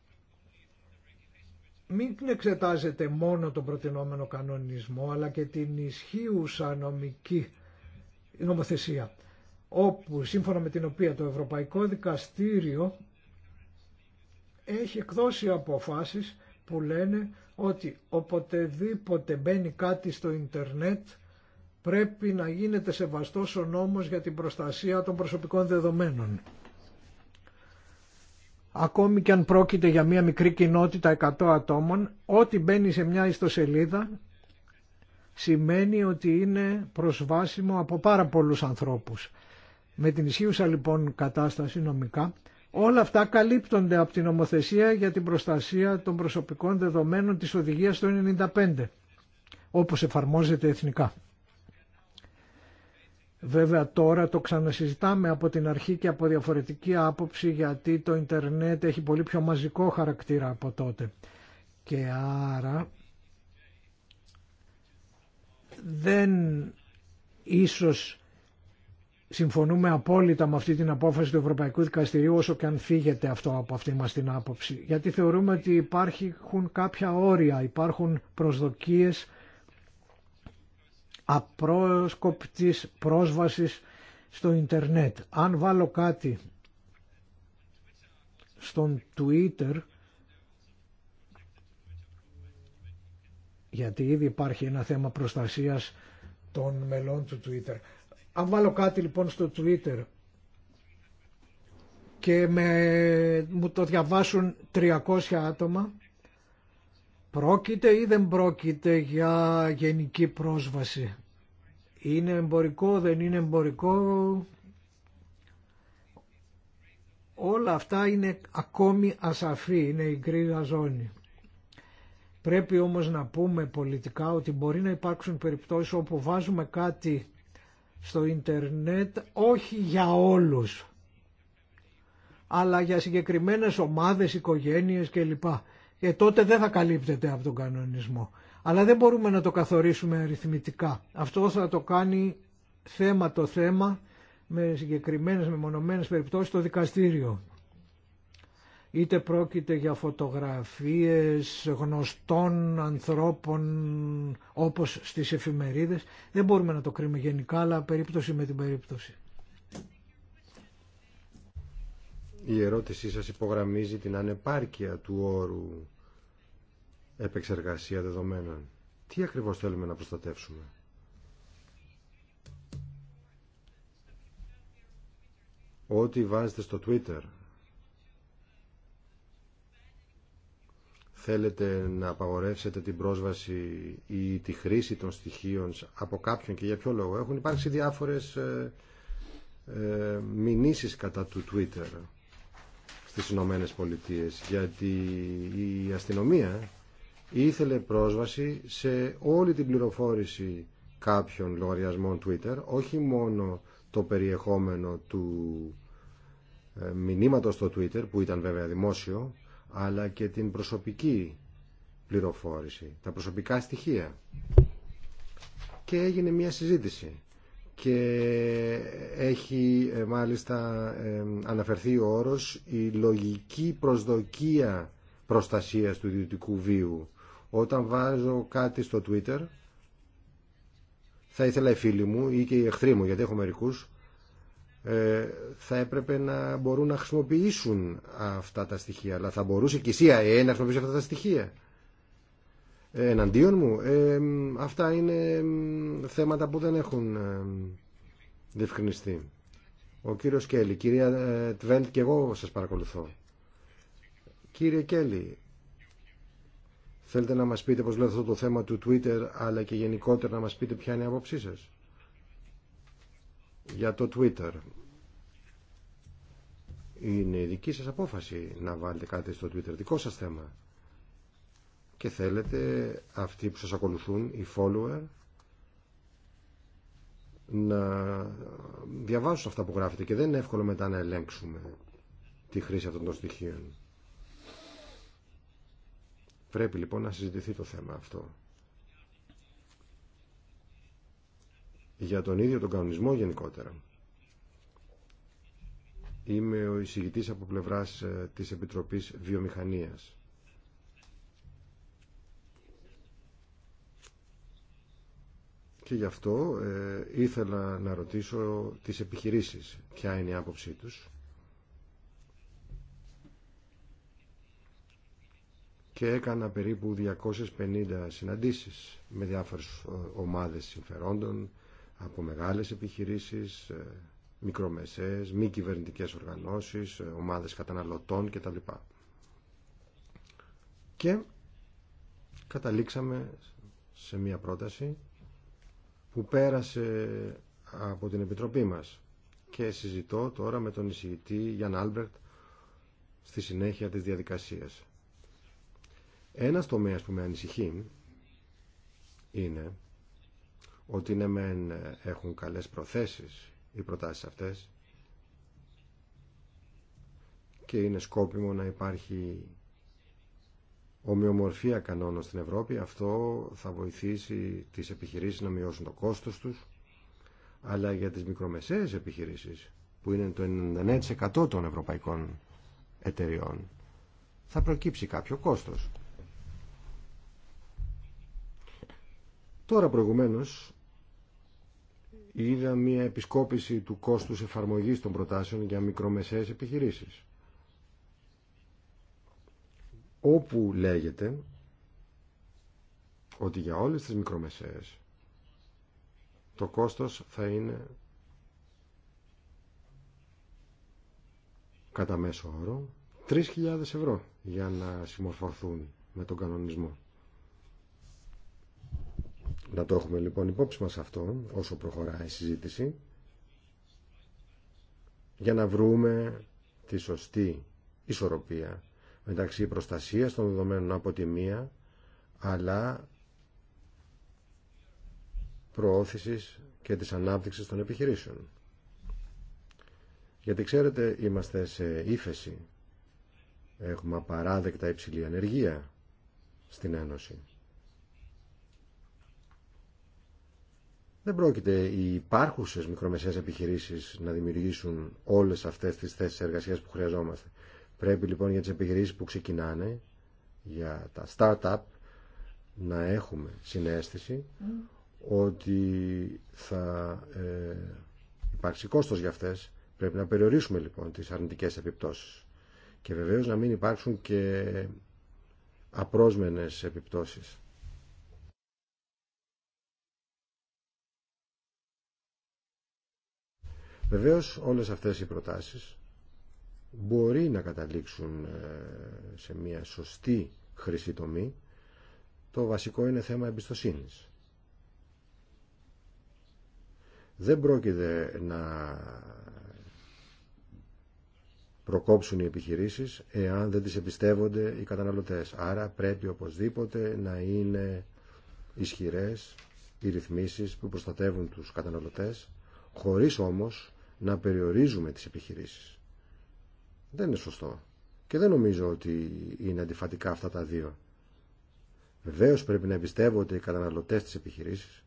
μην εξετάζετε μόνο τον προτινόμενο κανονισμό αλλά και την ισχύουσα νομική νομοθεσία όπου σύμφωνα με την οποία το Ευρωπαϊκό Δικαστήριο έχει εκδώσει αποφάσεις που λένε ότι οποτεδήποτε μπαίνει κάτι στο ίντερνετ πρέπει να γίνεται σεβαστός ο νόμος για την προστασία των προσωπικών δεδομένων. Ακόμη και αν πρόκειται για μια μικρή κοινότητα 100 ατόμων, ό,τι μπαίνει σε μια ιστοσελίδα σημαίνει ότι είναι προσβάσιμο από πάρα πολλούς ανθρώπους. Με την ισχύουσα λοιπόν κατάσταση νομικά, όλα αυτά καλύπτονται από την νομοθεσία για την προστασία των προσωπικών δεδομένων της οδηγίας του 95, όπως εφαρμόζεται εθνικά. Βέβαια τώρα το ξανασυζητάμε από την αρχή και από διαφορετική άποψη γιατί το ίντερνετ έχει πολύ πιο μαζικό χαρακτήρα από τότε. Και άρα δεν ίσως συμφωνούμε απόλυτα με αυτή την απόφαση του Ευρωπαϊκού Δικαστηρίου όσο και αν φύγεται αυτό από αυτή μας την άποψη. Γιατί θεωρούμε ότι υπάρχουν κάποια όρια, υπάρχουν προσδοκίες απρόσκοπτης πρόσβασης στο ίντερνετ. Αν βάλω κάτι στον Twitter, γιατί ήδη υπάρχει ένα θέμα προστασίας των μελών του Twitter. Αν βάλω κάτι λοιπόν στο Twitter και με, μου το διαβάσουν 300 άτομα, Πρόκειται ή δεν πρόκειται για γενική πρόσβαση. Είναι εμπορικό, δεν είναι εμπορικό. Όλα αυτά είναι ακόμη ασαφή, είναι η γκρίζα ζώνη. Πρέπει όμως να πούμε πολιτικά ότι μπορεί να υπάρξουν περιπτώσεις όπου βάζουμε κάτι στο ίντερνετ όχι για όλους αλλά για συγκεκριμένες ομάδες, οικογένειες κλπ ε, τότε δεν θα καλύπτεται από τον κανονισμό. Αλλά δεν μπορούμε να το καθορίσουμε αριθμητικά. Αυτό θα το κάνει θέμα το θέμα με συγκεκριμένες μεμονωμένες περιπτώσεις το δικαστήριο. Είτε πρόκειται για φωτογραφίες γνωστών ανθρώπων όπως στις εφημερίδες. Δεν μπορούμε να το κρίνουμε γενικά, αλλά περίπτωση με την περίπτωση. Η ερώτησή σας υπογραμμίζει την ανεπάρκεια του όρου επεξεργασία δεδομένων. Τι ακριβώς θέλουμε να προστατεύσουμε. Ό,τι βάζετε στο Twitter. Θέλετε να απαγορεύσετε την πρόσβαση ή τη χρήση των στοιχείων από κάποιον και για ποιο λόγο. Έχουν υπάρξει διάφορες ε, ε κατά του Twitter στις Ηνωμένε Πολιτείες γιατί η αστυνομία ήθελε πρόσβαση σε όλη την πληροφόρηση κάποιων λογαριασμών Twitter όχι μόνο το περιεχόμενο του ε, μηνύματος στο Twitter που ήταν βέβαια δημόσιο αλλά και την προσωπική πληροφόρηση, τα προσωπικά στοιχεία και έγινε μια συζήτηση και έχει ε, μάλιστα ε, αναφερθεί ο όρος η λογική προσδοκία προστασίας του ιδιωτικού βίου. Όταν βάζω κάτι στο Twitter θα ήθελα οι φίλοι μου ή και οι εχθροί μου γιατί έχω μερικούς ε, θα έπρεπε να μπορούν να χρησιμοποιήσουν αυτά τα στοιχεία αλλά θα μπορούσε και η CIA να χρησιμοποιήσει αυτά τα στοιχεία εναντίον μου. Ε, αυτά είναι θέματα που δεν έχουν ε, διευκρινιστεί. Ο κύριος Κέλλη, κυρία ε, Τβέλτ και εγώ σας παρακολουθώ. Κύριε Κέλλη, θέλετε να μας πείτε πώς βλέπετε αυτό το θέμα του Twitter, αλλά και γενικότερα να μας πείτε ποια είναι η άποψή σας για το Twitter. Είναι η δική σας απόφαση να βάλετε κάτι στο Twitter, δικό σας θέμα και θέλετε αυτοί που σας ακολουθούν, οι follower, να διαβάζουν αυτά που γράφετε και δεν είναι εύκολο μετά να ελέγξουμε τη χρήση αυτών των στοιχείων. Πρέπει λοιπόν να συζητηθεί το θέμα αυτό. Για τον ίδιο τον κανονισμό γενικότερα. Είμαι ο εισηγητής από πλευράς ε, της Επιτροπής Βιομηχανίας. και γι' αυτό ε, ήθελα να ρωτήσω τις επιχειρήσεις ποια είναι η άποψή τους και έκανα περίπου 250 συναντήσεις με διάφορες ε, ομάδες συμφερόντων από μεγάλες επιχειρήσεις, ε, μικρομεσαίες, μη κυβερνητικές οργανώσεις, ομάδες καταναλωτών κτλ. Και καταλήξαμε σε μία πρόταση που πέρασε από την Επιτροπή μας και συζητώ τώρα με τον εισηγητή Γιάν Άλμπερτ στη συνέχεια της διαδικασίας. Ένας τομέας που με ανησυχεί είναι ότι ναι μεν έχουν καλές προθέσεις οι προτάσεις αυτές και είναι σκόπιμο να υπάρχει ομοιομορφία κανόνων στην Ευρώπη. Αυτό θα βοηθήσει τις επιχειρήσεις να μειώσουν το κόστος τους, αλλά για τις μικρομεσαίες επιχειρήσεις, που είναι το 99% των ευρωπαϊκών εταιριών, θα προκύψει κάποιο κόστος. Τώρα προηγουμένως είδα μια επισκόπηση του κόστους εφαρμογής των προτάσεων για μικρομεσαίες επιχειρήσεις όπου λέγεται ότι για όλες τις μικρομεσαίες το κόστος θα είναι κατά μέσο όρο 3.000 ευρώ για να συμμορφωθούν με τον κανονισμό. Να το έχουμε λοιπόν υπόψη μας αυτό όσο προχωράει η συζήτηση για να βρούμε τη σωστή ισορροπία μεταξύ προστασίας των δεδομένων από τη μία αλλά προώθησης και της ανάπτυξης των επιχειρήσεων. Γιατί ξέρετε είμαστε σε ύφεση, έχουμε απαράδεκτα υψηλή ανεργία στην Ένωση. Δεν πρόκειται οι υπάρχουσες μικρομεσαίες επιχειρήσεις να δημιουργήσουν όλες αυτές τις θέσεις εργασίας που χρειαζόμαστε. Πρέπει λοιπόν για τις επιχειρήσεις που ξεκινάνε, για τα startup, να έχουμε συνέστηση ότι θα ε, υπάρξει κόστος για αυτές. Πρέπει να περιορίσουμε λοιπόν τις αρνητικές επιπτώσεις. Και βεβαίως να μην υπάρξουν και απρόσμενες επιπτώσεις. Βεβαίως όλες αυτές οι προτάσεις μπορεί να καταλήξουν ε, σε μια σωστή χρυσή τομή. Το βασικό είναι θέμα εμπιστοσύνης. Δεν πρόκειται να προκόψουν οι επιχειρήσεις εάν δεν τις εμπιστεύονται οι καταναλωτές. Άρα πρέπει οπωσδήποτε να είναι ισχυρές οι ρυθμίσεις που προστατεύουν τους καταναλωτές χωρίς όμως να περιορίζουμε τις επιχειρήσεις. Δεν είναι σωστό. Και δεν νομίζω ότι είναι αντιφατικά αυτά τα δύο. Βεβαίω πρέπει να εμπιστεύονται οι καταναλωτές της επιχειρήσης.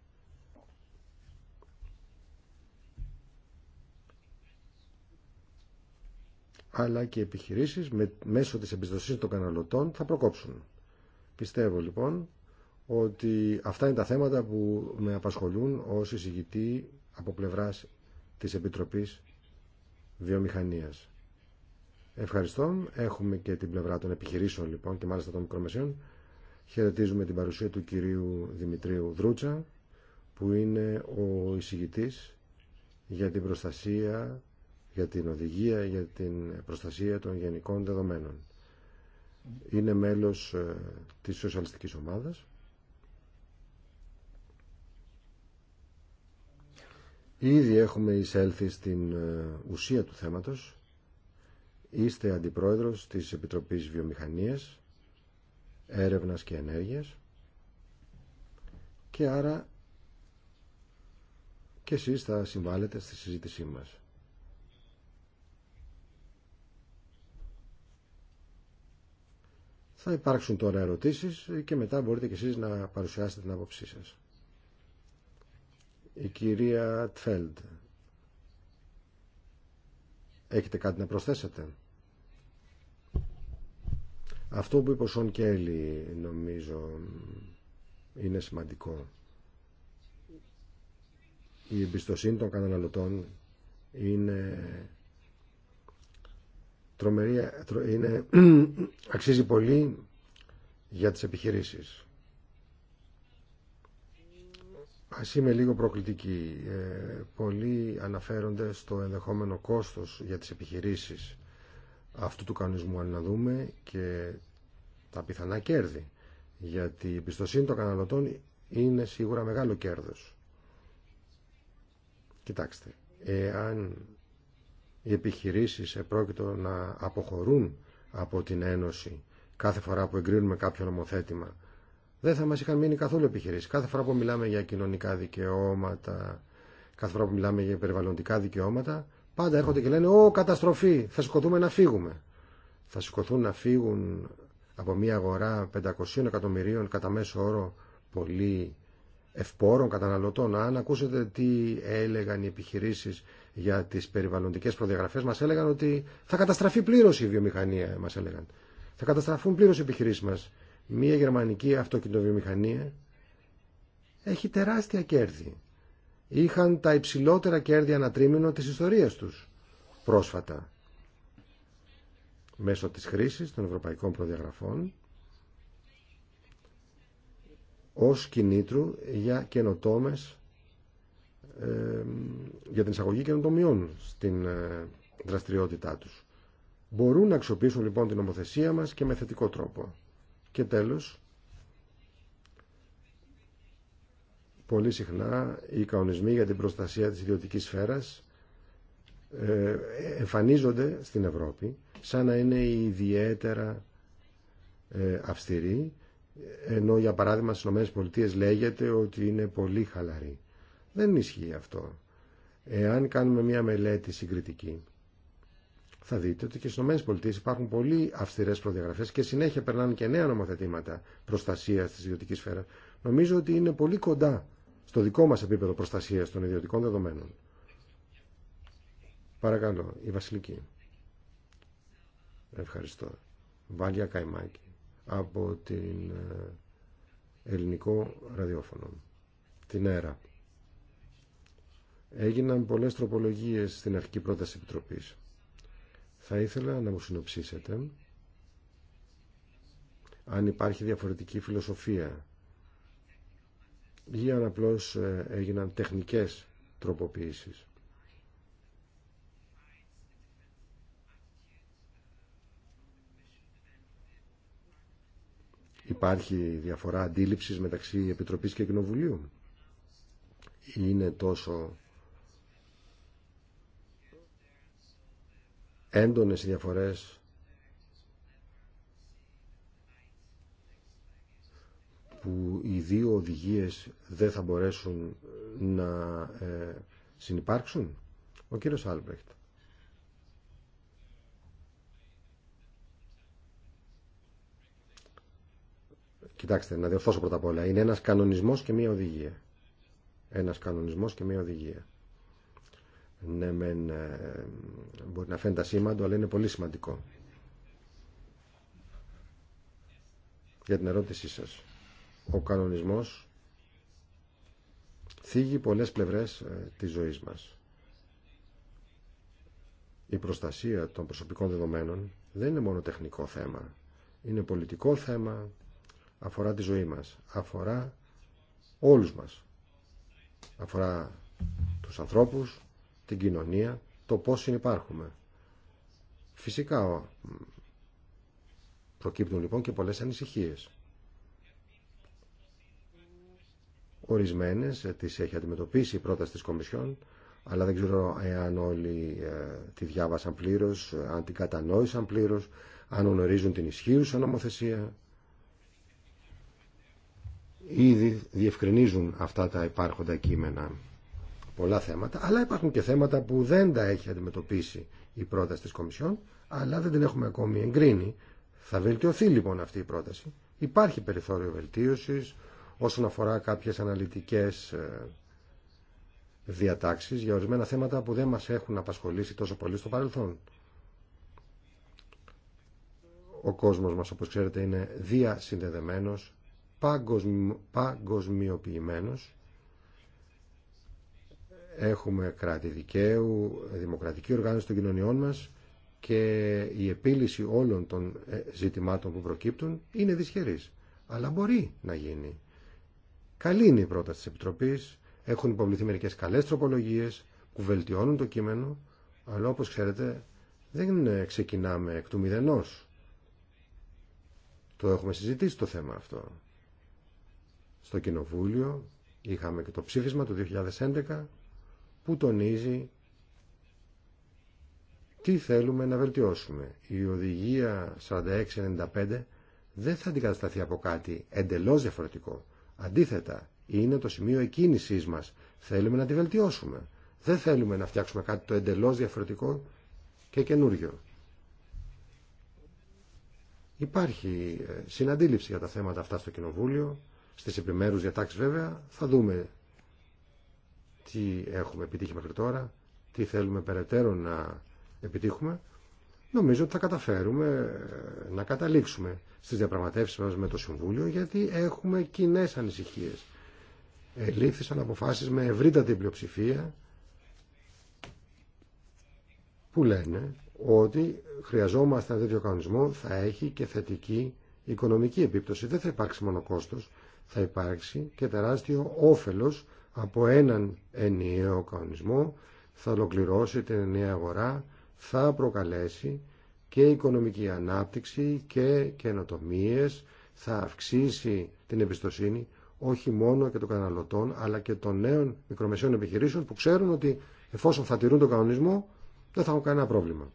Αλλά και οι επιχειρήσεις μέσω της εμπιστοσύνη των καταναλωτών θα προκόψουν. Πιστεύω λοιπόν ότι αυτά είναι τα θέματα που με απασχολούν ως εισηγητή από πλευράς της Επιτροπής Βιομηχανίας. Ευχαριστώ. Έχουμε και την πλευρά των επιχειρήσεων λοιπόν και μάλιστα των μικρομεσαίων. Χαιρετίζουμε την παρουσία του κυρίου Δημητρίου Δρούτσα που είναι ο εισηγητής για την προστασία, για την οδηγία, για την προστασία των γενικών δεδομένων. Είναι μέλος ε, της σοσιαλιστικής ομάδας. Ήδη έχουμε εισέλθει στην ε, ουσία του θέματος Είστε αντιπρόεδρος της Επιτροπής Βιομηχανίας, Έρευνας και Ενέργειας και άρα και εσείς θα συμβάλλετε στη συζήτησή μας. Θα υπάρξουν τώρα ερωτήσεις και μετά μπορείτε και εσείς να παρουσιάσετε την άποψή σας. Η κυρία Τφέλντ. Έχετε κάτι να προσθέσετε. Αυτό που είπε ο Σον Κέλλη νομίζω είναι σημαντικό. Η εμπιστοσύνη των καταναλωτών είναι τρομερή, είναι, αξίζει πολύ για τις επιχειρήσεις. Ας είμαι λίγο προκλητική. Ε, πολλοί αναφέρονται στο ενδεχόμενο κόστος για τις επιχειρήσεις αυτού του κανονισμού, αν να δούμε, και τα πιθανά κέρδη. Γιατί η εμπιστοσύνη των καταναλωτών είναι σίγουρα μεγάλο κέρδος. Κοιτάξτε, εάν οι επιχειρήσεις επρόκειτο να αποχωρούν από την Ένωση κάθε φορά που εγκρίνουμε κάποιο νομοθέτημα δεν θα μας είχαν μείνει καθόλου επιχειρήσεις. Κάθε φορά που μιλάμε για κοινωνικά δικαιώματα, κάθε φορά που μιλάμε για περιβαλλοντικά δικαιώματα, πάντα έρχονται και λένε «Ω, καταστροφή, θα σηκωθούμε να φύγουμε». Θα σηκωθούν να φύγουν από μια αγορά 500 εκατομμυρίων κατά μέσο όρο πολύ ευπόρων καταναλωτών. Αν ακούσετε τι έλεγαν οι επιχειρήσεις για τις περιβαλλοντικές προδιαγραφές, μας έλεγαν ότι θα καταστραφεί πλήρως η βιομηχανία, μας έλεγαν. Θα καταστραφούν πλήρω οι επιχειρήσεις μα. Μία γερμανική αυτοκινητοβιομηχανία έχει τεράστια κέρδη. Είχαν τα υψηλότερα κέρδη ανατρίμηνο της ιστορίας τους πρόσφατα. Μέσω της χρήσης των ευρωπαϊκών προδιαγραφών ως κινήτρου για καινοτόμες για την εισαγωγή καινοτομιών στην ε, δραστηριότητά τους. Μπορούν να αξιοποιήσουν λοιπόν την νομοθεσία μας και με θετικό τρόπο. Και τέλος, πολύ συχνά οι κανονισμοί για την προστασία της ιδιωτικής σφαίρας ε, εμφανίζονται στην Ευρώπη σαν να είναι ιδιαίτερα ε, αυστηροί ενώ για παράδειγμα στις ΗΠΑ λέγεται ότι είναι πολύ χαλαροί. Δεν ισχύει αυτό. Εάν κάνουμε μια μελέτη συγκριτική θα δείτε ότι και στι ΗΠΑ υπάρχουν πολύ αυστηρέ προδιαγραφέ και συνέχεια περνάνε και νέα νομοθετήματα προστασία τη ιδιωτική σφαίρα. Νομίζω ότι είναι πολύ κοντά στο δικό μα επίπεδο προστασία των ιδιωτικών δεδομένων. Παρακαλώ, η Βασιλική. Ευχαριστώ. Βάλια Καϊμάκη από την ε, ελληνικό ραδιόφωνο, την ΕΡΑ. Έγιναν πολλές τροπολογίες στην αρχική πρόταση Επιτροπής. Θα ήθελα να μου συνοψίσετε αν υπάρχει διαφορετική φιλοσοφία ή αν απλώς ε, έγιναν τεχνικές τροποποίησεις. Υπάρχει διαφορά αντίληψης μεταξύ Επιτροπής και Κοινοβουλίου. Είναι τόσο έντονες διαφορές που οι δύο οδηγίες δεν θα μπορέσουν να ε, συνεπάρξουν. Ο κύριος Άλμπρεχτ. Κοιτάξτε, να διορθώσω πρώτα απ' όλα. Είναι ένας κανονισμός και μία οδηγία. Ένας κανονισμός και μία οδηγία. Ναι, ε, μπορεί να φαίνεται ασήμαντο, αλλά είναι πολύ σημαντικό. Για την ερώτησή σας. Ο κανονισμός θίγει πολλές πλευρές ε, της ζωής μας. Η προστασία των προσωπικών δεδομένων δεν είναι μόνο τεχνικό θέμα. Είναι πολιτικό θέμα, αφορά τη ζωή μας, αφορά όλους μας. Αφορά τους ανθρώπους, την κοινωνία, το πώς συνεπάρχουμε. Φυσικά προκύπτουν λοιπόν και πολλές ανησυχίες. Ορισμένες ε, τις έχει αντιμετωπίσει η πρόταση της Κομισιόν, αλλά δεν ξέρω εάν όλοι ε, τη διάβασαν πλήρως, ε, αν την κατανόησαν πλήρως, αν γνωρίζουν την ισχύουσα νομοθεσία Ήδη διευκρινίζουν αυτά τα υπάρχοντα κείμενα πολλά θέματα, αλλά υπάρχουν και θέματα που δεν τα έχει αντιμετωπίσει η πρόταση της Κομισιόν, αλλά δεν την έχουμε ακόμη εγκρίνει. Θα βελτιωθεί λοιπόν αυτή η πρόταση. Υπάρχει περιθώριο βελτίωσης όσον αφορά κάποιες αναλυτικές ε, διατάξεις για ορισμένα θέματα που δεν μας έχουν απασχολήσει τόσο πολύ στο παρελθόν. Ο κόσμος μας, όπως ξέρετε, είναι διασυνδεδεμένος, παγκοσμιοποιημένος Έχουμε κράτη δικαίου, δημοκρατική οργάνωση των κοινωνιών μας και η επίλυση όλων των ε, ζητημάτων που προκύπτουν είναι δυσχερής. Αλλά μπορεί να γίνει. Καλή είναι η πρόταση της Επιτροπής, έχουν υποβληθεί μερικές καλές τροπολογίες που βελτιώνουν το κείμενο, αλλά όπως ξέρετε δεν ε, ξεκινάμε εκ του μηδενός. Το έχουμε συζητήσει το θέμα αυτό. Στο Κοινοβούλιο είχαμε και το ψήφισμα του 2011 που τονίζει τι θέλουμε να βελτιώσουμε. Η οδηγία 4695 δεν θα αντικατασταθεί από κάτι εντελώς διαφορετικό. Αντίθετα, είναι το σημείο εκκίνησής μας. Θέλουμε να τη βελτιώσουμε. Δεν θέλουμε να φτιάξουμε κάτι το εντελώς διαφορετικό και καινούριο. Υπάρχει ε, συναντήληψη για τα θέματα αυτά στο Κοινοβούλιο. Στις επιμέρους διατάξεις βέβαια θα δούμε τι έχουμε επιτύχει μέχρι τώρα, τι θέλουμε περαιτέρω να επιτύχουμε, νομίζω ότι θα καταφέρουμε ε, να καταλήξουμε στις διαπραγματεύσεις μας με το Συμβούλιο γιατί έχουμε κοινέ ανησυχίες. Ελήφθησαν αποφάσεις με ευρύτατη πλειοψηφία που λένε ότι χρειαζόμαστε ένα τέτοιο κανονισμό θα έχει και θετική οικονομική επίπτωση. Δεν θα υπάρξει μόνο κόστος, θα υπάρξει και τεράστιο όφελος από έναν ενιαίο κανονισμό θα ολοκληρώσει την ενιαία αγορά, θα προκαλέσει και οικονομική ανάπτυξη και καινοτομίε, θα αυξήσει την εμπιστοσύνη όχι μόνο και των καταναλωτών αλλά και των νέων μικρομεσαίων επιχειρήσεων που ξέρουν ότι εφόσον θα τηρούν τον κανονισμό δεν θα έχουν κανένα πρόβλημα.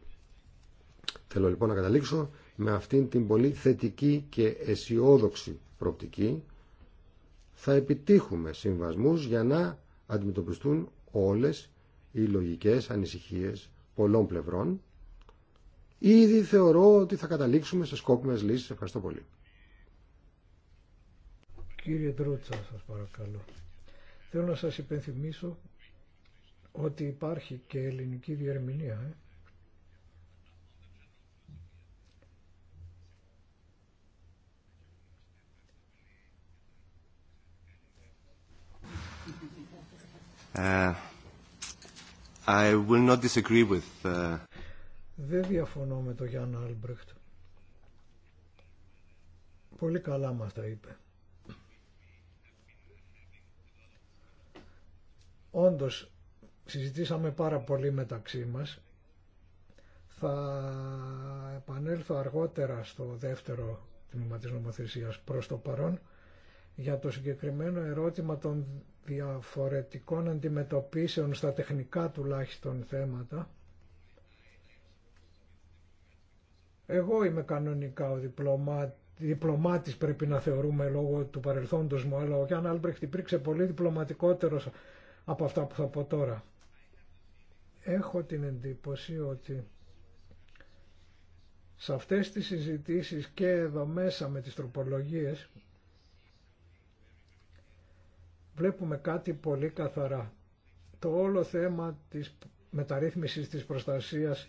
Θέλω λοιπόν να καταλήξω με αυτήν την πολύ θετική και αισιόδοξη προοπτική θα επιτύχουμε συμβασμούς για να αντιμετωπιστούν όλες οι λογικές ανησυχίες πολλών πλευρών. Ήδη θεωρώ ότι θα καταλήξουμε σε σκόπιμες λύσεις. Ευχαριστώ πολύ. Κύριε Ντρούτσα, σας παρακαλώ. Θέλω να σας υπενθυμίσω ότι υπάρχει και ελληνική διερμηνία. Ε. Uh, uh, Δεν διαφωνώ με τον Γιάννα Άλμπρεχτ. Πολύ καλά μας τα είπε. Όντως, συζητήσαμε πάρα πολύ μεταξύ μας. Θα επανέλθω αργότερα στο δεύτερο τμήμα της νομοθεσίας προς το παρόν για το συγκεκριμένο ερώτημα των διαφορετικών αντιμετωπίσεων στα τεχνικά τουλάχιστον θέματα. Εγώ είμαι κανονικά ο διπλωμάτης, πρέπει να θεωρούμε λόγω του παρελθόντος μου, αλλά ο Γιάννα Άλμπρεχτ υπήρξε πολύ διπλωματικότερο από αυτά που θα πω τώρα. Έχω την εντύπωση ότι σε αυτές τις συζητήσεις και εδώ μέσα με τις τροπολογίες βλέπουμε κάτι πολύ καθαρά. Το όλο θέμα της μεταρρύθμισης της προστασίας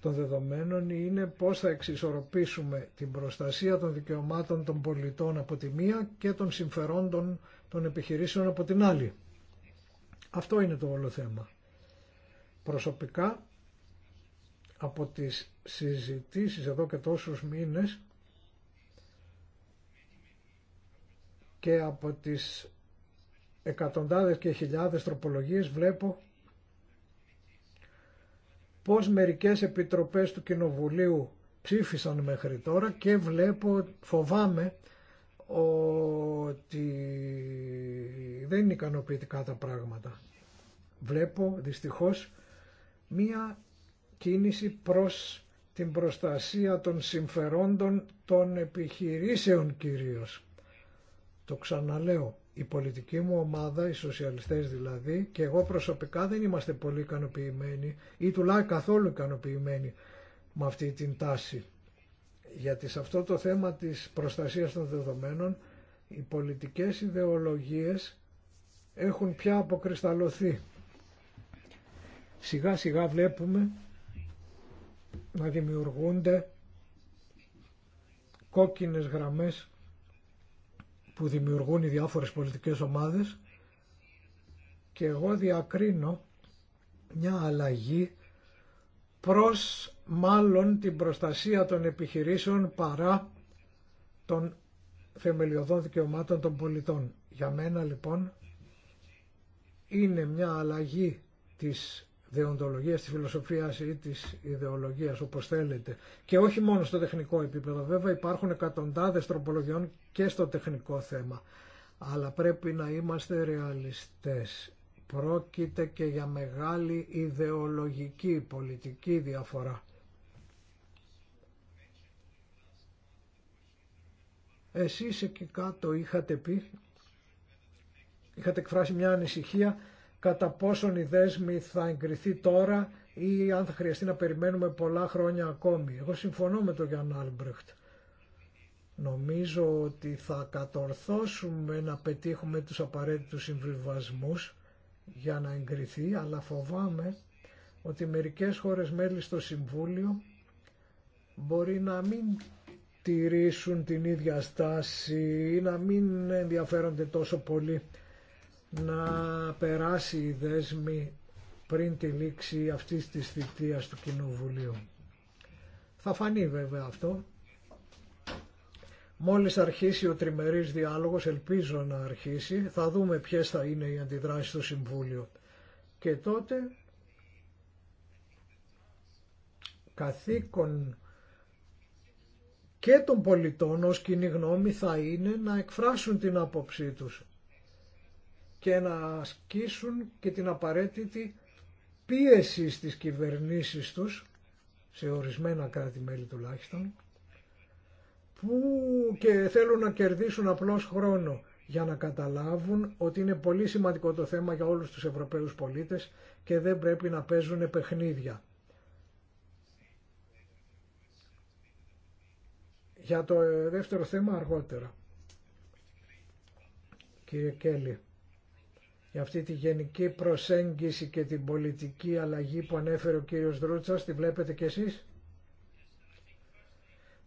των δεδομένων είναι πώς θα εξισορροπήσουμε την προστασία των δικαιωμάτων των πολιτών από τη μία και των συμφερόντων των επιχειρήσεων από την άλλη. Αυτό είναι το όλο θέμα. Προσωπικά από τις συζητήσεις εδώ και τόσους μήνες και από τις εκατοντάδες και χιλιάδες τροπολογίες βλέπω πως μερικές επιτροπές του Κοινοβουλίου ψήφισαν μέχρι τώρα και βλέπω, φοβάμαι ότι δεν είναι ικανοποιητικά τα πράγματα. Βλέπω δυστυχώς μία κίνηση προς την προστασία των συμφερόντων των επιχειρήσεων κυρίως. Το ξαναλέω η πολιτική μου ομάδα, οι σοσιαλιστές δηλαδή, και εγώ προσωπικά δεν είμαστε πολύ ικανοποιημένοι ή τουλάχιστον καθόλου ικανοποιημένοι με αυτή την τάση. Γιατί σε αυτό το θέμα της προστασίας των δεδομένων οι πολιτικές ιδεολογίες έχουν πια αποκρισταλωθεί. Σιγά σιγά βλέπουμε να δημιουργούνται κόκκινες γραμμές που δημιουργούν οι διάφορες πολιτικές ομάδες και εγώ διακρίνω μια αλλαγή προς μάλλον την προστασία των επιχειρήσεων παρά των θεμελιωδών δικαιωμάτων των πολιτών. Για μένα λοιπόν είναι μια αλλαγή της Διοντολογίας της φιλοσοφίας ή της ιδεολογίας όπως θέλετε και όχι μόνο στο τεχνικό επίπεδο βέβαια υπάρχουν εκατοντάδες τροπολογιών και στο τεχνικό θέμα αλλά πρέπει να είμαστε ρεαλιστές πρόκειται και για μεγάλη ιδεολογική πολιτική διαφορά εσείς εκεί κάτω είχατε πει είχατε εκφράσει μια ανησυχία κατά πόσον η δέσμη θα εγκριθεί τώρα ή αν θα χρειαστεί να περιμένουμε πολλά χρόνια ακόμη. Εγώ συμφωνώ με τον Γιάνν Άλμπρεχτ. Νομίζω ότι θα κατορθώσουμε να πετύχουμε τους απαραίτητους συμβιβασμούς για να εγκριθεί, αλλά φοβάμαι ότι μερικές χώρες μέλη στο Συμβούλιο μπορεί να μην τηρήσουν την ίδια στάση ή να μην ενδιαφέρονται τόσο πολύ να περάσει η δέσμη πριν τη λήξη αυτής της θητείας του Κοινοβουλίου. Θα φανεί βέβαια αυτό. Μόλις αρχίσει ο τριμερής διάλογος, ελπίζω να αρχίσει, θα δούμε ποιες θα είναι οι αντιδράσεις στο Συμβούλιο. Και τότε καθήκον και των πολιτών ως κοινή γνώμη θα είναι να εκφράσουν την άποψή τους και να ασκήσουν και την απαραίτητη πίεση στις κυβερνήσεις τους, σε ορισμένα κράτη-μέλη τουλάχιστον, που και θέλουν να κερδίσουν απλώς χρόνο για να καταλάβουν ότι είναι πολύ σημαντικό το θέμα για όλους τους Ευρωπαίους πολίτες και δεν πρέπει να παίζουν παιχνίδια. Για το δεύτερο θέμα αργότερα. Κύριε Κέλλη για αυτή τη γενική προσέγγιση και την πολιτική αλλαγή που ανέφερε ο κύριος Δρούτσας, τη βλέπετε κι εσείς.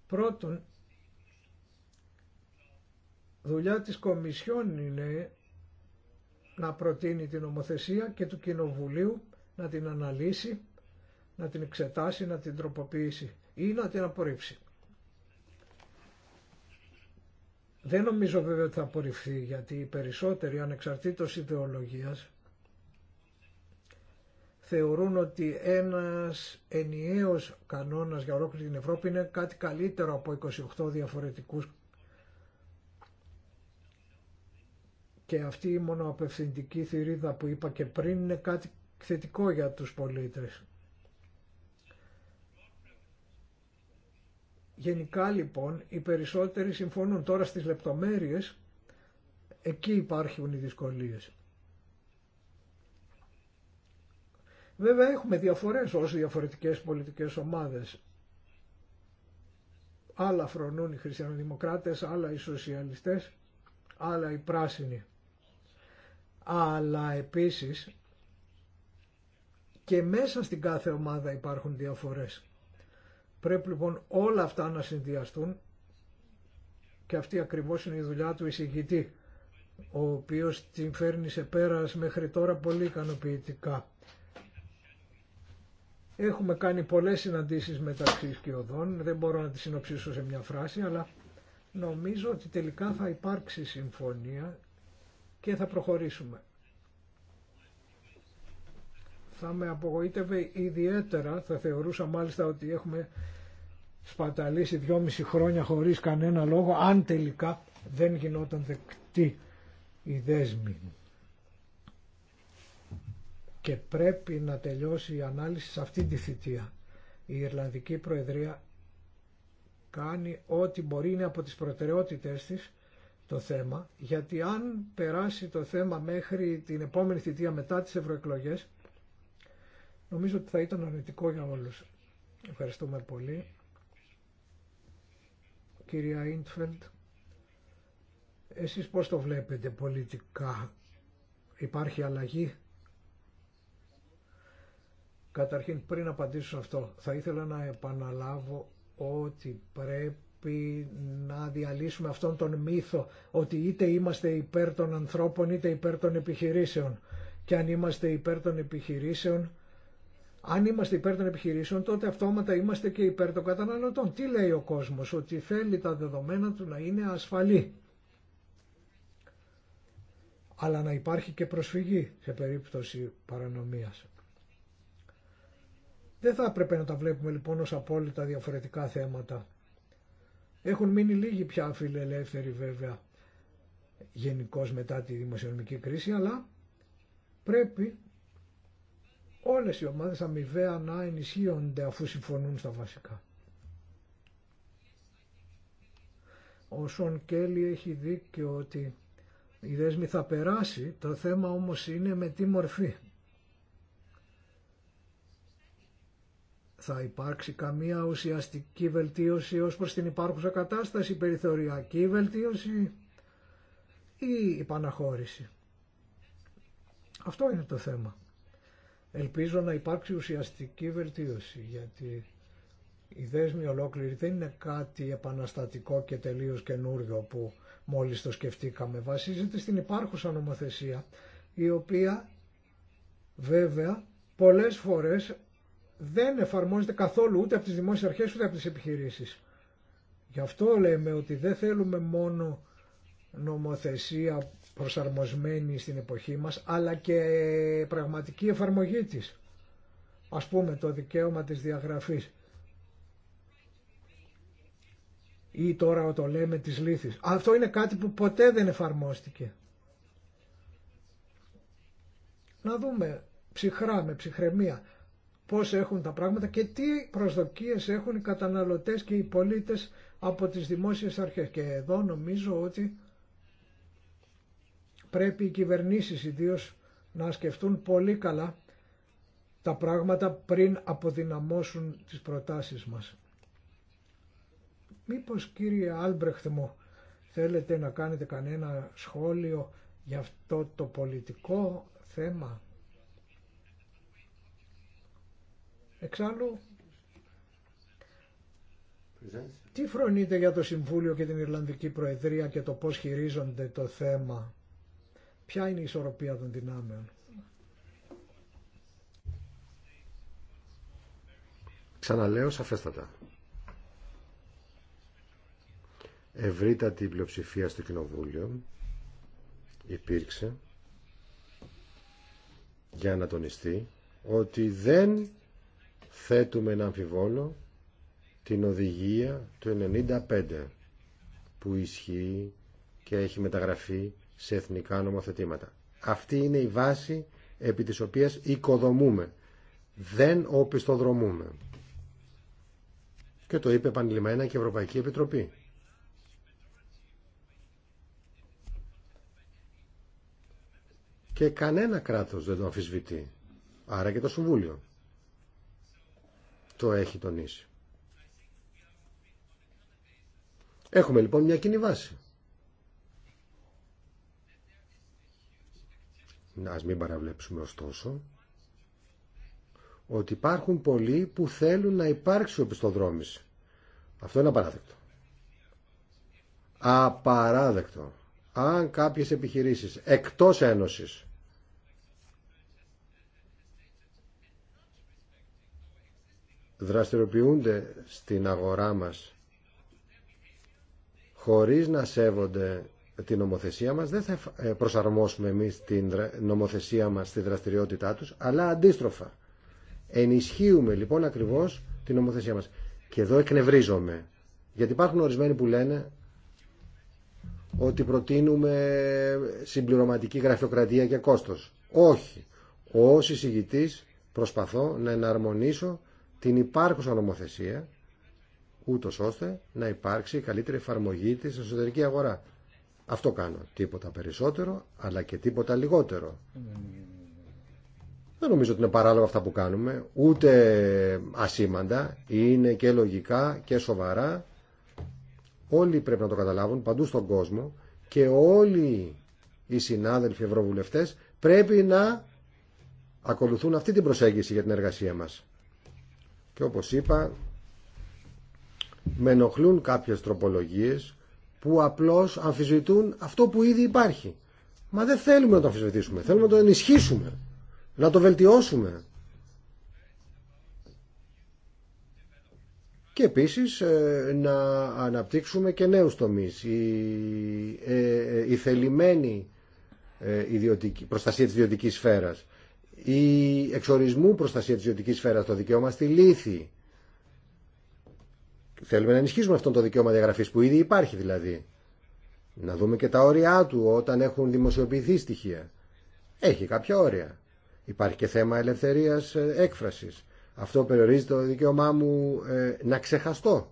Πρώτον, δουλειά της Κομισιόν είναι να προτείνει την ομοθεσία και του Κοινοβουλίου να την αναλύσει, να την εξετάσει, να την τροποποιήσει ή να την απορρίψει. Δεν νομίζω βέβαια ότι θα απορριφθεί γιατί οι περισσότεροι ανεξαρτήτως ιδεολογίας θεωρούν ότι ένας ενιαίος κανόνας για ολόκληρη την Ευρώπη είναι κάτι καλύτερο από 28 διαφορετικούς και αυτή η μονοαπευθυντική θηρίδα που είπα και πριν είναι κάτι θετικό για τους πολίτες. Γενικά λοιπόν οι περισσότεροι συμφωνούν τώρα στις λεπτομέρειες, εκεί υπάρχουν οι δυσκολίες. Βέβαια έχουμε διαφορές ως διαφορετικές πολιτικές ομάδες. Άλλα φρονούν οι χριστιανοδημοκράτες, άλλα οι σοσιαλιστές, άλλα οι πράσινοι. Αλλά επίσης και μέσα στην κάθε ομάδα υπάρχουν διαφορές. Πρέπει λοιπόν όλα αυτά να συνδυαστούν και αυτή ακριβώς είναι η δουλειά του εισηγητή ο οποίος την φέρνει σε πέρας μέχρι τώρα πολύ ικανοποιητικά. Έχουμε κάνει πολλές συναντήσεις μεταξύ σκιωδών, δεν μπορώ να τις συνοψίσω σε μια φράση, αλλά νομίζω ότι τελικά θα υπάρξει συμφωνία και θα προχωρήσουμε θα με απογοήτευε ιδιαίτερα, θα θεωρούσα μάλιστα ότι έχουμε σπαταλήσει δυόμιση χρόνια χωρίς κανένα λόγο, αν τελικά δεν γινόταν δεκτή η δέσμη. Και πρέπει να τελειώσει η ανάλυση σε αυτή τη θητεία. Η Ιρλανδική Προεδρία κάνει ό,τι μπορεί είναι από τις προτεραιότητες της το θέμα, γιατί αν περάσει το θέμα μέχρι την επόμενη θητεία μετά τις ευρωεκλογές, Νομίζω ότι θα ήταν αρνητικό για όλους. Ευχαριστούμε πολύ. Κυρία Ιντφελτ, εσείς πώς το βλέπετε πολιτικά. Υπάρχει αλλαγή. Καταρχήν πριν απαντήσω σε αυτό θα ήθελα να επαναλάβω ότι πρέπει να διαλύσουμε αυτόν τον μύθο ότι είτε είμαστε υπέρ των ανθρώπων είτε υπέρ των επιχειρήσεων. Και αν είμαστε υπέρ των επιχειρήσεων αν είμαστε υπέρ των επιχειρήσεων, τότε αυτόματα είμαστε και υπέρ των καταναλωτών. Τι λέει ο κόσμος, ότι θέλει τα δεδομένα του να είναι ασφαλή. Αλλά να υπάρχει και προσφυγή σε περίπτωση παρανομίας. Δεν θα έπρεπε να τα βλέπουμε λοιπόν ως απόλυτα διαφορετικά θέματα. Έχουν μείνει λίγοι πια φιλελεύθεροι βέβαια γενικώ μετά τη δημοσιονομική κρίση, αλλά πρέπει όλες οι ομάδες αμοιβαία να ενισχύονται αφού συμφωνούν στα βασικά. Ο Κέλλη έχει δίκιο ότι η δέσμη θα περάσει, το θέμα όμως είναι με τι μορφή. Θα υπάρξει καμία ουσιαστική βελτίωση ως προς την υπάρχουσα κατάσταση, περιθωριακή βελτίωση ή υπαναχώρηση. Αυτό είναι το θέμα. Ελπίζω να υπάρξει ουσιαστική βελτίωση γιατί η δέσμη ολόκληρη δεν είναι κάτι επαναστατικό και τελείως καινούριο που μόλις το σκεφτήκαμε. Βασίζεται στην υπάρχουσα νομοθεσία η οποία βέβαια πολλές φορές δεν εφαρμόζεται καθόλου ούτε από τις δημόσιες αρχές ούτε από τις επιχειρήσεις. Γι' αυτό λέμε ότι δεν θέλουμε μόνο νομοθεσία προσαρμοσμένη στην εποχή μας, αλλά και πραγματική εφαρμογή της. Ας πούμε το δικαίωμα της διαγραφής. Ή τώρα το λέμε της λύθης. Αυτό είναι κάτι που ποτέ δεν εφαρμόστηκε. Να δούμε ψυχρά με ψυχραιμία πώς έχουν τα πράγματα και τι προσδοκίες έχουν οι καταναλωτές και οι πολίτες από τις δημόσιες αρχές. Και εδώ νομίζω ότι πρέπει οι κυβερνήσεις ιδίω να σκεφτούν πολύ καλά τα πράγματα πριν αποδυναμώσουν τις προτάσεις μας. Μήπως κύριε Άλμπρεχτ μου θέλετε να κάνετε κανένα σχόλιο για αυτό το πολιτικό θέμα. Εξάλλου, τι φρονείτε για το Συμβούλιο και την Ιρλανδική Προεδρία και το πώς χειρίζονται το θέμα. Ποια είναι η ισορροπία των δυνάμεων. Ξαναλέω σαφέστατα. Ευρύτατη πλειοψηφία στο Κοινοβούλιο υπήρξε για να τονιστεί ότι δεν θέτουμε ένα αμφιβόλο την οδηγία του 95 που ισχύει και έχει μεταγραφεί σε εθνικά νομοθετήματα. Αυτή είναι η βάση επί της οποίας οικοδομούμε. Δεν οπισθοδρομούμε. Και το είπε επανειλημμένα και η Ευρωπαϊκή Επιτροπή. Και κανένα κράτος δεν το αμφισβητεί. Άρα και το Συμβούλιο το έχει τονίσει. Έχουμε λοιπόν μια κοινή βάση. Να μην παραβλέψουμε ωστόσο ότι υπάρχουν πολλοί που θέλουν να υπάρξει οπισθοδρόμηση. Αυτό είναι απαράδεκτο. Απαράδεκτο. Αν κάποιες επιχειρήσεις εκτός ένωσης δραστηριοποιούνται στην αγορά μας χωρίς να σέβονται την νομοθεσία μας, δεν θα ε, προσαρμόσουμε εμείς την νομοθεσία μας στη δραστηριότητά τους, αλλά αντίστροφα. Ενισχύουμε λοιπόν ακριβώς την νομοθεσία μας. Και εδώ εκνευρίζομαι, γιατί υπάρχουν ορισμένοι που λένε ότι προτείνουμε συμπληρωματική γραφειοκρατία και κόστος. Όχι. Ως εισηγητής προσπαθώ να εναρμονίσω την υπάρχουσα νομοθεσία, ούτω ώστε να υπάρξει καλύτερη εφαρμογή της εσωτερική αγορά. Αυτό κάνω. Τίποτα περισσότερο, αλλά και τίποτα λιγότερο. Δεν νομίζω ότι είναι παράλογα αυτά που κάνουμε, ούτε ασήμαντα, είναι και λογικά και σοβαρά. Όλοι πρέπει να το καταλάβουν παντού στον κόσμο και όλοι οι συνάδελφοι ευρωβουλευτές πρέπει να ακολουθούν αυτή την προσέγγιση για την εργασία μας. Και όπως είπα, με ενοχλούν κάποιες τροπολογίες που απλώς αμφισβητούν αυτό που ήδη υπάρχει. Μα δεν θέλουμε να το αμφισβητήσουμε, θέλουμε να το ενισχύσουμε, να το βελτιώσουμε. Και επίσης ε, να αναπτύξουμε και νέους τομείς. Η, ε, ε, η θελημένη ιδιωτική, προστασία της ιδιωτικής σφαίρας, η εξορισμού προστασία της ιδιωτικής σφαίρας, το δικαίωμα στη λύθη, Θέλουμε να ενισχύσουμε αυτό το δικαίωμα διαγραφής που ήδη υπάρχει δηλαδή. Να δούμε και τα όρια του όταν έχουν δημοσιοποιηθεί στοιχεία. Έχει κάποια όρια. Υπάρχει και θέμα ελευθερίας ε, έκφρασης. Αυτό περιορίζει το δικαίωμά μου ε, να ξεχαστώ.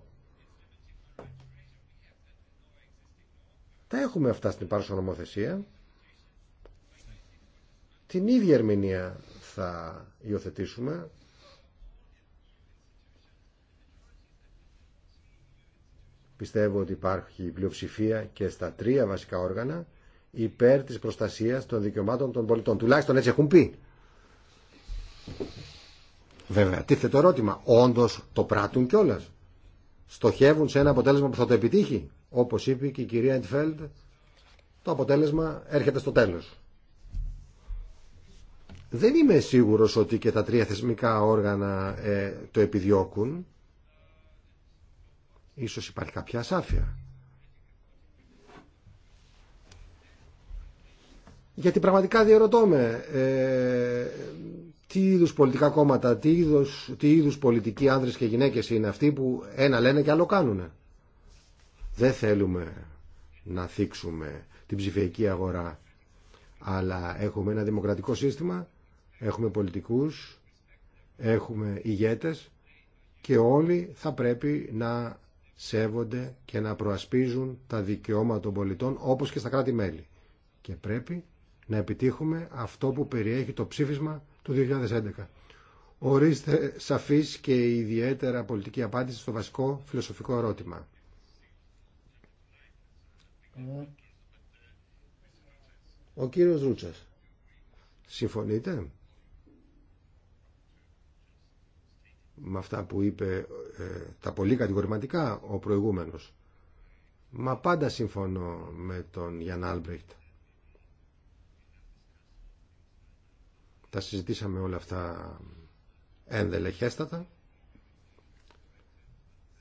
Τα έχουμε αυτά στην υπάρχουσα νομοθεσία. Την ίδια ερμηνεία θα υιοθετήσουμε Πιστεύω ότι υπάρχει πλειοψηφία και στα τρία βασικά όργανα υπέρ της προστασίας των δικαιωμάτων των πολιτών. Τουλάχιστον έτσι έχουν πει. Βέβαια, τίθεται το ερώτημα. Όντως το πράττουν κιόλα. Στοχεύουν σε ένα αποτέλεσμα που θα το επιτύχει. Όπως είπε και η κυρία Εντφέλντ, το αποτέλεσμα έρχεται στο τέλος. Δεν είμαι σίγουρος ότι και τα τρία θεσμικά όργανα ε, το επιδιώκουν. Ίσως υπάρχει κάποια ασάφεια. Γιατί πραγματικά διαρωτώ με τι είδους πολιτικά κόμματα, τι είδους, τι είδους πολιτικοί άνδρες και γυναίκες είναι αυτοί που ένα λένε και άλλο κάνουν. Δεν θέλουμε να θίξουμε την ψηφιακή αγορά, αλλά έχουμε ένα δημοκρατικό σύστημα, έχουμε πολιτικούς, έχουμε ηγέτες και όλοι θα πρέπει να σέβονται και να προασπίζουν τα δικαιώματα των πολιτών όπως και στα κράτη-μέλη. Και πρέπει να επιτύχουμε αυτό που περιέχει το ψήφισμα του 2011. Ορίστε σαφής και ιδιαίτερα πολιτική απάντηση στο βασικό φιλοσοφικό ερώτημα. Ο κύριος Ρούτσας. Συμφωνείτε? με αυτά που είπε ε, τα πολύ κατηγορηματικά ο προηγούμενος. Μα πάντα συμφωνώ με τον Γιάνν Άλμπρεχτ. Τα συζητήσαμε όλα αυτά ενδελεχέστατα.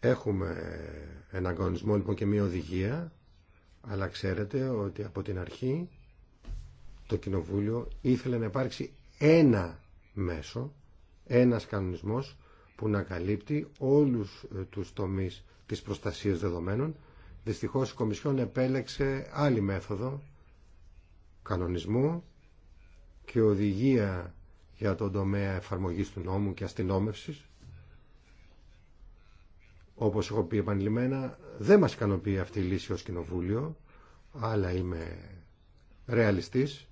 Έχουμε έναν αγωνισμό λοιπόν και μία οδηγία, αλλά ξέρετε ότι από την αρχή το Κοινοβούλιο ήθελε να υπάρξει ένα μέσο, ένας κανονισμός που να καλύπτει όλους ε, τους τομείς της προστασίας δεδομένων. Δυστυχώς η Κομισιόν επέλεξε άλλη μέθοδο κανονισμού και οδηγία για τον τομέα εφαρμογής του νόμου και αστυνόμευσης. Όπως έχω πει επανειλημμένα, δεν μας ικανοποιεί αυτή η λύση ως κοινοβούλιο, αλλά είμαι ρεαλιστής.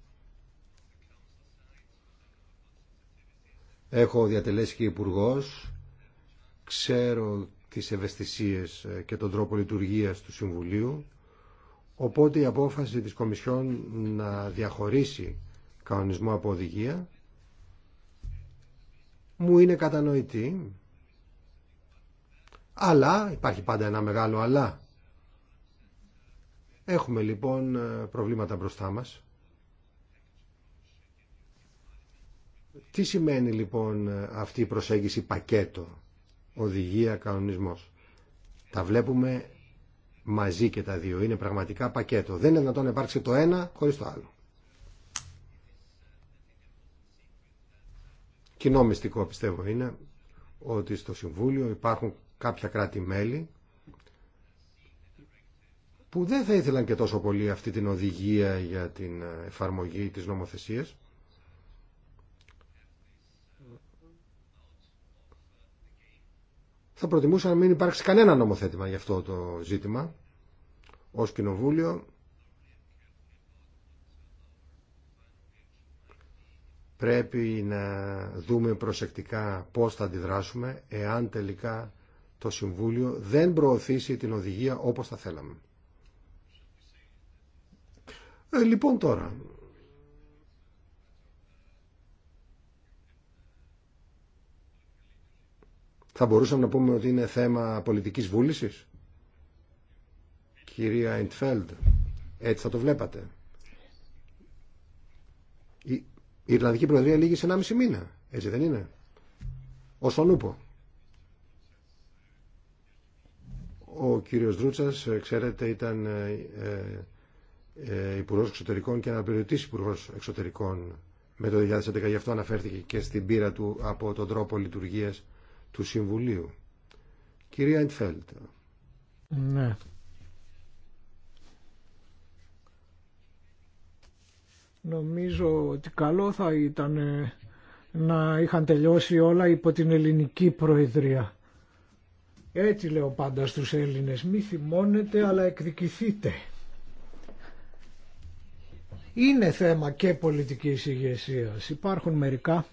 Έχω διατελέσει και υπουργό Ξέρω τις ευαισθησίες ε, και τον τρόπο λειτουργίας του Συμβουλίου, οπότε η απόφαση της Κομισιόν να διαχωρίσει κανονισμό από οδηγία μου είναι κατανοητή, αλλά, υπάρχει πάντα ένα μεγάλο αλλά, έχουμε λοιπόν ε, προβλήματα μπροστά μας. Τι σημαίνει λοιπόν ε, αυτή η προσέγγιση πακέτο οδηγία, κανονισμός. Τα βλέπουμε μαζί και τα δύο. Είναι πραγματικά πακέτο. Δεν είναι δυνατόν να υπάρξει το ένα χωρίς το άλλο. Κοινό μυστικό πιστεύω είναι ότι στο Συμβούλιο υπάρχουν κάποια κράτη-μέλη που δεν θα ήθελαν και τόσο πολύ αυτή την οδηγία για την εφαρμογή της νομοθεσίας Θα προτιμούσα να μην υπάρξει κανένα νομοθέτημα για αυτό το ζήτημα ως κοινοβούλιο. Πρέπει να δούμε προσεκτικά πώς θα αντιδράσουμε εάν τελικά το Συμβούλιο δεν προωθήσει την οδηγία όπως θα θέλαμε. Ε, λοιπόν τώρα, Θα μπορούσαμε να πούμε ότι είναι θέμα πολιτικής βούλησης. Κυρία Ιντφέλντ, έτσι θα το βλέπατε. Η Ιρλανδική Προεδρία λήγει σε 1,5 μήνα, έτσι δεν είναι. Ο ούπο. Ο κύριος Δρούτσας, ξέρετε, ήταν ε, ε, ε, Υπουργός Εξωτερικών και αναπληρωτής Υπουργός Εξωτερικών με το 2011. Γι' αυτό αναφέρθηκε και στην πείρα του από τον τρόπο λειτουργίας του Συμβουλίου. Κυρία Εντφέλτ. Ναι. Νομίζω ότι καλό θα ήταν ε, να είχαν τελειώσει όλα υπό την ελληνική προεδρία. Έτσι λέω πάντα στους Έλληνες, μη θυμώνετε αλλά εκδικηθείτε. Είναι θέμα και πολιτικής ηγεσία. Υπάρχουν μερικά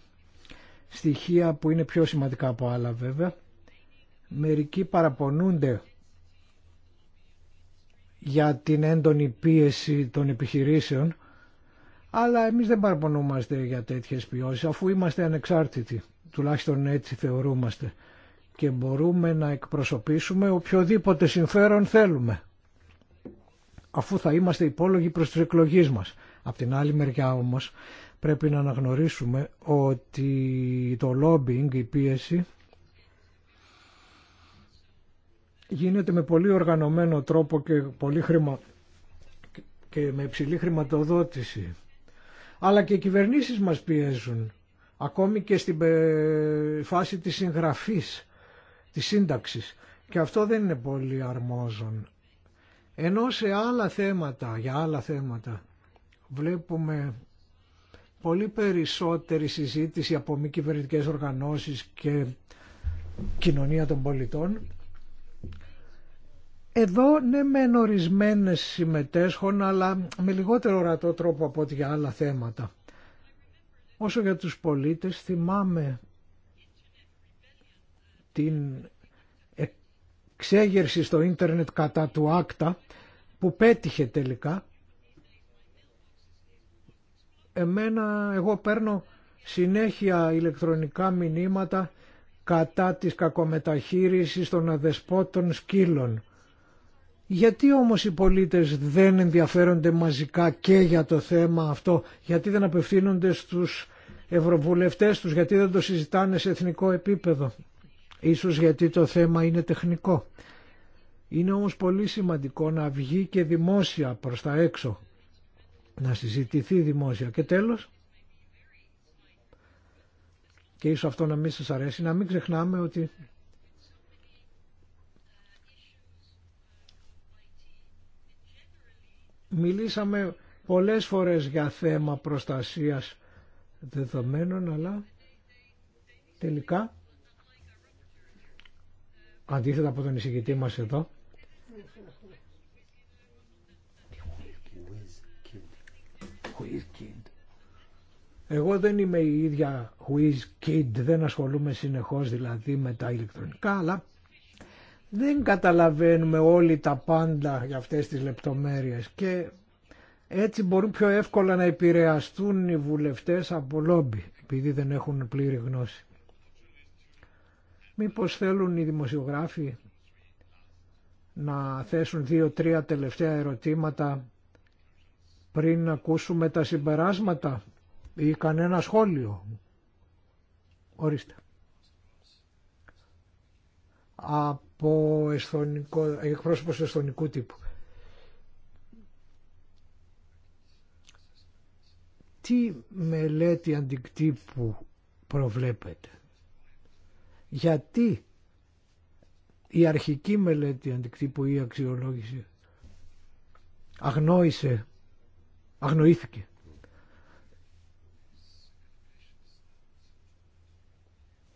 στοιχεία που είναι πιο σημαντικά από άλλα βέβαια. Μερικοί παραπονούνται για την έντονη πίεση των επιχειρήσεων, αλλά εμείς δεν παραπονούμαστε για τέτοιες ποιώσεις, αφού είμαστε ανεξάρτητοι, τουλάχιστον έτσι θεωρούμαστε, και μπορούμε να εκπροσωπήσουμε οποιοδήποτε συμφέρον θέλουμε, αφού θα είμαστε υπόλογοι προς τις εκλογές μας. Απ' την άλλη μεριά όμως, πρέπει να αναγνωρίσουμε ότι το lobbying, η πίεση, γίνεται με πολύ οργανωμένο τρόπο και, πολύ χρημα... και με υψηλή χρηματοδότηση. Αλλά και οι κυβερνήσεις μας πιέζουν, ακόμη και στην φάση της συγγραφής, της σύνταξης. Και αυτό δεν είναι πολύ αρμόζον. Ενώ σε άλλα θέματα, για άλλα θέματα, βλέπουμε πολύ περισσότερη συζήτηση από μη κυβερνητικέ οργανώσεις και κοινωνία των πολιτών. Εδώ ναι με ορισμένε συμμετέσχων αλλά με λιγότερο ορατό τρόπο από ό,τι για άλλα θέματα. Όσο για τους πολίτες θυμάμαι την εξέγερση στο ίντερνετ κατά του άκτα που πέτυχε τελικά εμένα εγώ παίρνω συνέχεια ηλεκτρονικά μηνύματα κατά της κακομεταχείρισης των αδεσπότων σκύλων. Γιατί όμως οι πολίτες δεν ενδιαφέρονται μαζικά και για το θέμα αυτό, γιατί δεν απευθύνονται στους ευρωβουλευτές τους, γιατί δεν το συζητάνε σε εθνικό επίπεδο. Ίσως γιατί το θέμα είναι τεχνικό. Είναι όμως πολύ σημαντικό να βγει και δημόσια προς τα έξω να συζητηθεί δημόσια. Και τέλος, και ίσως αυτό να μην σας αρέσει, να μην ξεχνάμε ότι μιλήσαμε πολλές φορές για θέμα προστασίας δεδομένων, αλλά τελικά, αντίθετα από τον εισηγητή μας εδώ, Kid. Εγώ δεν είμαι η ίδια Whiz Kid, δεν ασχολούμαι συνεχώς δηλαδή με τα ηλεκτρονικά, αλλά δεν καταλαβαίνουμε όλοι τα πάντα για αυτές τις λεπτομέρειες και έτσι μπορούν πιο εύκολα να επηρεαστούν οι βουλευτές από λόμπι, επειδή δεν έχουν πλήρη γνώση. Μήπως θέλουν οι δημοσιογράφοι να θέσουν δύο-τρία τελευταία ερωτήματα πριν ακούσουμε τα συμπεράσματα ή κανένα σχόλιο. Ορίστε. Από εσθονικό, εκπρόσωπος εσθονικού τύπου. Τι μελέτη αντικτύπου προβλέπετε. Γιατί η αρχική μελέτη αντικτύπου ή αξιολόγηση αγνόησε αγνοήθηκε.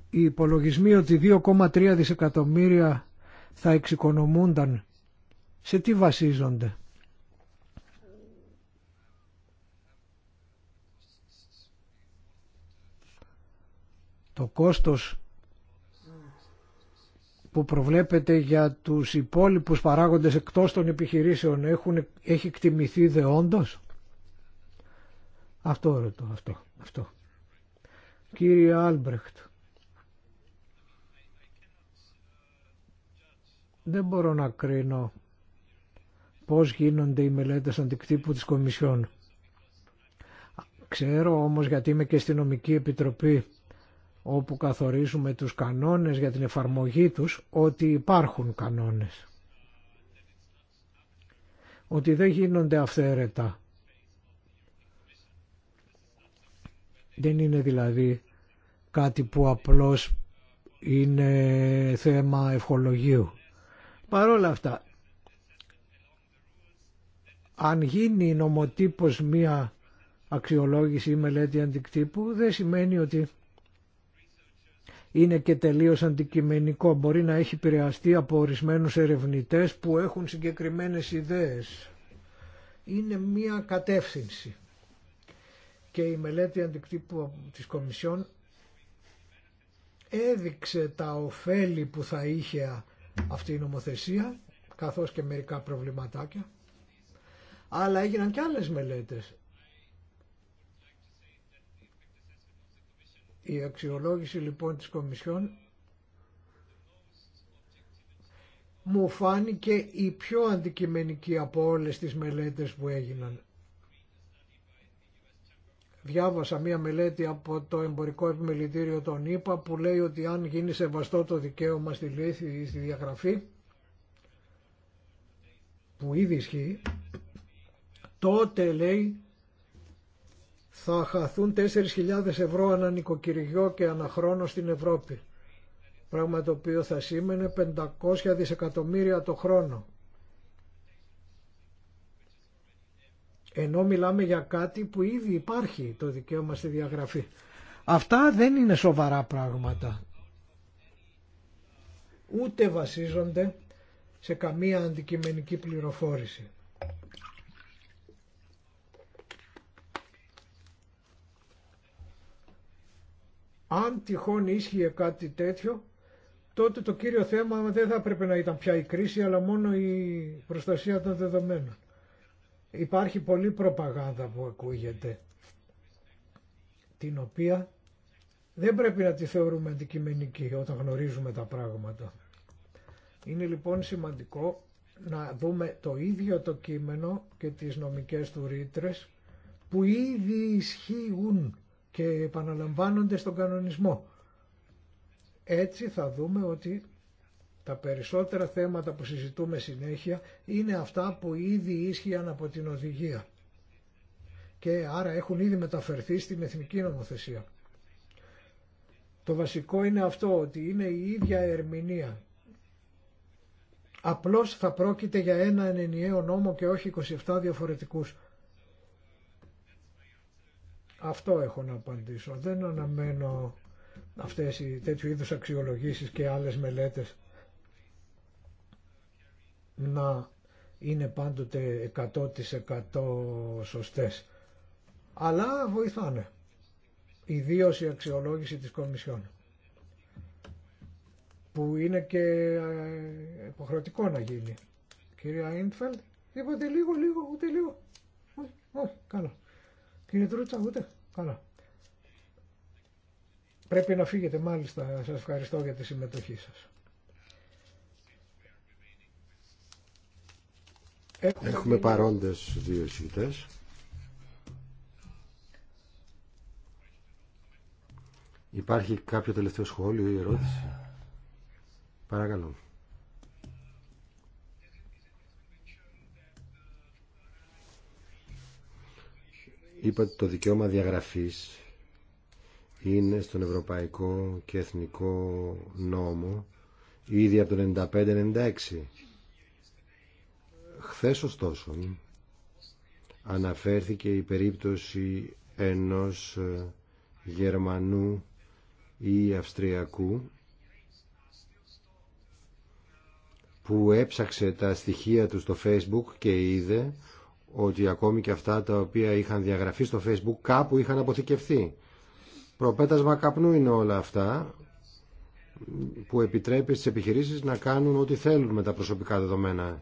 Οι υπολογισμοί ότι 2,3 δισεκατομμύρια θα εξοικονομούνταν σε τι βασίζονται. Το κόστος που προβλέπεται για τους υπόλοιπους παράγοντες εκτός των επιχειρήσεων έχουν, έχει εκτιμηθεί δεόντως. Αυτό ρωτώ, αυτό, αυτό. Κύριε Άλμπρεχτ, δεν μπορώ να κρίνω πώς γίνονται οι μελέτες αντικτύπου της Κομισιόν. Ξέρω όμως γιατί είμαι και στην Νομική Επιτροπή όπου καθορίζουμε τους κανόνες για την εφαρμογή τους ότι υπάρχουν κανόνες. Ότι δεν γίνονται αυθαίρετα Δεν είναι δηλαδή κάτι που απλώς είναι θέμα ευχολογίου. Παρόλα αυτά, αν γίνει νομοτύπος μία αξιολόγηση ή μελέτη αντικτύπου, δεν σημαίνει ότι είναι και τελείως αντικειμενικό. Μπορεί να έχει επηρεαστεί από ορισμένους ερευνητές που έχουν συγκεκριμένες ιδέες. Είναι μία κατεύθυνση και η μελέτη αντικτύπου της Κομισιόν έδειξε τα ωφέλη που θα είχε αυτή η νομοθεσία καθώς και μερικά προβληματάκια αλλά έγιναν και άλλες μελέτες η αξιολόγηση λοιπόν της Κομισιόν μου φάνηκε η πιο αντικειμενική από όλες τις μελέτες που έγιναν διάβασα μία μελέτη από το εμπορικό επιμελητήριο των ΗΠΑ που λέει ότι αν γίνει σεβαστό το δικαίωμα στη λύθη ή στη διαγραφή που ήδη ισχύει τότε λέει θα χαθούν 4.000 ευρώ ανά νοικοκυριό και ανά χρόνο στην Ευρώπη πράγμα το οποίο θα σήμαινε 500 δισεκατομμύρια το χρόνο Ενώ μιλάμε για κάτι που ήδη υπάρχει το δικαίωμα στη διαγραφή. Αυτά δεν είναι σοβαρά πράγματα. Ούτε βασίζονται σε καμία αντικειμενική πληροφόρηση. Αν τυχόν ίσχυε κάτι τέτοιο, τότε το κύριο θέμα δεν θα έπρεπε να ήταν πια η κρίση, αλλά μόνο η προστασία των δεδομένων. Υπάρχει πολλή προπαγάνδα που ακούγεται, την οποία δεν πρέπει να τη θεωρούμε αντικειμενική όταν γνωρίζουμε τα πράγματα. Είναι λοιπόν σημαντικό να δούμε το ίδιο το κείμενο και τις νομικές του ρήτρε που ήδη ισχύουν και επαναλαμβάνονται στον κανονισμό. Έτσι θα δούμε ότι τα περισσότερα θέματα που συζητούμε συνέχεια είναι αυτά που ήδη ίσχυαν από την οδηγία και άρα έχουν ήδη μεταφερθεί στην εθνική νομοθεσία. Το βασικό είναι αυτό, ότι είναι η ίδια ερμηνεία. Απλώς θα πρόκειται για ένα ενιαίο νόμο και όχι 27 διαφορετικούς. Αυτό έχω να απαντήσω. Δεν αναμένω αυτές οι τέτοιου είδους αξιολογήσεις και άλλες μελέτες να είναι πάντοτε 100% σωστές. Αλλά βοηθάνε. Ιδίω η αξιολόγηση της Κομισιόν. Που είναι και ε, υποχρεωτικό να γίνει. Κυρία Ίντφελτ, είπατε λίγο, λίγο, ούτε λίγο. Όχι, όχι, καλά. Κύριε Τρούτσα, ούτε, καλά. Πρέπει να φύγετε μάλιστα. Σας ευχαριστώ για τη συμμετοχή σας. Έχουμε παρόντες δύο εισηγητές. Υπάρχει κάποιο τελευταίο σχόλιο ή ερώτηση. Παρακαλώ. Είπατε το δικαίωμα διαγραφής είναι στον ευρωπαϊκό και εθνικό νόμο ήδη από το 95-96 Χθες ωστόσο αναφέρθηκε η περίπτωση ενός ε, Γερμανού ή Αυστριακού που έψαξε τα στοιχεία του στο facebook και είδε ότι ακόμη και αυτά τα οποία είχαν διαγραφεί στο facebook κάπου είχαν αποθηκευθεί. Προπέτασμα καπνού είναι όλα αυτά που επιτρέπει στις επιχειρήσεις να κάνουν ό,τι θέλουν με τα προσωπικά δεδομένα.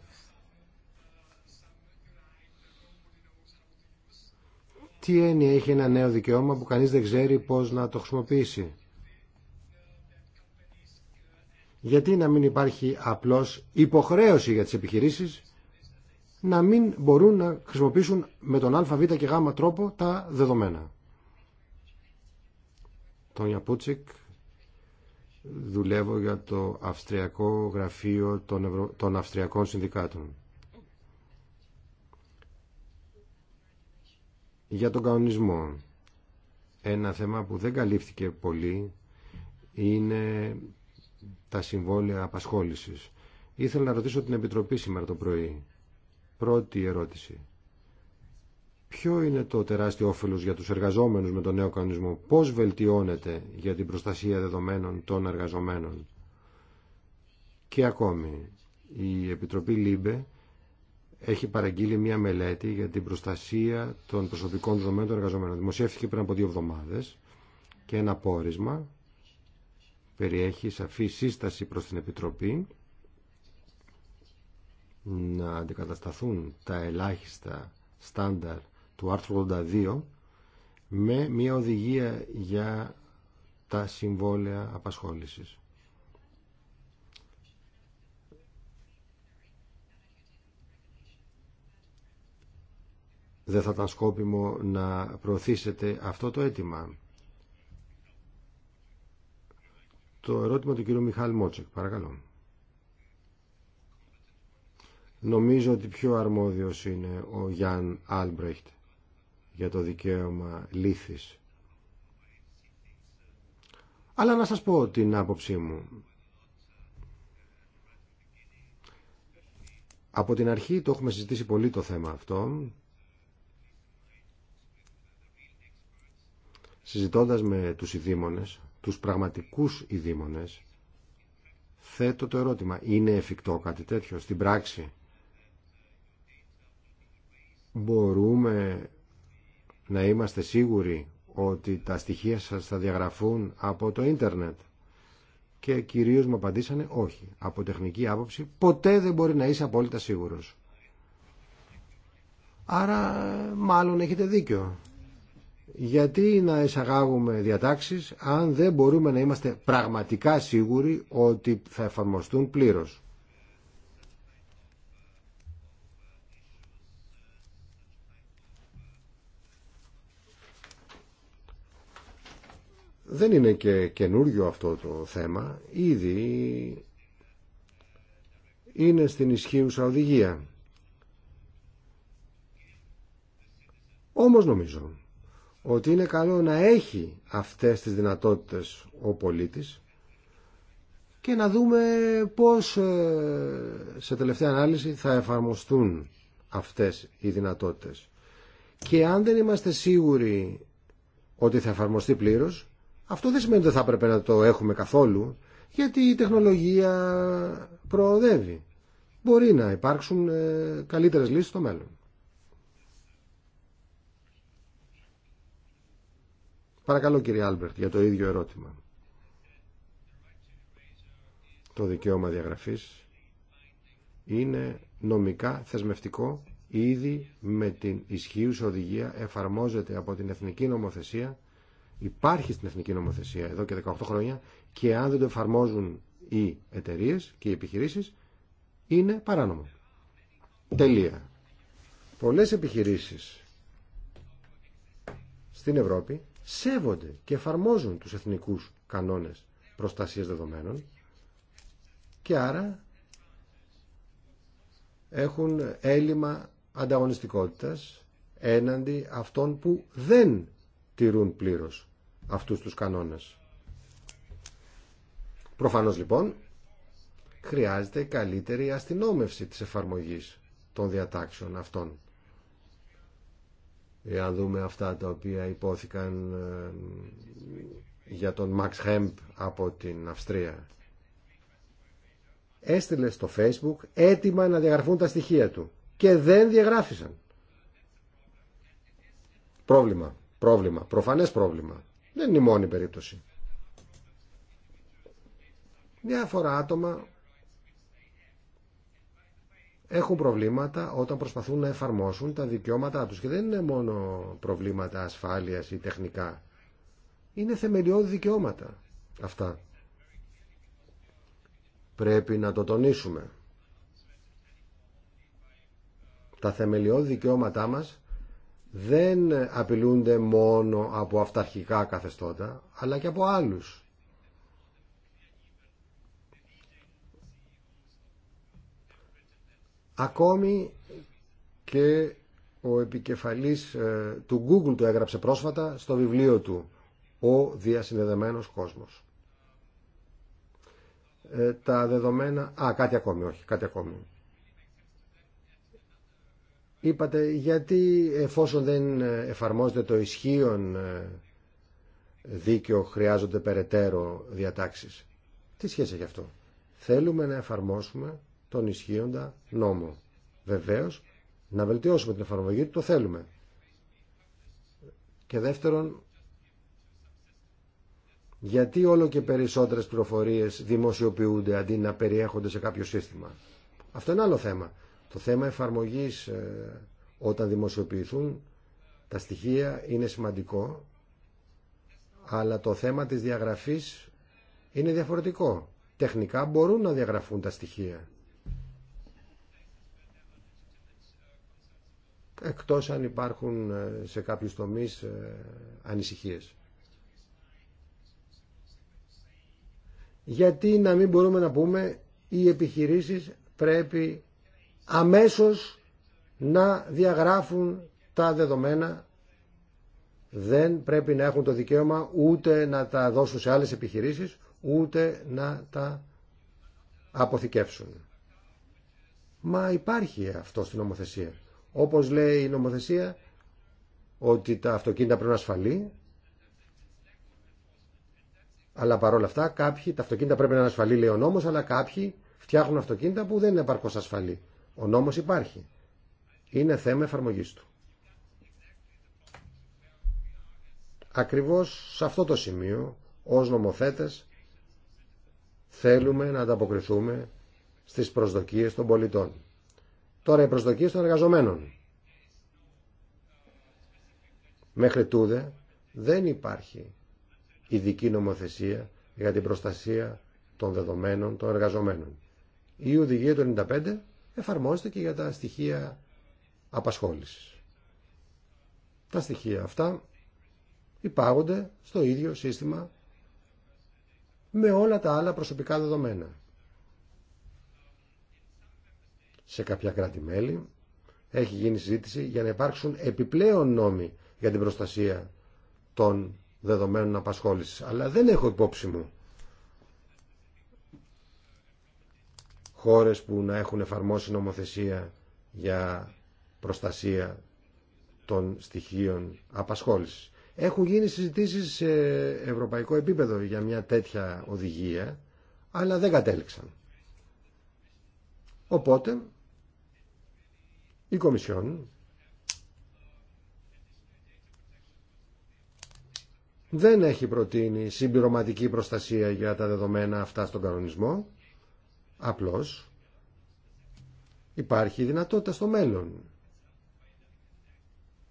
τι έννοια έχει ένα νέο δικαίωμα που κανείς δεν ξέρει πώς να το χρησιμοποιήσει. Γιατί να μην υπάρχει απλώς υποχρέωση για τις επιχειρήσεις να μην μπορούν να χρησιμοποιήσουν με τον α, β και γ τρόπο τα δεδομένα. Τον Ιαπούτσικ δουλεύω για το Αυστριακό Γραφείο των Αυστριακών Συνδικάτων. Για τον κανονισμό, ένα θέμα που δεν καλύφθηκε πολύ είναι τα συμβόλαια απασχόλησης. Ήθελα να ρωτήσω την Επιτροπή σήμερα το πρωί. Πρώτη ερώτηση. Ποιο είναι το τεράστιο όφελος για τους εργαζόμενους με τον νέο κανονισμό. Πώς βελτιώνεται για την προστασία δεδομένων των εργαζομένων. Και ακόμη, η Επιτροπή ΛΥΜΠΕ έχει παραγγείλει μια μελέτη για την προστασία των προσωπικών δεδομένων των εργαζομένων. Δημοσιεύθηκε πριν από δύο εβδομάδες και ένα πόρισμα περιέχει σαφή σύσταση προς την Επιτροπή να αντικατασταθούν τα ελάχιστα στάνταρ του άρθρου 82 με μια οδηγία για τα συμβόλαια απασχόλησης. δεν θα ήταν σκόπιμο να προωθήσετε αυτό το αίτημα. Το ερώτημα του κύριου Μιχαλ Μότσεκ, παρακαλώ. Νομίζω ότι πιο αρμόδιος είναι ο Γιάνν Άλμπρεχτ για το δικαίωμα λήθης. Αλλά να σας πω την άποψή μου. Από την αρχή το έχουμε συζητήσει πολύ το θέμα αυτό συζητώντας με τους ειδήμονες, τους πραγματικούς ειδήμονες, θέτω το ερώτημα, είναι εφικτό κάτι τέτοιο στην πράξη. Μπορούμε να είμαστε σίγουροι ότι τα στοιχεία σας θα διαγραφούν από το ίντερνετ. Και κυρίως μου απαντήσανε όχι. Από τεχνική άποψη ποτέ δεν μπορεί να είσαι απόλυτα σίγουρος. Άρα μάλλον έχετε δίκιο. Γιατί να εισαγάγουμε διατάξεις αν δεν μπορούμε να είμαστε πραγματικά σίγουροι ότι θα εφαρμοστούν πλήρως. Δεν είναι και καινούριο αυτό το θέμα. Ήδη είναι στην ισχύουσα οδηγία. Όμως νομίζω ότι είναι καλό να έχει αυτές τις δυνατότητες ο πολίτης και να δούμε πώς ε, σε τελευταία ανάλυση θα εφαρμοστούν αυτές οι δυνατότητες. Και αν δεν είμαστε σίγουροι ότι θα εφαρμοστεί πλήρως, αυτό δεν σημαίνει ότι θα έπρεπε να το έχουμε καθόλου, γιατί η τεχνολογία προοδεύει. Μπορεί να υπάρξουν ε, καλύτερες λύσεις στο μέλλον. Παρακαλώ κύριε Άλμπερτ για το ίδιο ερώτημα. Το δικαίωμα διαγραφής είναι νομικά θεσμευτικό ήδη με την ισχύουσα οδηγία εφαρμόζεται από την εθνική νομοθεσία υπάρχει στην εθνική νομοθεσία εδώ και 18 χρόνια και αν δεν το εφαρμόζουν οι εταιρείε και οι επιχειρήσεις είναι παράνομο. Τελεία. Πολλές επιχειρήσεις στην Ευρώπη σέβονται και εφαρμόζουν τους εθνικούς κανόνες προστασίας δεδομένων και άρα έχουν έλλειμμα ανταγωνιστικότητας έναντι αυτών που δεν τηρούν πλήρως αυτούς τους κανόνες. Προφανώς λοιπόν χρειάζεται καλύτερη αστυνόμευση της εφαρμογής των διατάξεων αυτών εάν δούμε αυτά τα οποία υπόθηκαν ε, για τον Μαξ Χέμπ από την Αυστρία. Έστειλε στο facebook έτοιμα να διαγραφούν τα στοιχεία του και δεν διαγράφησαν. Πρόβλημα, πρόβλημα, προφανές πρόβλημα. Δεν είναι η μόνη περίπτωση. Διάφορα άτομα έχουν προβλήματα όταν προσπαθούν να εφαρμόσουν τα δικαιώματά τους. Και δεν είναι μόνο προβλήματα ασφάλειας ή τεχνικά. Είναι θεμελιώδη δικαιώματα αυτά. Πρέπει να το τονίσουμε. Τα θεμελιώδη δικαιώματά μας δεν απειλούνται μόνο από αυταρχικά καθεστώτα, αλλά και από άλλους Ακόμη και ο επικεφαλής ε, του Google το έγραψε πρόσφατα στο βιβλίο του «Ο διασυνδεδεμένος κόσμος». Ε, τα δεδομένα... Α, κάτι ακόμη, όχι, κάτι ακόμη. Είπατε, γιατί εφόσον δεν ε, εφαρμόζεται το ισχύον δίκαιο χρειάζονται περαιτέρω διατάξεις. Τι σχέση έχει αυτό. Θέλουμε να εφαρμόσουμε τον ισχύοντα νόμο. Βεβαίω, να βελτιώσουμε την εφαρμογή του, το θέλουμε. Και δεύτερον, γιατί όλο και περισσότερες πληροφορίε δημοσιοποιούνται αντί να περιέχονται σε κάποιο σύστημα. Αυτό είναι άλλο θέμα. Το θέμα εφαρμογής ε, όταν δημοσιοποιηθούν τα στοιχεία είναι σημαντικό, αλλά το θέμα της διαγραφής είναι διαφορετικό. Τεχνικά μπορούν να διαγραφούν τα στοιχεία. εκτός αν υπάρχουν ε, σε κάποιους τομείς ε, ανησυχίες. Γιατί να μην μπορούμε να πούμε οι επιχειρήσεις πρέπει αμέσως να διαγράφουν τα δεδομένα δεν πρέπει να έχουν το δικαίωμα ούτε να τα δώσουν σε άλλες επιχειρήσεις ούτε να τα αποθηκεύσουν. Μα υπάρχει αυτό στην νομοθεσία όπως λέει η νομοθεσία, ότι τα αυτοκίνητα πρέπει να ασφαλή, αλλά παρόλα αυτά κάποιοι, τα αυτοκίνητα πρέπει να είναι ασφαλή λέει ο νόμος, αλλά κάποιοι φτιάχνουν αυτοκίνητα που δεν είναι επαρκώς ασφαλή. Ο νόμος υπάρχει. Είναι θέμα εφαρμογή του. Ακριβώς σε αυτό το σημείο, ως νομοθέτες, θέλουμε να ανταποκριθούμε στις προσδοκίες των πολιτών. Τώρα οι προσδοκίες των εργαζομένων. Μέχρι τούδε δεν υπάρχει ειδική νομοθεσία για την προστασία των δεδομένων των εργαζομένων. Η οδηγία του 95 εφαρμόζεται και για τα στοιχεία απασχόλησης. Τα στοιχεία αυτά υπάγονται στο ίδιο σύστημα με όλα τα άλλα προσωπικά δεδομένα σε κάποια κράτη-μέλη. Έχει γίνει συζήτηση για να υπάρξουν επιπλέον νόμοι για την προστασία των δεδομένων απασχόλησης. Αλλά δεν έχω υπόψη μου χώρες που να έχουν εφαρμόσει νομοθεσία για προστασία των στοιχείων απασχόλησης. Έχουν γίνει συζητήσεις σε ευρωπαϊκό επίπεδο για μια τέτοια οδηγία, αλλά δεν κατέληξαν. Οπότε, η Κομισιόν δεν έχει προτείνει συμπληρωματική προστασία για τα δεδομένα αυτά στον κανονισμό. Απλώς υπάρχει δυνατότητα στο μέλλον.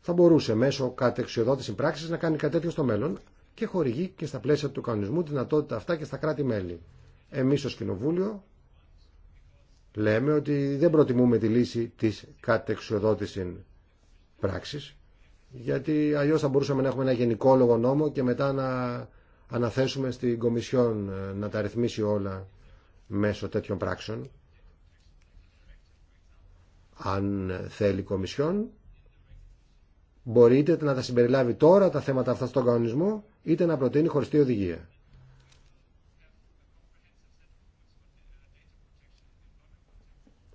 Θα μπορούσε μέσω κατεξιοδότηση πράξης να κάνει κάτι τέτοιο στο μέλλον και χορηγεί και στα πλαίσια του κανονισμού δυνατότητα αυτά και στα κράτη-μέλη. Εμείς ως Κοινοβούλιο λέμε ότι δεν προτιμούμε τη λύση της κατεξοδότηση πράξης, γιατί αλλιώς θα μπορούσαμε να έχουμε ένα γενικόλογο νόμο και μετά να αναθέσουμε στην Κομισιόν ε, να τα ρυθμίσει όλα μέσω τέτοιων πράξεων. Αν θέλει η Κομισιόν, μπορείτε να τα συμπεριλάβει τώρα τα θέματα αυτά στον κανονισμό, είτε να προτείνει χωριστή οδηγία.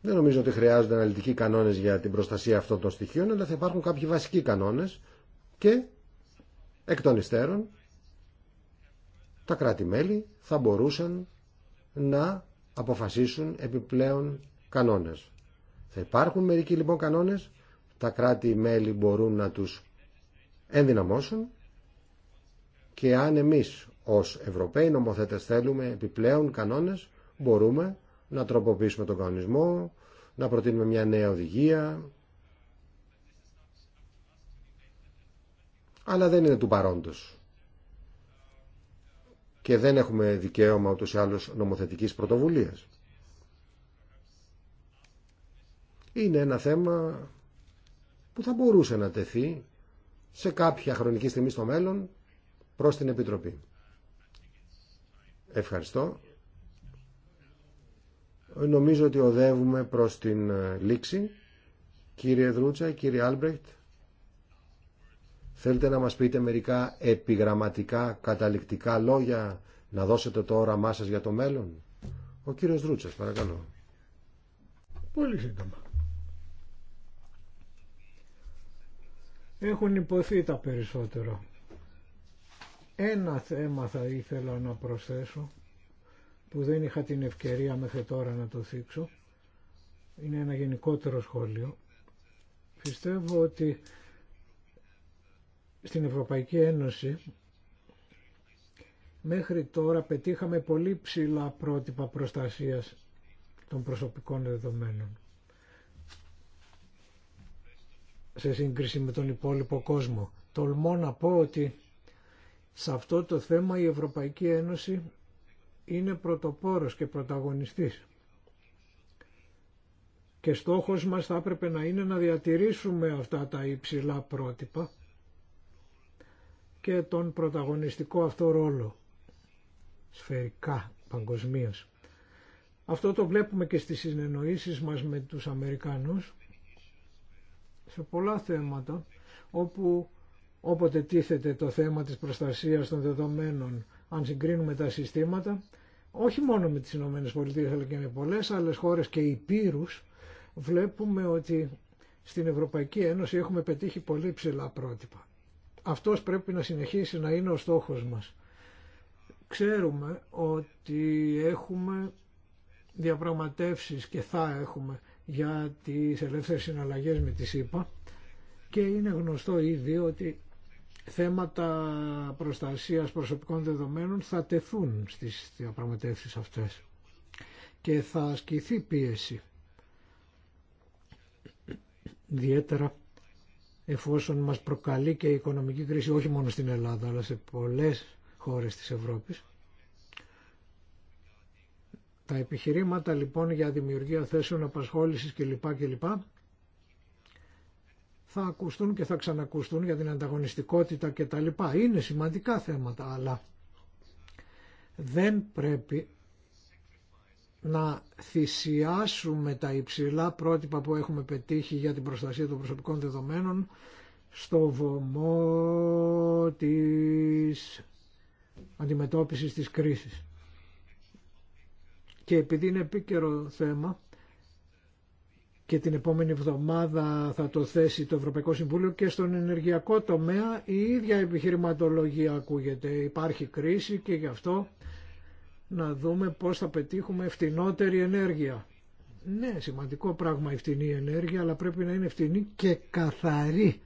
Δεν νομίζω ότι χρειάζονται αναλυτικοί κανόνες για την προστασία αυτών των στοιχείων, αλλά θα υπάρχουν κάποιοι βασικοί κανόνες και εκ των υστέρων τα κράτη-μέλη θα μπορούσαν να αποφασίσουν επιπλέον κανόνες. Θα υπάρχουν μερικοί λοιπόν κανόνες, τα κράτη-μέλη μπορούν να τους ενδυναμώσουν και αν εμείς ως Ευρωπαίοι νομοθέτες θέλουμε επιπλέον κανόνες, μπορούμε να τροποποιήσουμε τον κανονισμό, να προτείνουμε μια νέα οδηγία. Αλλά δεν είναι του παρόντος. Και δεν έχουμε δικαίωμα ούτως ή άλλως νομοθετικής πρωτοβουλίας. Είναι ένα θέμα που θα μπορούσε να τεθεί σε κάποια χρονική στιγμή στο μέλλον προς την Επιτροπή. Ευχαριστώ. Νομίζω ότι οδεύουμε προς την ε, λήξη. Κύριε Δρούτσα, κύριε Άλμπρεχτ, θέλετε να μας πείτε μερικά επιγραμματικά, καταληκτικά λόγια, να δώσετε το όραμά σας για το μέλλον. Ο κύριος Δρούτσας, παρακαλώ. Πολύ σύντομα. Έχουν υποθεί τα περισσότερο. Ένα θέμα θα ήθελα να προσθέσω που δεν είχα την ευκαιρία μέχρι τώρα να το θίξω. Είναι ένα γενικότερο σχόλιο. Πιστεύω ότι στην Ευρωπαϊκή Ένωση μέχρι τώρα πετύχαμε πολύ ψηλά πρότυπα προστασίας των προσωπικών δεδομένων σε σύγκριση με τον υπόλοιπο κόσμο. Τολμώ να πω ότι σε αυτό το θέμα η Ευρωπαϊκή Ένωση είναι πρωτοπόρος και πρωταγωνιστής. Και στόχος μας θα έπρεπε να είναι να διατηρήσουμε αυτά τα υψηλά πρότυπα και τον πρωταγωνιστικό αυτό ρόλο σφαιρικά παγκοσμίω. Αυτό το βλέπουμε και στις συνεννοήσεις μας με τους Αμερικανούς σε πολλά θέματα όπου όποτε τίθεται το θέμα της προστασίας των δεδομένων αν συγκρίνουμε τα συστήματα όχι μόνο με τις Ηνωμένες Πολιτείες αλλά και με πολλές άλλες χώρες και υπήρους βλέπουμε ότι στην Ευρωπαϊκή Ένωση έχουμε πετύχει πολύ ψηλά πρότυπα. Αυτός πρέπει να συνεχίσει να είναι ο στόχος μας. Ξέρουμε ότι έχουμε διαπραγματεύσεις και θα έχουμε για τις ελεύθερες συναλλαγές με τη ΣΥΠΑ και είναι γνωστό ήδη ότι θέματα προστασίας προσωπικών δεδομένων θα τεθούν στις διαπραγματεύσεις αυτές και θα ασκηθεί πίεση. Ιδιαίτερα εφόσον μας προκαλεί και η οικονομική κρίση όχι μόνο στην Ελλάδα αλλά σε πολλές χώρες της Ευρώπης. Τα επιχειρήματα λοιπόν για δημιουργία θέσεων απασχόλησης κλπ. κλπ θα ακουστούν και θα ξανακουστούν για την ανταγωνιστικότητα και τα λοιπά. Είναι σημαντικά θέματα, αλλά δεν πρέπει να θυσιάσουμε τα υψηλά πρότυπα που έχουμε πετύχει για την προστασία των προσωπικών δεδομένων στο βωμό της αντιμετώπισης της κρίσης. Και επειδή είναι επίκαιρο θέμα, και την επόμενη εβδομάδα θα το θέσει το Ευρωπαϊκό Συμβούλιο και στον ενεργειακό τομέα η ίδια επιχειρηματολογία ακούγεται. Υπάρχει κρίση και γι' αυτό να δούμε πώς θα πετύχουμε φτηνότερη ενέργεια. Ναι, σημαντικό πράγμα η φτηνή ενέργεια, αλλά πρέπει να είναι φτηνή και καθαρή.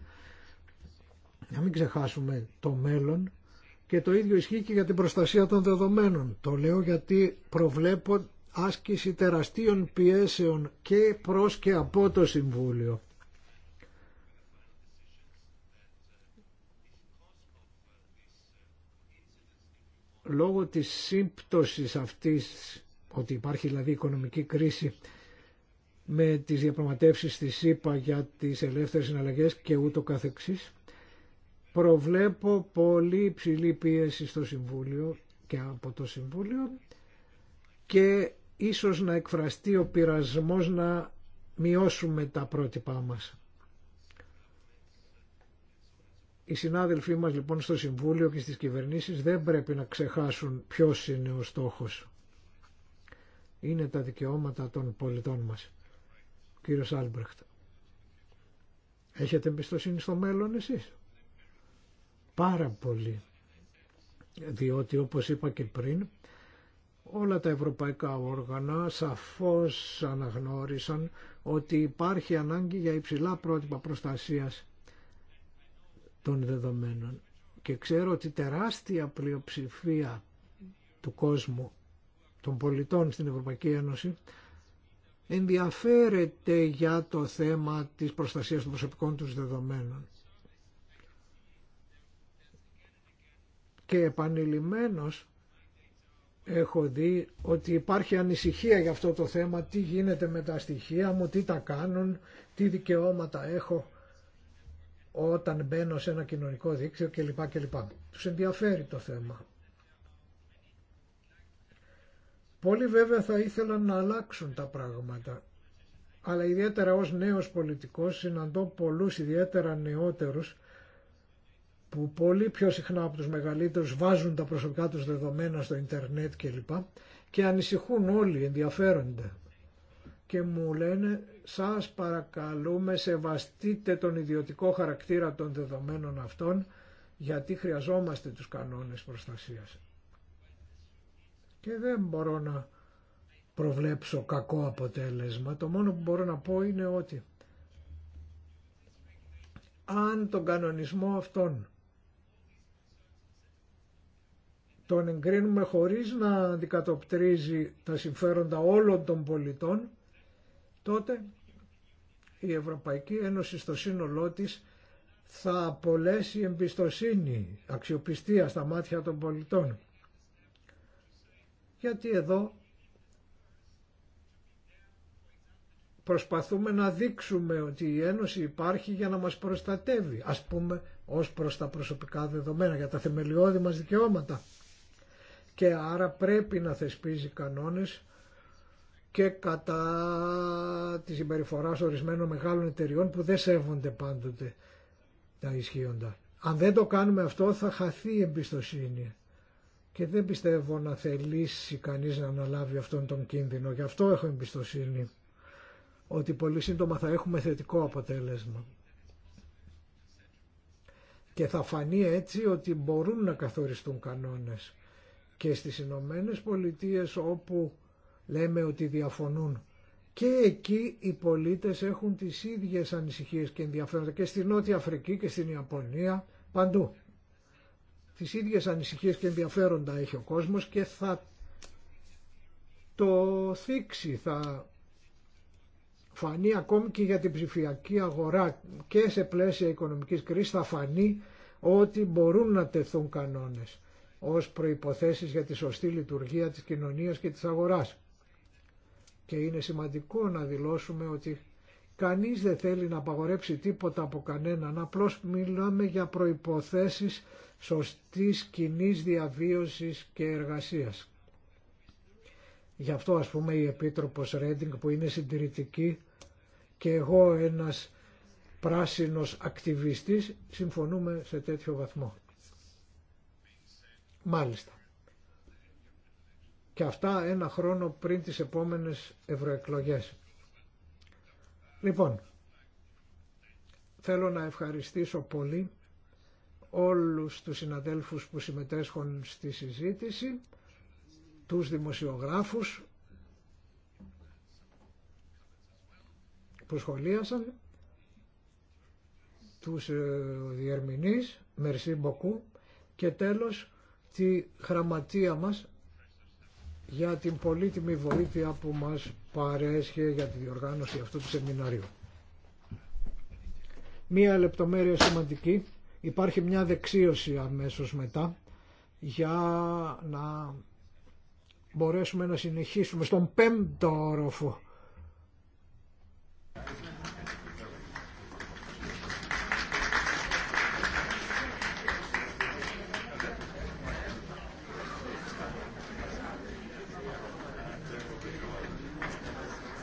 Να μην ξεχάσουμε το μέλλον και το ίδιο ισχύει και για την προστασία των δεδομένων. Το λέω γιατί προβλέπω άσκηση τεραστίων πιέσεων και προς και από το Συμβούλιο. Λόγω της σύμπτωσης αυτής, ότι υπάρχει δηλαδή οικονομική κρίση με τις διαπραγματεύσεις της ΣΥΠΑ για τις ελεύθερες συναλλαγές και ούτω καθεξής, προβλέπω πολύ υψηλή πίεση στο Συμβούλιο και από το Συμβούλιο και ίσως να εκφραστεί ο πειρασμός να μειώσουμε τα πρότυπά μας. Οι συνάδελφοί μας λοιπόν στο Συμβούλιο και στις κυβερνήσεις δεν πρέπει να ξεχάσουν ποιος είναι ο στόχος. Είναι τα δικαιώματα των πολιτών μας. κύριος Άλμπρεχτ. Έχετε εμπιστοσύνη στο μέλλον εσείς. Πάρα πολύ. Διότι όπως είπα και πριν όλα τα ευρωπαϊκά όργανα σαφώς αναγνώρισαν ότι υπάρχει ανάγκη για υψηλά πρότυπα προστασίας των δεδομένων. Και ξέρω ότι τεράστια πλειοψηφία του κόσμου, των πολιτών στην Ευρωπαϊκή Ένωση, ενδιαφέρεται για το θέμα της προστασίας των προσωπικών τους δεδομένων. Και επανειλημμένος έχω δει ότι υπάρχει ανησυχία για αυτό το θέμα, τι γίνεται με τα στοιχεία μου, τι τα κάνουν, τι δικαιώματα έχω όταν μπαίνω σε ένα κοινωνικό δίκτυο κλπ. κλπ. Τους ενδιαφέρει το θέμα. Πολλοί βέβαια θα ήθελαν να αλλάξουν τα πράγματα, αλλά ιδιαίτερα ως νέος πολιτικός συναντώ πολλούς ιδιαίτερα νεότερους που πολύ πιο συχνά από τους μεγαλύτερους βάζουν τα προσωπικά τους δεδομένα στο ίντερνετ κλπ. Και ανησυχούν όλοι, ενδιαφέρονται. Και μου λένε, σας παρακαλούμε, σεβαστείτε τον ιδιωτικό χαρακτήρα των δεδομένων αυτών, γιατί χρειαζόμαστε τους κανόνες προστασίας. Και δεν μπορώ να προβλέψω κακό αποτέλεσμα. Το μόνο που μπορώ να πω είναι ότι αν τον κανονισμό αυτόν τον εγκρίνουμε χωρίς να αντικατοπτρίζει τα συμφέροντα όλων των πολιτών, τότε η Ευρωπαϊκή Ένωση στο σύνολό της θα απολέσει εμπιστοσύνη, αξιοπιστία στα μάτια των πολιτών. Γιατί εδώ προσπαθούμε να δείξουμε ότι η Ένωση υπάρχει για να μας προστατεύει, ας πούμε, ως προς τα προσωπικά δεδομένα, για τα θεμελιώδη μας δικαιώματα και άρα πρέπει να θεσπίζει κανόνες και κατά τη συμπεριφορά ορισμένων μεγάλων εταιριών που δεν σέβονται πάντοτε τα ισχύοντα. Αν δεν το κάνουμε αυτό θα χαθεί η εμπιστοσύνη και δεν πιστεύω να θελήσει κανείς να αναλάβει αυτόν τον κίνδυνο. Γι' αυτό έχω εμπιστοσύνη ότι πολύ σύντομα θα έχουμε θετικό αποτέλεσμα. Και θα φανεί έτσι ότι μπορούν να καθοριστούν κανόνες και στις Ηνωμένε Πολιτείες όπου λέμε ότι διαφωνούν και εκεί οι πολίτες έχουν τις ίδιες ανησυχίες και ενδιαφέροντα και στην Νότια Αφρική και στην Ιαπωνία παντού. Τις ίδιες ανησυχίες και ενδιαφέροντα έχει ο κόσμος και θα το θίξει, θα φανεί ακόμη και για την ψηφιακή αγορά και σε πλαίσια οικονομικής κρίσης θα φανεί ότι μπορούν να τεθούν κανόνες ως προϋποθέσεις για τη σωστή λειτουργία της κοινωνίας και της αγοράς. Και είναι σημαντικό να δηλώσουμε ότι κανείς δεν θέλει να απαγορέψει τίποτα από κανέναν, απλώς μιλάμε για προϋποθέσεις σωστής κοινή διαβίωσης και εργασίας. Γι' αυτό ας πούμε η Επίτροπος Ρέντινγκ που είναι συντηρητική και εγώ ένας πράσινος ακτιβιστής συμφωνούμε σε τέτοιο βαθμό. Μάλιστα. Και αυτά ένα χρόνο πριν τις επόμενες ευρωεκλογές. Λοιπόν, θέλω να ευχαριστήσω πολύ όλους τους συναδέλφους που συμμετέσχουν στη συζήτηση, τους δημοσιογράφους που σχολίασαν, τους ε, διερμηνείς, merci μποκού, και τέλος τη γραμματεία μας για την πολύτιμη βοήθεια που μας παρέσχε για τη διοργάνωση αυτού του σεμιναρίου. Μία λεπτομέρεια σημαντική, υπάρχει μια δεξίωση αμέσως μετά για να μπορέσουμε να συνεχίσουμε στον πέμπτο όροφο